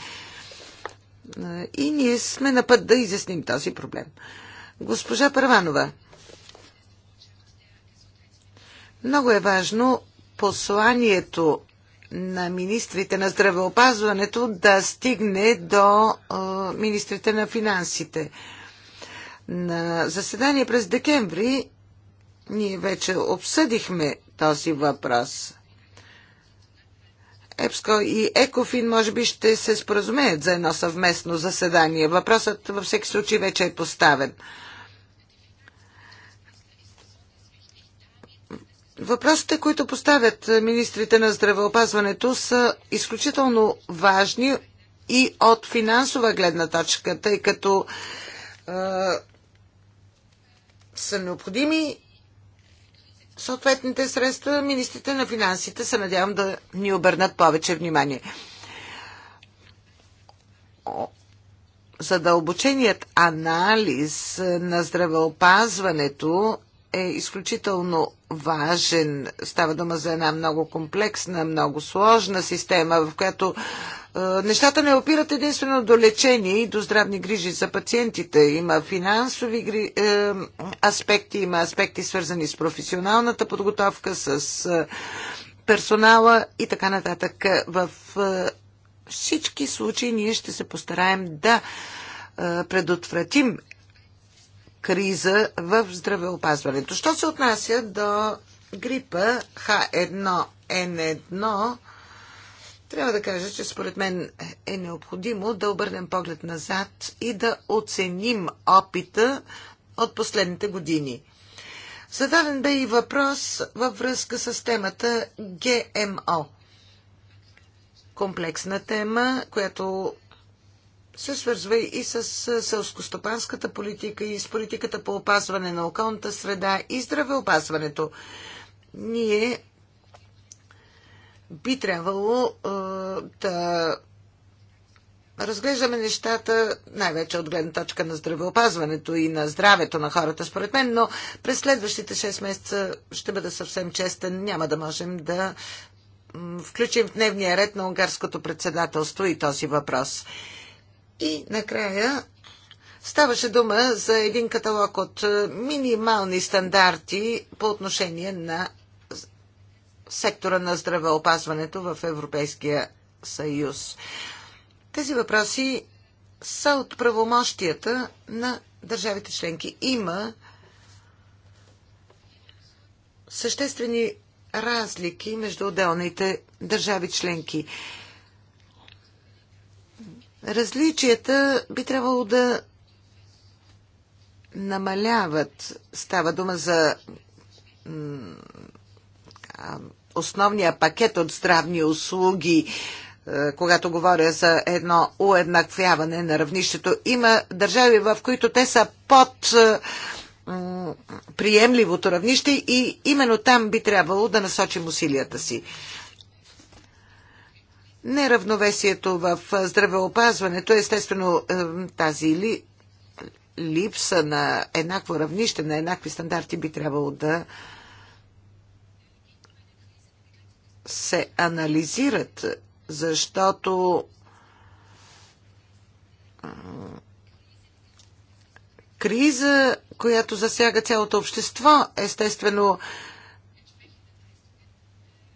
Speaker 4: И ние сме на път да изясним този проблем. Госпожа Първанова, много е важно посланието на министрите на здравеопазването да стигне до министрите на финансите. На заседание през декември ние вече обсъдихме този въпрос. ЕПСКО и ЕКОФИН може би ще се споразумеят за едно съвместно заседание. Въпросът във всеки случай вече е поставен. Въпросите, които поставят министрите на здравеопазването са изключително важни и от финансова гледна точка, тъй като е, са необходими съответните средства, министрите на финансите се надявам да ни обърнат повече внимание. Задълбоченият анализ на здравеопазването е изключително важен. Става дума за една много комплексна, много сложна система, в която е, нещата не опират единствено до лечение и до здравни грижи за пациентите. Има финансови е, аспекти, има аспекти свързани с професионалната подготовка, с е, персонала и така нататък. В всички случаи ние ще се постараем да предотвратим криза в здравеопазването. Що се отнася до грипа H1N1, трябва да кажа, че според мен е необходимо да обърнем поглед назад и да оценим опита от последните години. Зададен бе и въпрос във връзка с темата ГМО. Комплексна тема, която се свързва и с селскостопанската политика, и с политиката по опазване на околната среда, и здравеопазването. Ние би трябвало е, да разглеждаме нещата най-вече от гледна точка на здравеопазването и на здравето на хората, според мен, но през следващите 6 месеца, ще бъда съвсем честен, няма да можем да включим в дневния ред на унгарското председателство и този въпрос. И накрая ставаше дума за един каталог от е, минимални стандарти по отношение на сектора на здравеопазването в Европейския съюз. Тези въпроси са от правомощията на държавите членки. Има съществени разлики между отделните държави членки. Различията би трябвало да намаляват. Става дума за основния пакет от здравни услуги, е, когато говоря за едно уеднаквяване на равнището. Има държави, в които те са под е, приемливото равнище и именно там би трябвало да насочим усилията си. Неравновесието в здравеопазването, естествено е, тази ли, липса на еднакво равнище, на еднакви стандарти би трябвало да се анализират, защото криза, която засяга цялото общество, естествено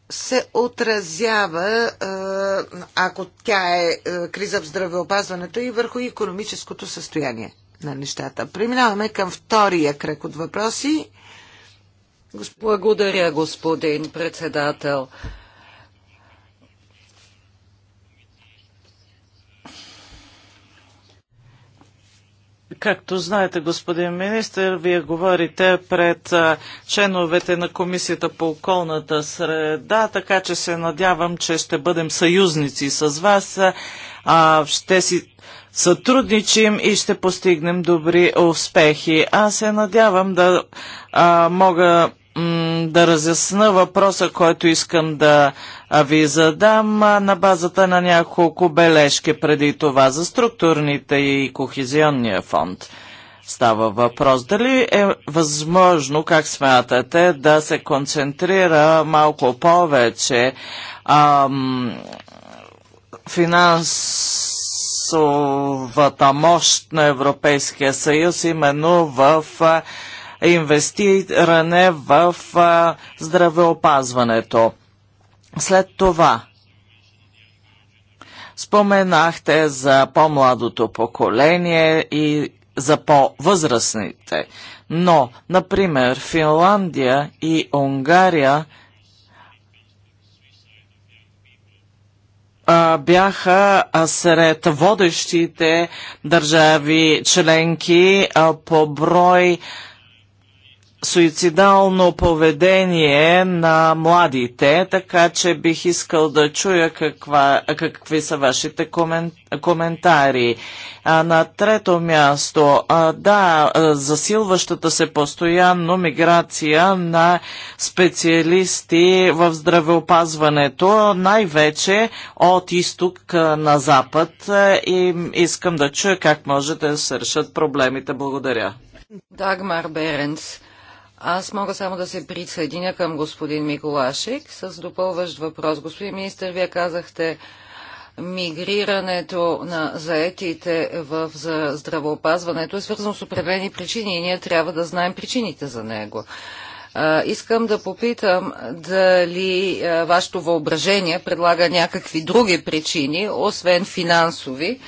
Speaker 4: се отразява, ако тя е криза в здравеопазването и върху економическото състояние на нещата. Преминаваме към втория кръг от въпроси.
Speaker 1: Благодаря, господин председател.
Speaker 2: Както знаете, господин министр, вие говорите пред членовете на Комисията по околната среда, така че се надявам, че ще бъдем съюзници с вас, ще си сътрудничим и ще постигнем добри успехи. Аз се надявам да мога да разясна въпроса, който искам да ви задам на базата на няколко бележки преди това за структурните и кохезионния фонд. Става въпрос дали е възможно, как смятате, да се концентрира малко повече ам, финансовата мощ на Европейския съюз именно в а, инвестиране в а, здравеопазването. След това споменахте за по-младото поколение и за по-възрастните. Но, например, Финландия и Унгария бяха сред водещите държави членки по брой суицидално поведение на младите, така че бих искал да чуя каква, какви са вашите комен, коментари. А на трето място, а, да, засилващата се постоянно миграция на специалисти в здравеопазването, най-вече от изток на запад и искам да чуя как можете да се решат проблемите. Благодаря.
Speaker 1: Дагмар Беренс. Аз мога само да се присъединя към господин Миколашик с допълващ въпрос. Господин министр, вие казахте, мигрирането на заетите в здравеопазването е свързано с определени причини и ние трябва да знаем причините за него. искам да попитам дали вашето въображение предлага някакви други причини, освен финансови,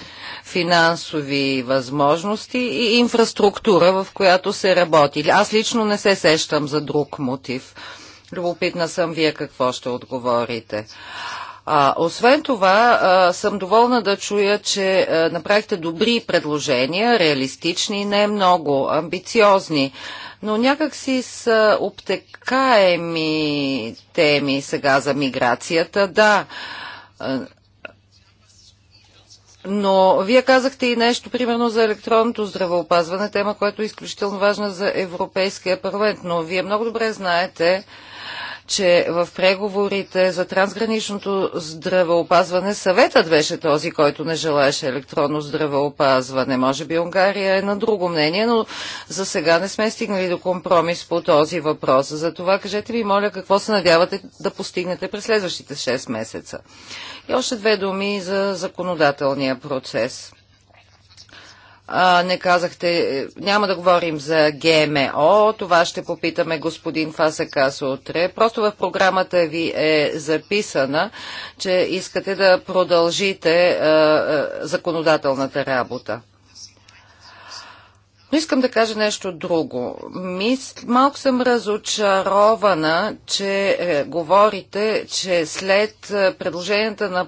Speaker 1: финансови възможности и инфраструктура, в която се работи. Аз лично не се сещам за друг мотив. Любопитна съм вие какво ще отговорите. А, освен това, а, съм доволна да чуя, че а, направихте добри предложения, реалистични, не много, амбициозни, но някак си са обтекаеми теми сега за миграцията. Да, а, но вие казахте и нещо, примерно, за електронното здравеопазване, тема, която е изключително важна за Европейския парламент. Но вие много добре знаете, че в преговорите за трансграничното здравеопазване съветът беше този, който не желаеше електронно здравеопазване. Може би Унгария е на друго мнение, но за сега не сме стигнали до компромис по този въпрос. За това кажете ми, моля, какво се надявате да постигнете през следващите 6 месеца. И още две думи за законодателния процес. А, не казахте, няма да говорим за ГМО, това ще попитаме господин Фасакас утре. Просто в програмата ви е записана, че искате да продължите а, а, законодателната работа. Но искам да кажа нещо друго. Мис... Малко съм разочарована, че е, говорите, че след е, предложенията на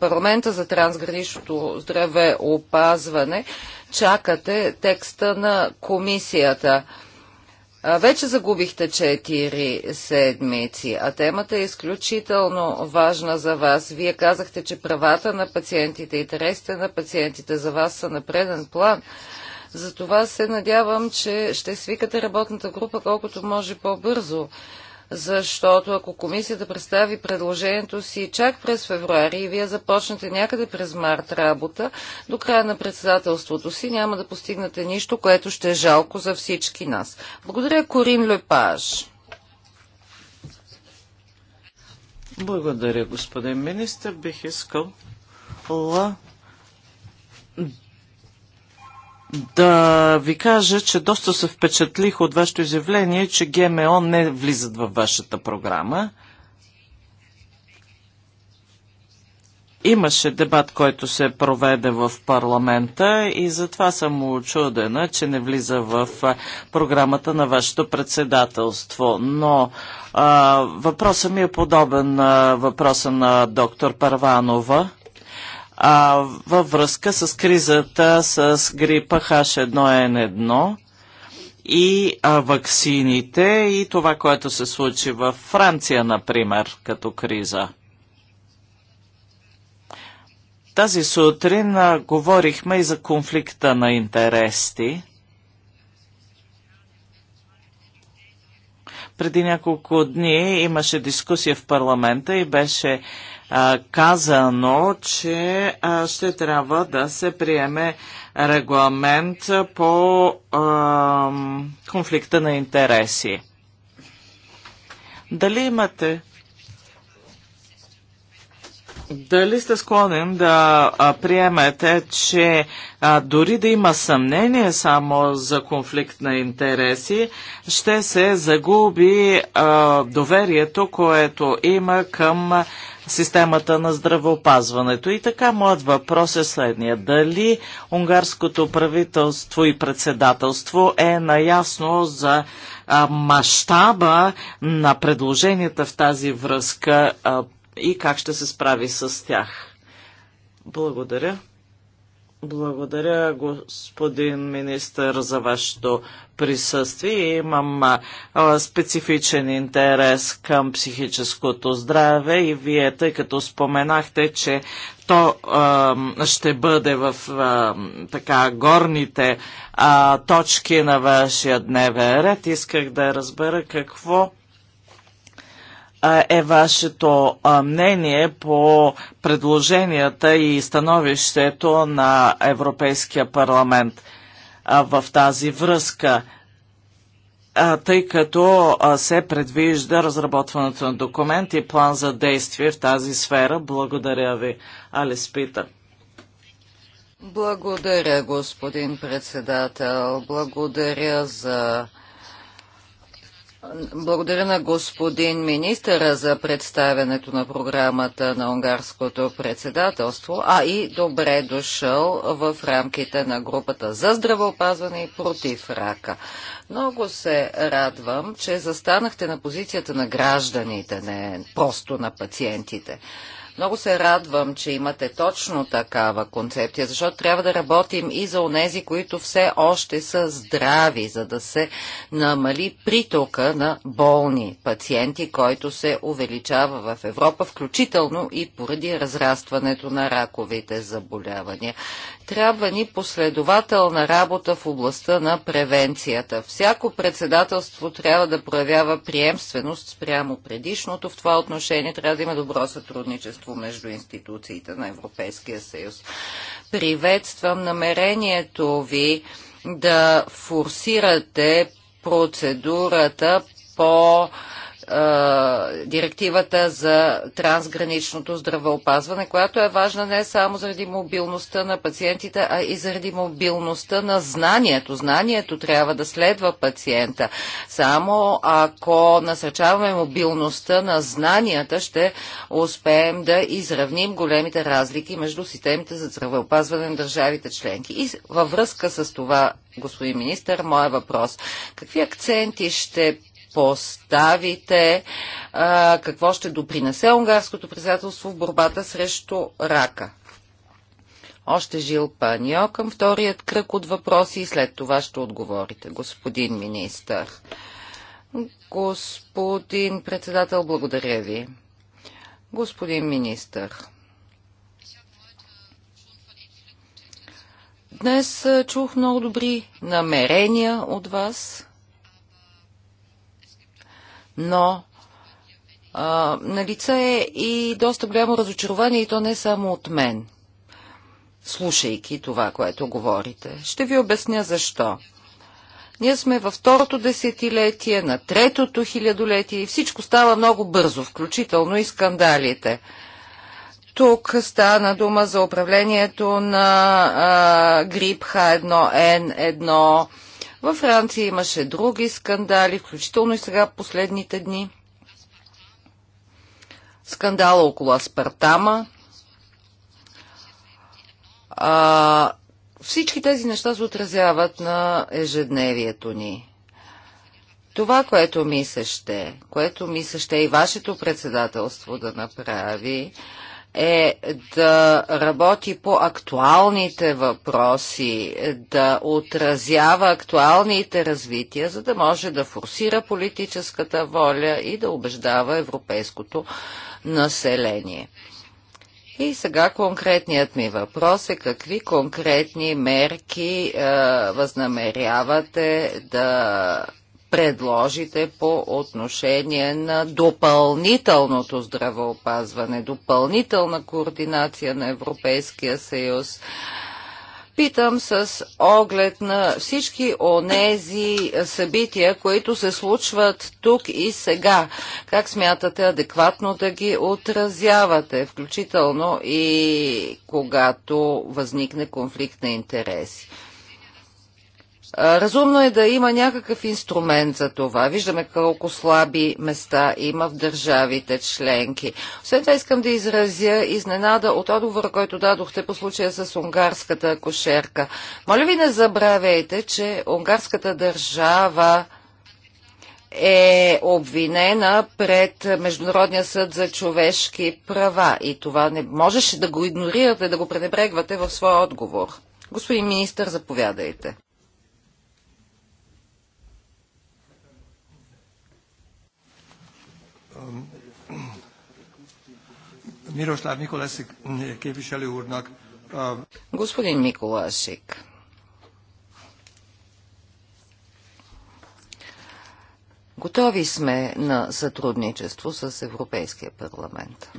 Speaker 1: парламента за трансграничното здраве опазване чакате текста на комисията. Вече загубихте 4 седмици, а темата е изключително важна за вас. Вие казахте, че правата на пациентите и интересите на пациентите за вас са на преден план. Затова се надявам, че ще свикате работната група колкото може по-бързо защото ако комисията представи предложението си чак през февруари и вие започнете някъде през март работа, до края на председателството си няма да постигнете нищо, което ще е жалко за всички нас. Благодаря, Корин Лепаж.
Speaker 2: Благодаря, господин министр. Бих искал да ви кажа, че доста се впечатлих от вашето изявление, че ГМО не влизат във вашата програма. Имаше дебат, който се проведе в парламента и затова съм очудена, че не влиза в програмата на вашето председателство. Но а, въпросът ми е подобен на въпроса на доктор Парванова а, във връзка с кризата с грипа H1N1 и а, ваксините и това, което се случи във Франция, например, като криза. Тази сутрин а, говорихме и за конфликта на интереси. Преди няколко дни имаше дискусия в парламента и беше а, казано, че ще трябва да се приеме регламент по конфликта на интереси. Дали имате дали сте склонен да а, приемете, че а, дори да има съмнение само за конфликт на интереси, ще се загуби а, доверието, което има към системата на здравеопазването. И така, моят въпрос е следния. Дали унгарското правителство и председателство е наясно за мащаба на предложенията в тази връзка а, и как ще се справи с тях. Благодаря. Благодаря, господин министър, за вашето присъствие. Имам а, специфичен интерес към психическото здраве и вие, тъй като споменахте, че то а, ще бъде в а, така горните а, точки на вашия дневен ред, исках да разбера какво е вашето мнение по предложенията и становището на Европейския парламент в тази връзка, тъй като се предвижда разработването на документ и план за действие в тази сфера. Благодаря ви, Алис Питър.
Speaker 1: Благодаря, господин председател. Благодаря за благодаря на господин министъра за представянето на програмата на унгарското председателство, а и добре дошъл в рамките на групата за здравеопазване и против рака. Много се радвам, че застанахте на позицията на гражданите, не просто на пациентите. Много се радвам, че имате точно такава концепция, защото трябва да работим и за онези, които все още са здрави, за да се намали притока на болни пациенти, който се увеличава в Европа, включително и поради разрастването на раковите заболявания. Трябва ни последователна работа в областта на превенцията. Всяко председателство трябва да проявява приемственост спрямо предишното. В това отношение трябва да има добро сътрудничество сътрудничество между институциите на Европейския съюз. Приветствам намерението ви да форсирате процедурата по директивата за трансграничното здравеопазване, която е важна не само заради мобилността на пациентите, а и заради мобилността на знанието. Знанието трябва да следва пациента. Само ако насърчаваме мобилността на знанията, ще успеем да изравним големите разлики между системите за здравеопазване на държавите членки. И във връзка с това, господин министър, моят въпрос. Какви акценти ще поставите, а, какво ще допринесе унгарското председателство в борбата срещу рака. Още Жил Панио към вторият кръг от въпроси и след това ще отговорите, господин министър. Господин председател, благодаря ви. Господин министър, днес чух много добри намерения от вас но на налица е и доста голямо разочарование и то не само от мен, слушайки това, което говорите. Ще ви обясня защо. Ние сме във второто десетилетие, на третото хилядолетие и всичко става много бързо, включително и скандалите. Тук стана дума за управлението на а, грип H1N1, във Франция имаше други скандали, включително и сега последните дни. Скандала около Аспартама. А, всички тези неща се отразяват на ежедневието ни. Това, което ми което ми и вашето председателство да направи, е да работи по актуалните въпроси, да отразява актуалните развития, за да може да форсира политическата воля и да убеждава европейското население. И сега конкретният ми въпрос е какви конкретни мерки е, възнамерявате да предложите по отношение на допълнителното здравеопазване, допълнителна координация на Европейския съюз. Питам с оглед на всички онези събития, които се случват тук и сега. Как смятате адекватно да ги отразявате, включително и когато възникне конфликт на интереси? Разумно е да има някакъв инструмент за това. Виждаме колко слаби места има в държавите членки. Освен това искам да изразя изненада от отговора, който дадохте по случая с унгарската кошерка. Моля ви не забравяйте, че унгарската държава е обвинена пред Международния съд за човешки права и това не можеше да го игнорирате, да го пренебрегвате в своя отговор. Господин министър, заповядайте.
Speaker 3: Miroslav Mikolászik
Speaker 1: képviselő úrnak. Господин Миколашик, готови сме на сътрудничество с Европейския парламент.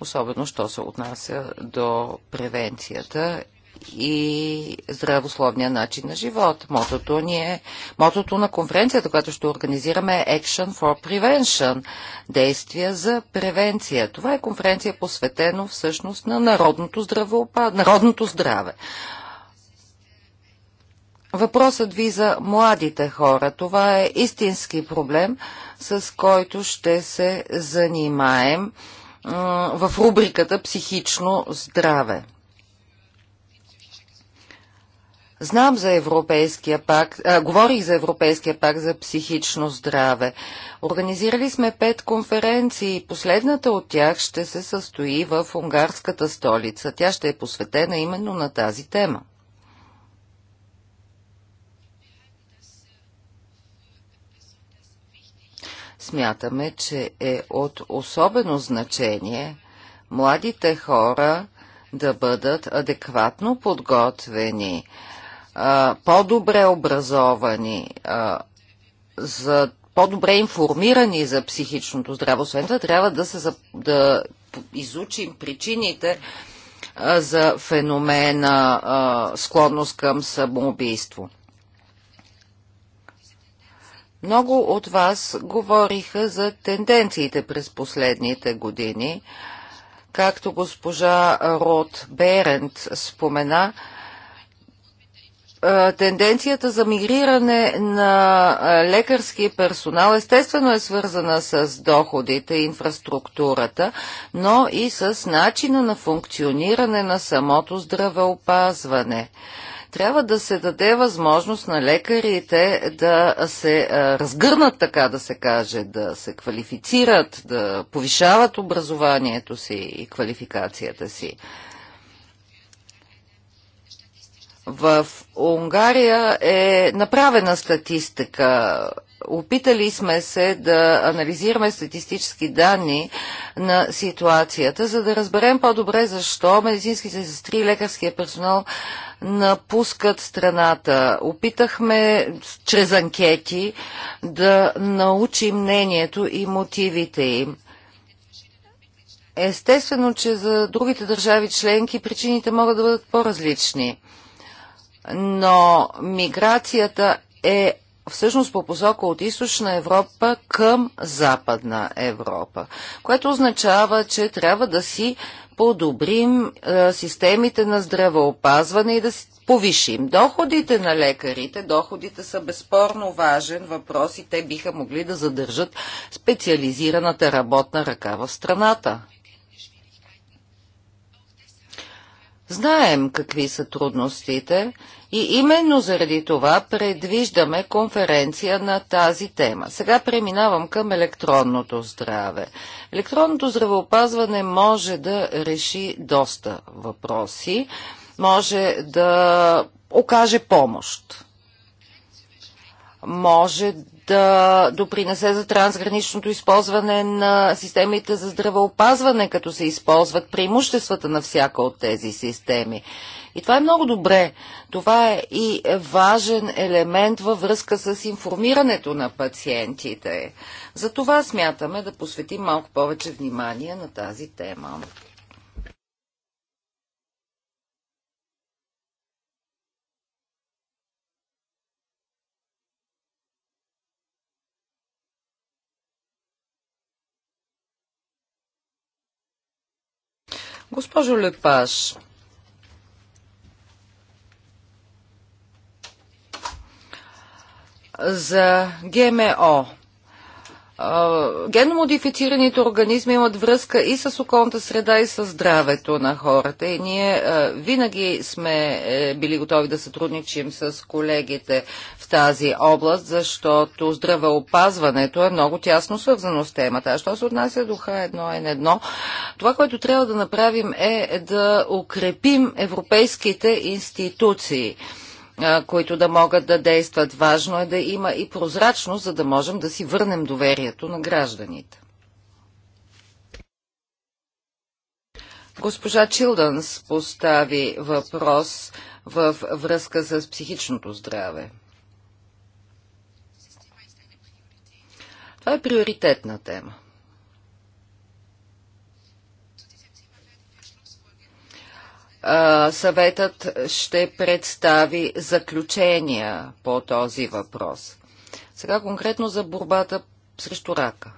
Speaker 1: Особено, що се отнася до превенцията и здравословния начин на живот. Мотото, ни е, мотото на конференцията, която ще организираме е Action for Prevention – действия за превенция. Това е конференция посветено всъщност на народното, здравеопад... народното здраве. Въпросът ви за младите хора. Това е истински проблем, с който ще се занимаем в рубриката психично здраве. Знам за Европейския пак, а, говорих за Европейския пак за психично здраве. Организирали сме пет конференции. Последната от тях ще се състои в унгарската столица. Тя ще е посветена именно на тази тема. Смятаме, че е от особено значение младите хора да бъдат адекватно подготвени по-добре образовани, за по-добре информирани за психичното здраве. Освен това, трябва да, се, да изучим причините за феномена склонност към самоубийство. Много от вас говориха за тенденциите през последните години. Както госпожа Рот Берент спомена, тенденцията за мигриране на лекарски персонал естествено е свързана с доходите, инфраструктурата, но и с начина на функциониране на самото здравеопазване. Трябва да се даде възможност на лекарите да се разгърнат, така да се каже, да се квалифицират, да повишават образованието си и квалификацията си. В Унгария е направена статистика. Опитали сме се да анализираме статистически данни на ситуацията, за да разберем по-добре защо медицинските сестри и лекарския персонал напускат страната. Опитахме чрез анкети да научим мнението и мотивите им. Естествено, че за другите държави членки причините могат да бъдат по-различни – но миграцията е всъщност по посока от източна Европа към западна Европа, което означава, че трябва да си подобрим е, системите на здравеопазване и да си повишим доходите на лекарите. Доходите са безспорно важен въпрос и те биха могли да задържат специализираната работна ръка в страната. Знаем какви са трудностите и именно заради това предвиждаме конференция на тази тема. Сега преминавам към електронното здраве. Електронното здравеопазване може да реши доста въпроси, може да окаже помощ, може да допринесе за трансграничното използване на системите за здравеопазване, като се използват преимуществата на всяка от тези системи. И това е много добре. Това е и важен елемент във връзка с информирането на пациентите. За това смятаме да посветим малко повече внимание на тази тема. Госпожо Лепаш, за ГМО геномодифицираните организми имат връзка и с околната среда, и с здравето на хората. И ние винаги сме е, били готови да сътрудничим с колегите в тази област, защото здравеопазването е много тясно свързано с темата. А що се отнася до х 1 n 1 това, което трябва да направим е да укрепим европейските институции които да могат да действат. Важно е да има и прозрачност, за да можем да си върнем доверието на гражданите. Госпожа Чилдънс постави въпрос в връзка с психичното здраве. Това е приоритетна тема. съветът ще представи заключения по този въпрос. Сега конкретно за борбата срещу рака.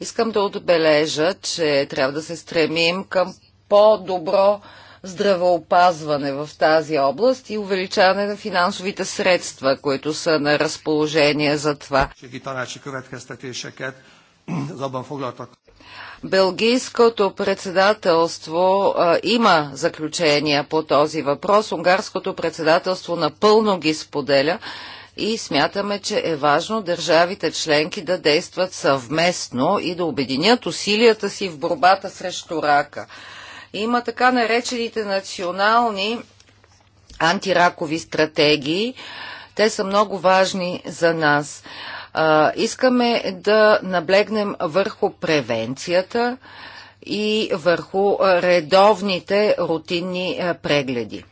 Speaker 1: Искам да отбележа, че трябва да се стремим към по-добро здравеопазване в тази област и увеличаване на финансовите средства, които са на разположение за това. Белгийското председателство а, има заключения по този въпрос. Унгарското председателство напълно ги споделя и смятаме, че е важно държавите членки да действат съвместно и да обединят усилията си в борбата срещу рака. Има така наречените национални антиракови стратегии. Те са много важни за нас. А, искаме да наблегнем върху превенцията и върху редовните рутинни прегледи.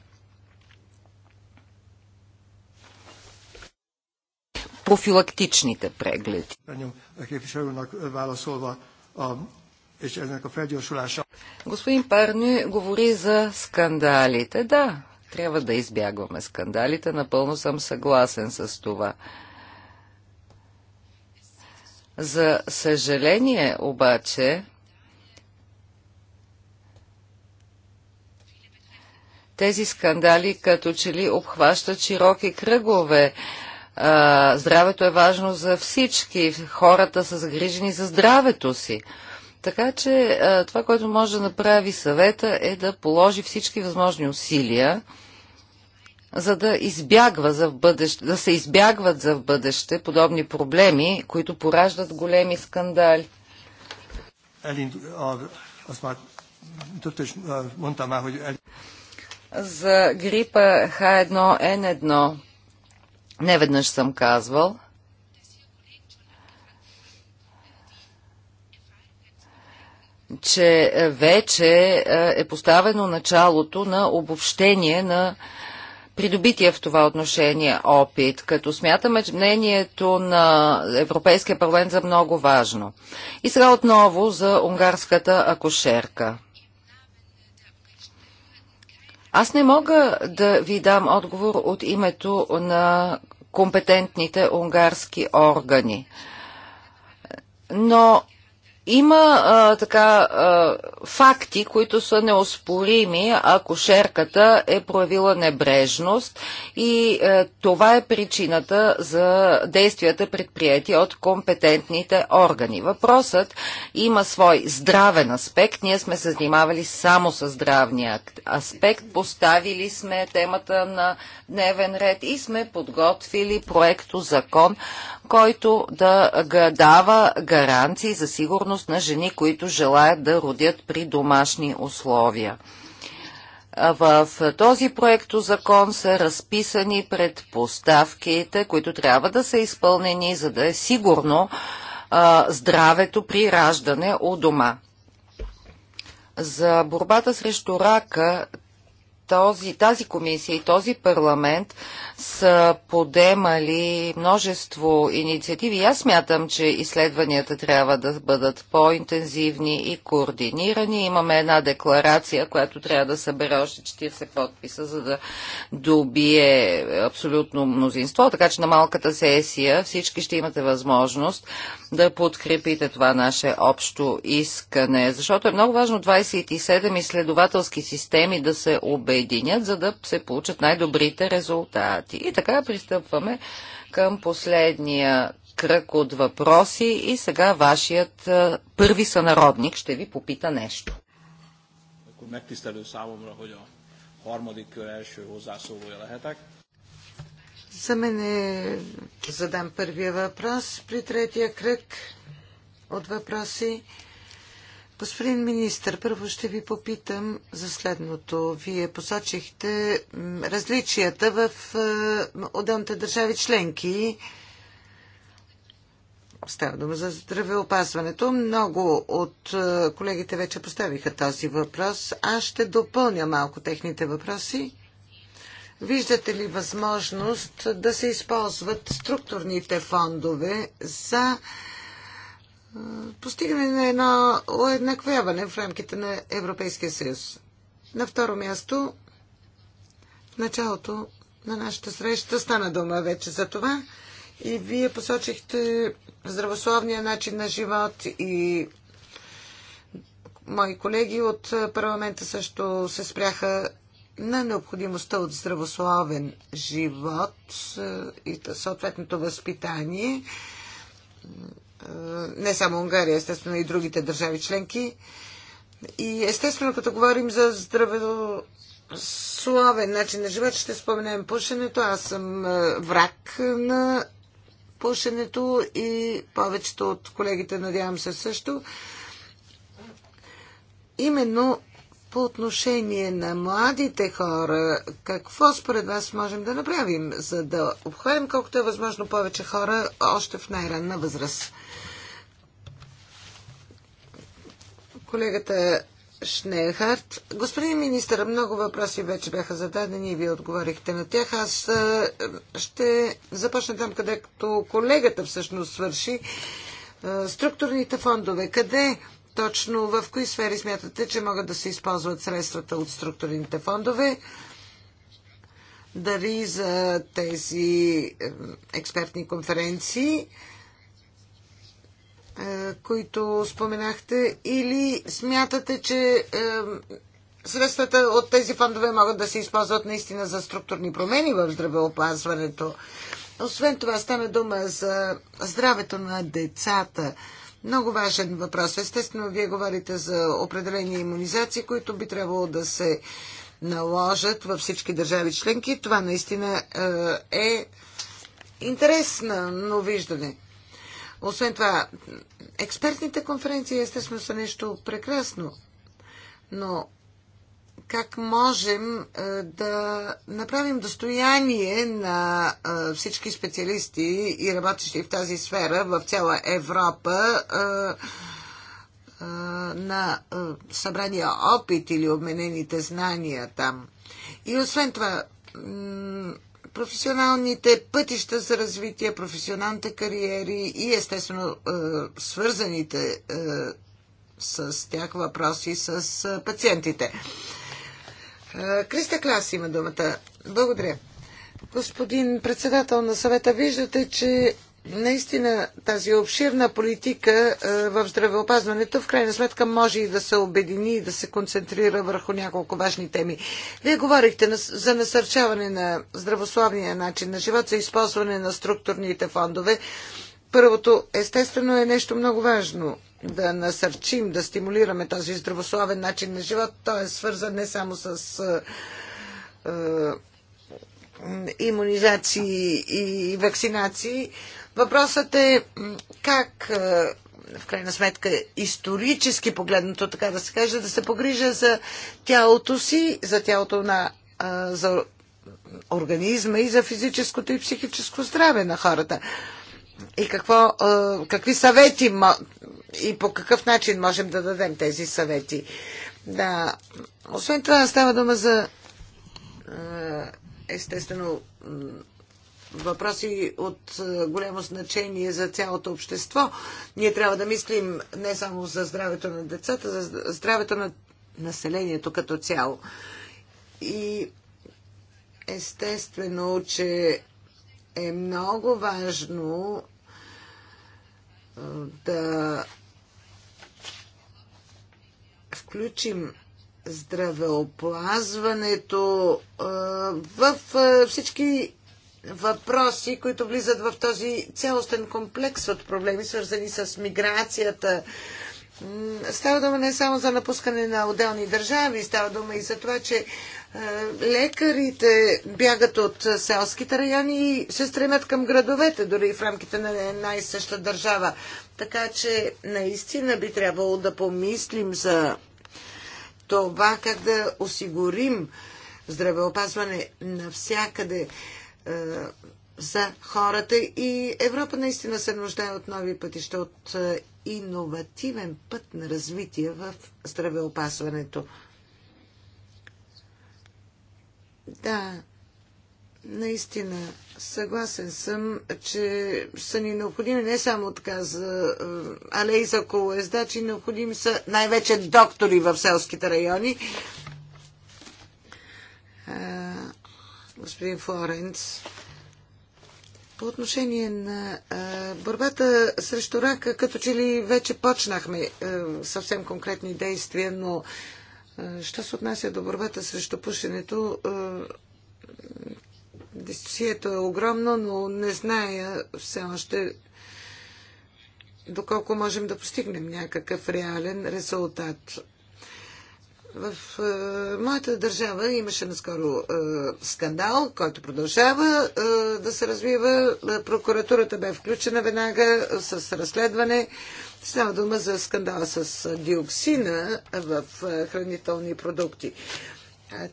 Speaker 1: профилактичните прегледи. Господин Парни говори за скандалите. Да, трябва да избягваме скандалите. Напълно съм съгласен с това. За съжаление обаче, тези скандали като че ли обхващат широки кръгове. здравето е важно за всички. Хората са загрижени за здравето си. Така че това, което може да направи съвета е да положи всички възможни усилия за да, избягва за в бъдеще, да се избягват за в бъдеще подобни проблеми, които пораждат големи скандали. За грипа H1N1 неведнъж съм казвал, че е, вече е, е поставено началото на обобщение на придобития в това отношение опит, като смятаме че мнението на Европейския парламент за много важно. И сега отново за унгарската акушерка. Аз не мога да ви дам отговор от името на компетентните унгарски органи. Но има а, така а, факти, които са неоспорими, ако шерката е проявила небрежност и а, е, това е причината за действията предприяти от компетентните органи. Въпросът има свой здравен аспект. Ние сме се занимавали само с здравния аспект. Поставили сме темата на дневен ред и сме подготвили проекто закон, който да дава гаранции за сигурност на жени, които желаят да родят при домашни условия. В този проекто закон са разписани предпоставките, които трябва да са изпълнени, за да е сигурно здравето при раждане у дома. За борбата срещу рака този, тази комисия и този парламент са подемали множество инициативи. Аз смятам, че изследванията трябва да бъдат по-интензивни и координирани. Имаме една декларация, която трябва да събере още 40 подписа, за да добие абсолютно мнозинство. Така че на малката сесия всички ще имате възможност да подкрепите това наше общо искане. Защото е много важно 27 изследователски системи да се обединят, за да се получат най-добрите резултати щати. И така пристъпваме към последния кръг от въпроси и сега вашият първи сънародник ще ви попита нещо. За мен е
Speaker 2: задам
Speaker 4: първия въпрос при третия кръг от въпроси. Господин министр, първо ще ви попитам за следното. Вие посочихте различията в е, отделните държави членки. Става дума за здравеопазването. Много от е, колегите вече поставиха този въпрос. Аз ще допълня малко техните въпроси. Виждате ли възможност да се използват структурните фондове за постигане на едно уеднаквяване в рамките на Европейския съюз. На второ място, в началото на нашата среща стана дума вече за това и вие посочихте здравословния начин на живот и мои колеги от парламента също се спряха на необходимостта от здравословен живот и съответното възпитание не само Унгария, естествено и другите държави членки. И естествено, като говорим за здравословен начин на живот, ще споменем пушенето. Аз съм е, враг на пушенето и повечето от колегите, надявам се също. Именно по отношение на младите хора, какво според вас можем да направим, за да обхванем колкото е възможно повече хора още в най-ранна възраст? колегата Шнелхарт. Господин министър, много въпроси вече бяха зададени и вие отговорихте на тях. Аз ще започна там, където колегата всъщност свърши. Структурните фондове, къде точно в кои сфери смятате, че могат да се използват средствата от структурните фондове? Дали за тези експертни конференции? Е, които споменахте, или смятате, че е, средствата от тези фондове могат да се използват наистина за структурни промени в здравеопазването? Освен това, стана дума за здравето на децата. Много важен въпрос. Естествено, вие говорите за определени иммунизации, които би трябвало да се наложат във всички държави членки. Това наистина е, е интересно но виждане. Освен това, експертните конференции естествено са нещо прекрасно, но как можем е, да направим достояние на е, всички специалисти и работещи в тази сфера в цяла Европа е, на събрания опит или обменените знания там. И освен това, професионалните пътища за развитие, професионалните кариери и естествено е, свързаните е, с тях въпроси с е, пациентите. Криста Клас има думата. Благодаря. Господин председател на съвета, виждате, че наистина тази обширна политика е, в здравеопазването в крайна сметка може и да се обедини и да се концентрира върху няколко важни теми. Вие говорихте за насърчаване на здравословния начин на живот, за използване на структурните фондове. Първото, естествено, е нещо много важно да насърчим, да стимулираме този здравословен начин на живот. Той е свързан не само с е, е, имунизации и вакцинации, Въпросът е как е, в крайна сметка исторически погледнато, така да се каже, да се погрижа за тялото си, за тялото на за организма и за физическото и психическо здраве на хората. И какво, какви съвети и по какъв начин можем да дадем тези съвети. Да, освен това става дума за естествено въпроси от е, голямо значение за цялото общество. Ние трябва да мислим не само за здравето на децата, за здравето на населението като цяло. И естествено, че е много важно е, да включим здравеоплазването е, в всички въпроси, които влизат в този цялостен комплекс от проблеми, свързани с миграцията. Става дума не само за напускане на отделни държави, става дума и за това, че е, лекарите бягат от селските райони и се стремят към градовете, дори и в рамките на една и съща държава. Така че наистина би трябвало да помислим за това как да осигурим здравеопазване навсякъде. Е, за хората и Европа наистина се нуждае от нови пътища, от е, иновативен път на развитие в здравеопасването. Да, наистина съгласен съм, че са ни необходими не само така за е, алеи за че необходими са най-вече доктори в селските райони. А, господин Флоренц. По отношение на а, борбата срещу рака, като че ли вече почнахме а, съвсем конкретни действия, но а, що се отнася до борбата срещу пушенето, а, дискусията е огромна, но не зная все още доколко можем да постигнем някакъв реален резултат. В е, моята държава имаше наскоро е, скандал, който продължава е, да се развива. Прокуратурата бе включена веднага с разследване. Става дума за скандала с диоксина в хранителни продукти.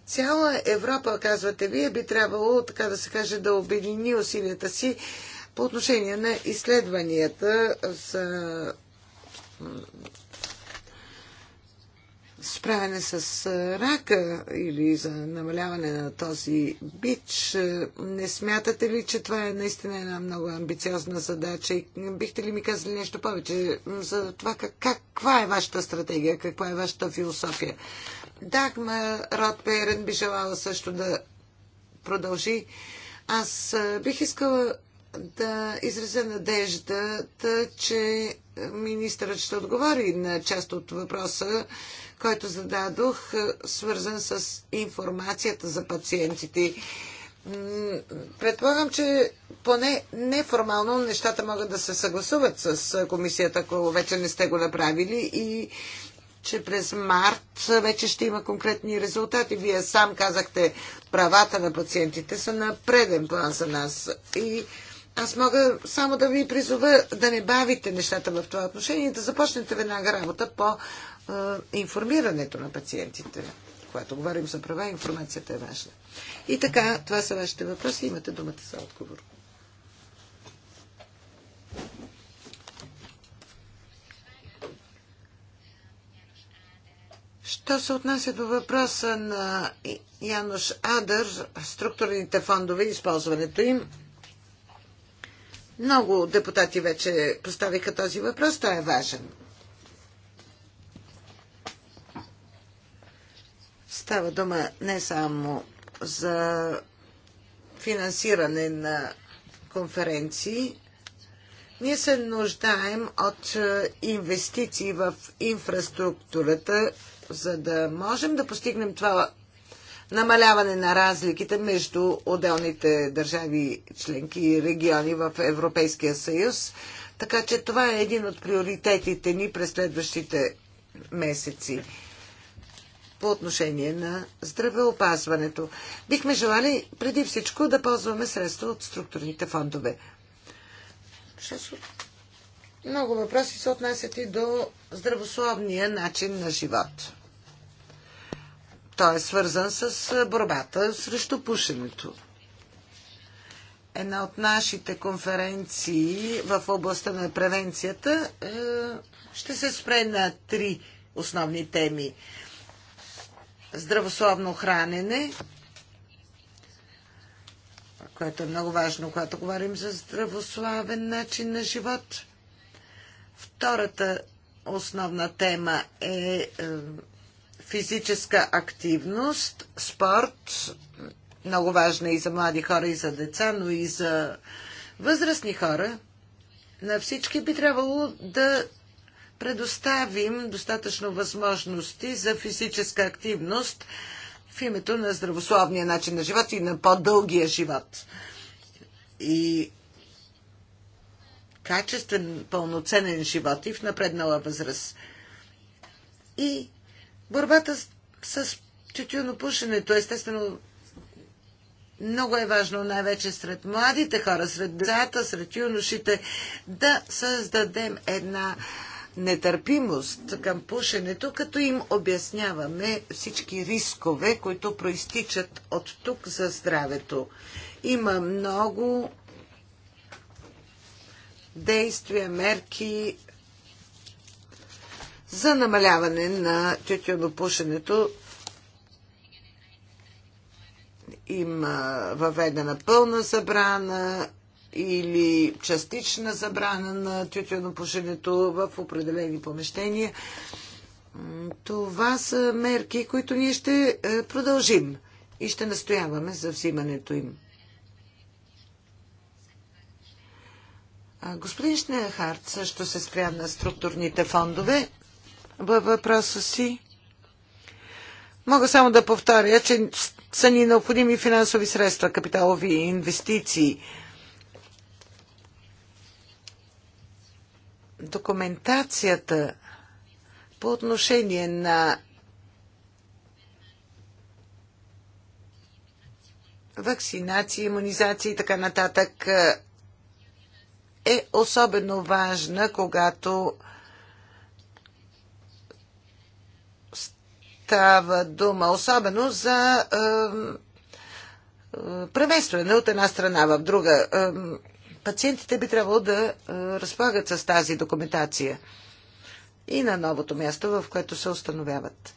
Speaker 4: Цяла Европа, казвате вие, би трябвало, така да се каже, да обедини усилията си по отношение на изследванията за справяне с рака или за намаляване на този бич. Не смятате ли, че това е наистина една много амбициозна задача и бихте ли ми казали нещо повече за това как, каква е вашата стратегия, каква е вашата философия? Дагма Род Пейрен би желала също да продължи. Аз бих искала да изразя надеждата, че министърът ще отговори на част от въпроса който зададох, е, свързан с информацията за пациентите. Предполагам, че поне неформално нещата могат да се съгласуват с е, комисията, ако вече не сте го направили и че през март вече ще има конкретни резултати. Вие сам казахте, правата на пациентите са на преден план за нас. И аз мога само да ви призова да не бавите нещата в това отношение и да започнете веднага работа по е, информирането на пациентите. Когато говорим за права, информацията е важна. И така, това са вашите въпроси. Имате думата за отговор. Що се отнася до въпроса на Януш Адър, структурните фондове и използването им, много депутати вече поставиха този въпрос, той е важен. Става дума не само за финансиране на конференции. Ние се нуждаем от е, инвестиции в инфраструктурата, за да можем да постигнем това намаляване на разликите между отделните държави членки и региони в Европейския съюз. Така че това е един от приоритетите ни през следващите месеци по отношение на здравеопазването. Бихме желали преди всичко да ползваме средства от структурните фондове. Много въпроси се отнасят и до здравословния начин на живот. Той е свързан с борбата срещу пушенето. Една от нашите конференции в областта на превенцията е, ще се спре на три основни теми. Здравословно хранене, което е много важно, когато говорим за здравославен начин на живот. Втората основна тема е, е физическа активност, спорт, много важна и за млади хора, и за деца, но и за възрастни хора. На всички би трябвало да предоставим достатъчно възможности за физическа активност в името на здравословния начин на живот и на по-дългия живот. И качествен, пълноценен живот и в напреднала възраст. И Борбата с, с тютюнопушенето, естествено, много е важно, най-вече сред младите хора, сред децата, сред юношите, да създадем една нетърпимост към пушенето, като им обясняваме всички рискове, които проистичат от тук за здравето. Има много действия, мерки за намаляване на тютюнопушенето има въведена пълна забрана или частична забрана на тютюнопушенето в определени помещения. Това са мерки, които ние ще е, продължим и ще настояваме за взимането им. Господин Шнеяхард също се спря на структурните фондове във въпроса си. Мога само да повторя, че са ни необходими финансови средства, капиталови инвестиции. Документацията по отношение на вакцинации, иммунизации и така нататък е особено важна, когато става дума особено за е, преместване от една страна в друга. Пациентите би трябвало да е, разполагат с тази документация и на новото място, в което се установяват.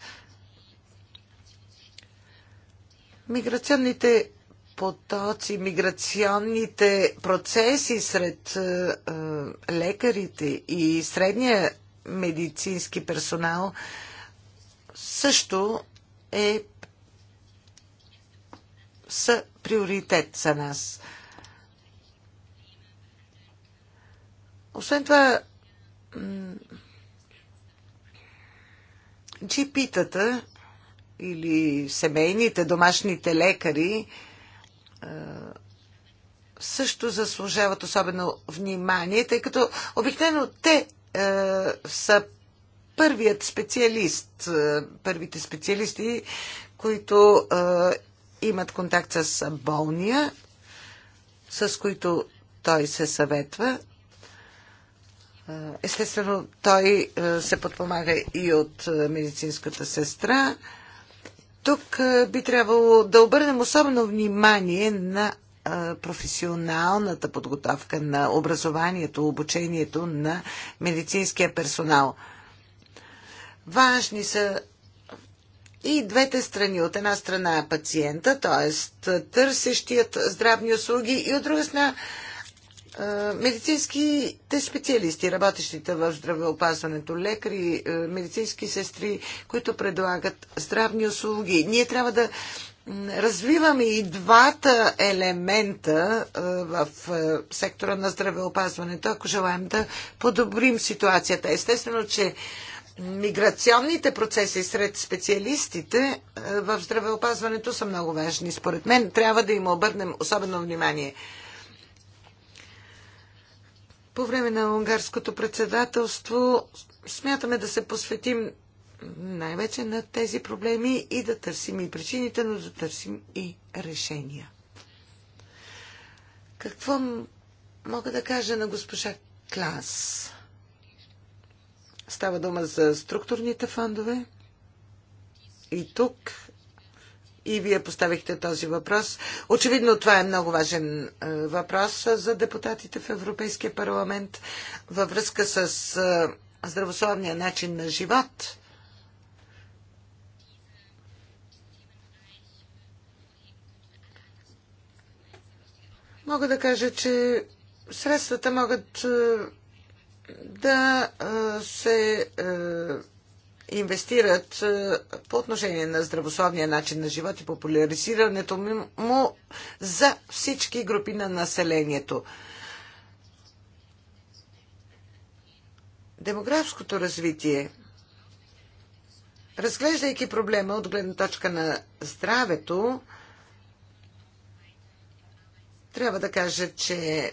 Speaker 4: Миграционните потоци, миграционните процеси сред е, лекарите и средния медицински персонал – също е са приоритет за нас. Освен това, GP-тата или семейните, домашните лекари също заслужават особено внимание, тъй като обикновено те са първият специалист, е, първите специалисти, които е, имат контакт с болния, с които той се съветва. Е, естествено, той се подпомага и от медицинската сестра. Тук би трябвало да обърнем особено внимание на професионалната подготовка на образованието, обучението на медицинския персонал – Важни са и двете страни. От една страна е пациента, т.е. търсещият здравни услуги и от друга страна медицинските специалисти, работещите в здравеопазването, лекари, медицински сестри, които предлагат здравни услуги. Ние трябва да развиваме и двата елемента в сектора на здравеопазването, ако желаем да подобрим ситуацията. Естествено, че миграционните процеси сред специалистите е, в здравеопазването са много важни. Според мен трябва да им обърнем особено внимание. По време на унгарското председателство смятаме да се посветим най-вече на тези проблеми и да търсим и причините, но да търсим и решения. Какво мога да кажа на госпожа Клас? Става дума за структурните фондове. И тук и вие поставихте този въпрос. Очевидно това е много важен е, въпрос за депутатите в Европейския парламент във връзка с е, здравословния начин на живот. Мога да кажа, че средствата могат е, да се инвестират по отношение на здравословния начин на живот и популяризирането му за всички групи на населението. Демографското развитие, разглеждайки проблема от гледна точка на здравето, трябва да кажа, че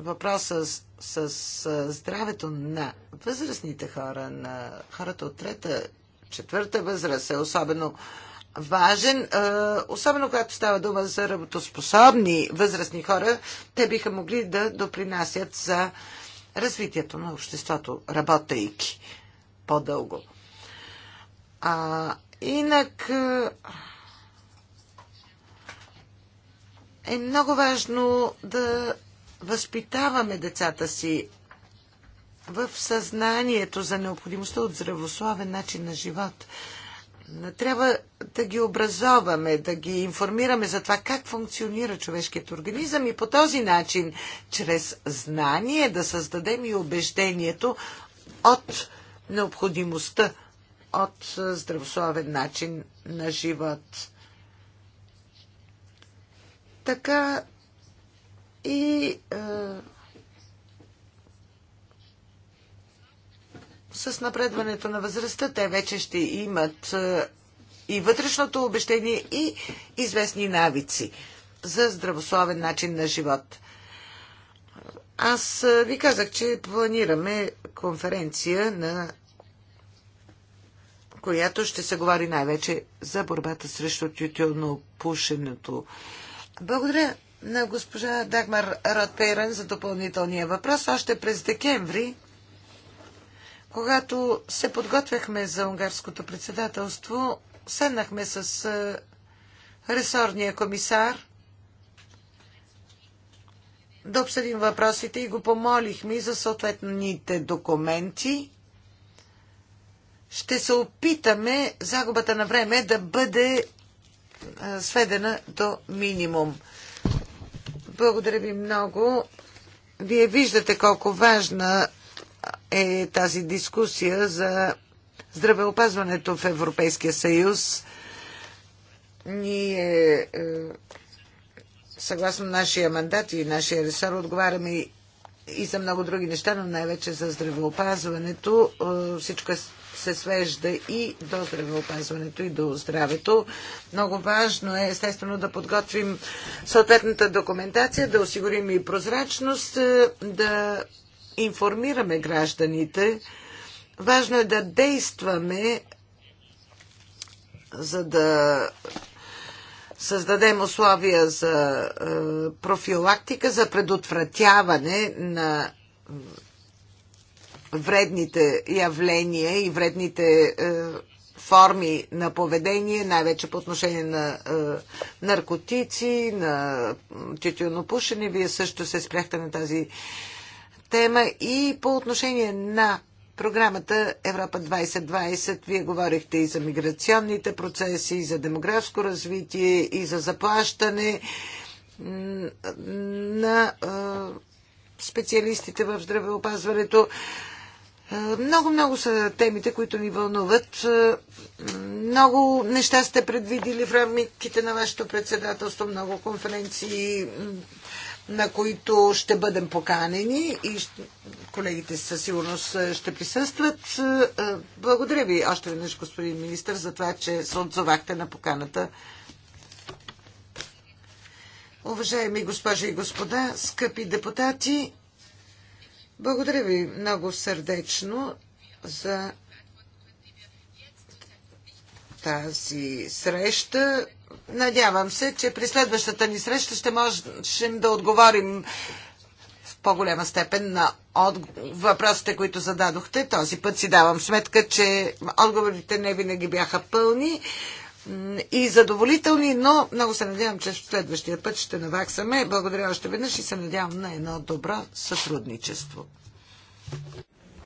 Speaker 4: въпроса с, с, с здравето на възрастните хора, на хората от трета, четвърта възраст е особено важен, особено когато става дума за работоспособни възрастни хора, те биха могли да допринасят за развитието на обществото, работейки по-дълго. А, инак е много важно да възпитаваме децата си в съзнанието за необходимостта от здравословен начин на живот. Трябва да ги образоваме, да ги информираме за това как функционира човешкият организъм и по този начин, чрез знание, да създадем и убеждението от необходимостта от здравословен начин на живот. Така и е, с напредването на възрастта те вече ще имат е, и вътрешното обещение и известни навици за здравословен начин на живот. Аз е, ви казах, че планираме конференция, на която ще се говори най-вече за борбата срещу тютюно пушенето. Благодаря на госпожа Дагмар Ротпейрен за допълнителния въпрос. Още през декември, когато се подготвяхме за унгарското председателство, седнахме с е, ресорния комисар да обсъдим въпросите и го помолихме за съответните документи. Ще се опитаме загубата на време да бъде е, сведена до минимум. Благодаря ви много. Вие виждате колко важна е тази дискусия за здравеопазването в Европейския съюз. Ние, е, съгласно нашия мандат и нашия ресор, отговаряме и за много други неща, но най-вече за здравеопазването. Е, всичко е се свежда и до здравеопазването и до здравето. Много важно е, естествено, да подготвим съответната документация, да осигурим и прозрачност, е, да информираме гражданите. Важно е да действаме, за да създадем условия за е, профилактика, за предотвратяване на вредните явления и вредните е, форми на поведение, най-вече по отношение на е, наркотици, на тютюнопушене. Вие също се спряхте на тази тема. И по отношение на програмата Европа 2020, вие говорихте и за миграционните процеси, и за демографско развитие, и за заплащане на е, специалистите в здравеопазването. Много-много са темите, които ни вълнуват. Много неща сте предвидили в рамките на вашето председателство, много конференции, на които ще бъдем поканени и колегите със сигурност ще присъстват. Благодаря ви още веднъж, господин министр, за това, че се отзовахте на поканата. Уважаеми госпожи и господа, скъпи депутати, благодаря ви много сърдечно за тази среща. Надявам се, че при следващата ни среща ще можем да отговорим в по-голяма степен на от... въпросите, които зададохте. Този път си давам сметка, че отговорите не винаги бяха пълни и задоволителни, но много се надявам, че следващия път ще наваксаме. Благодаря още веднъж и се надявам на едно добро сътрудничество.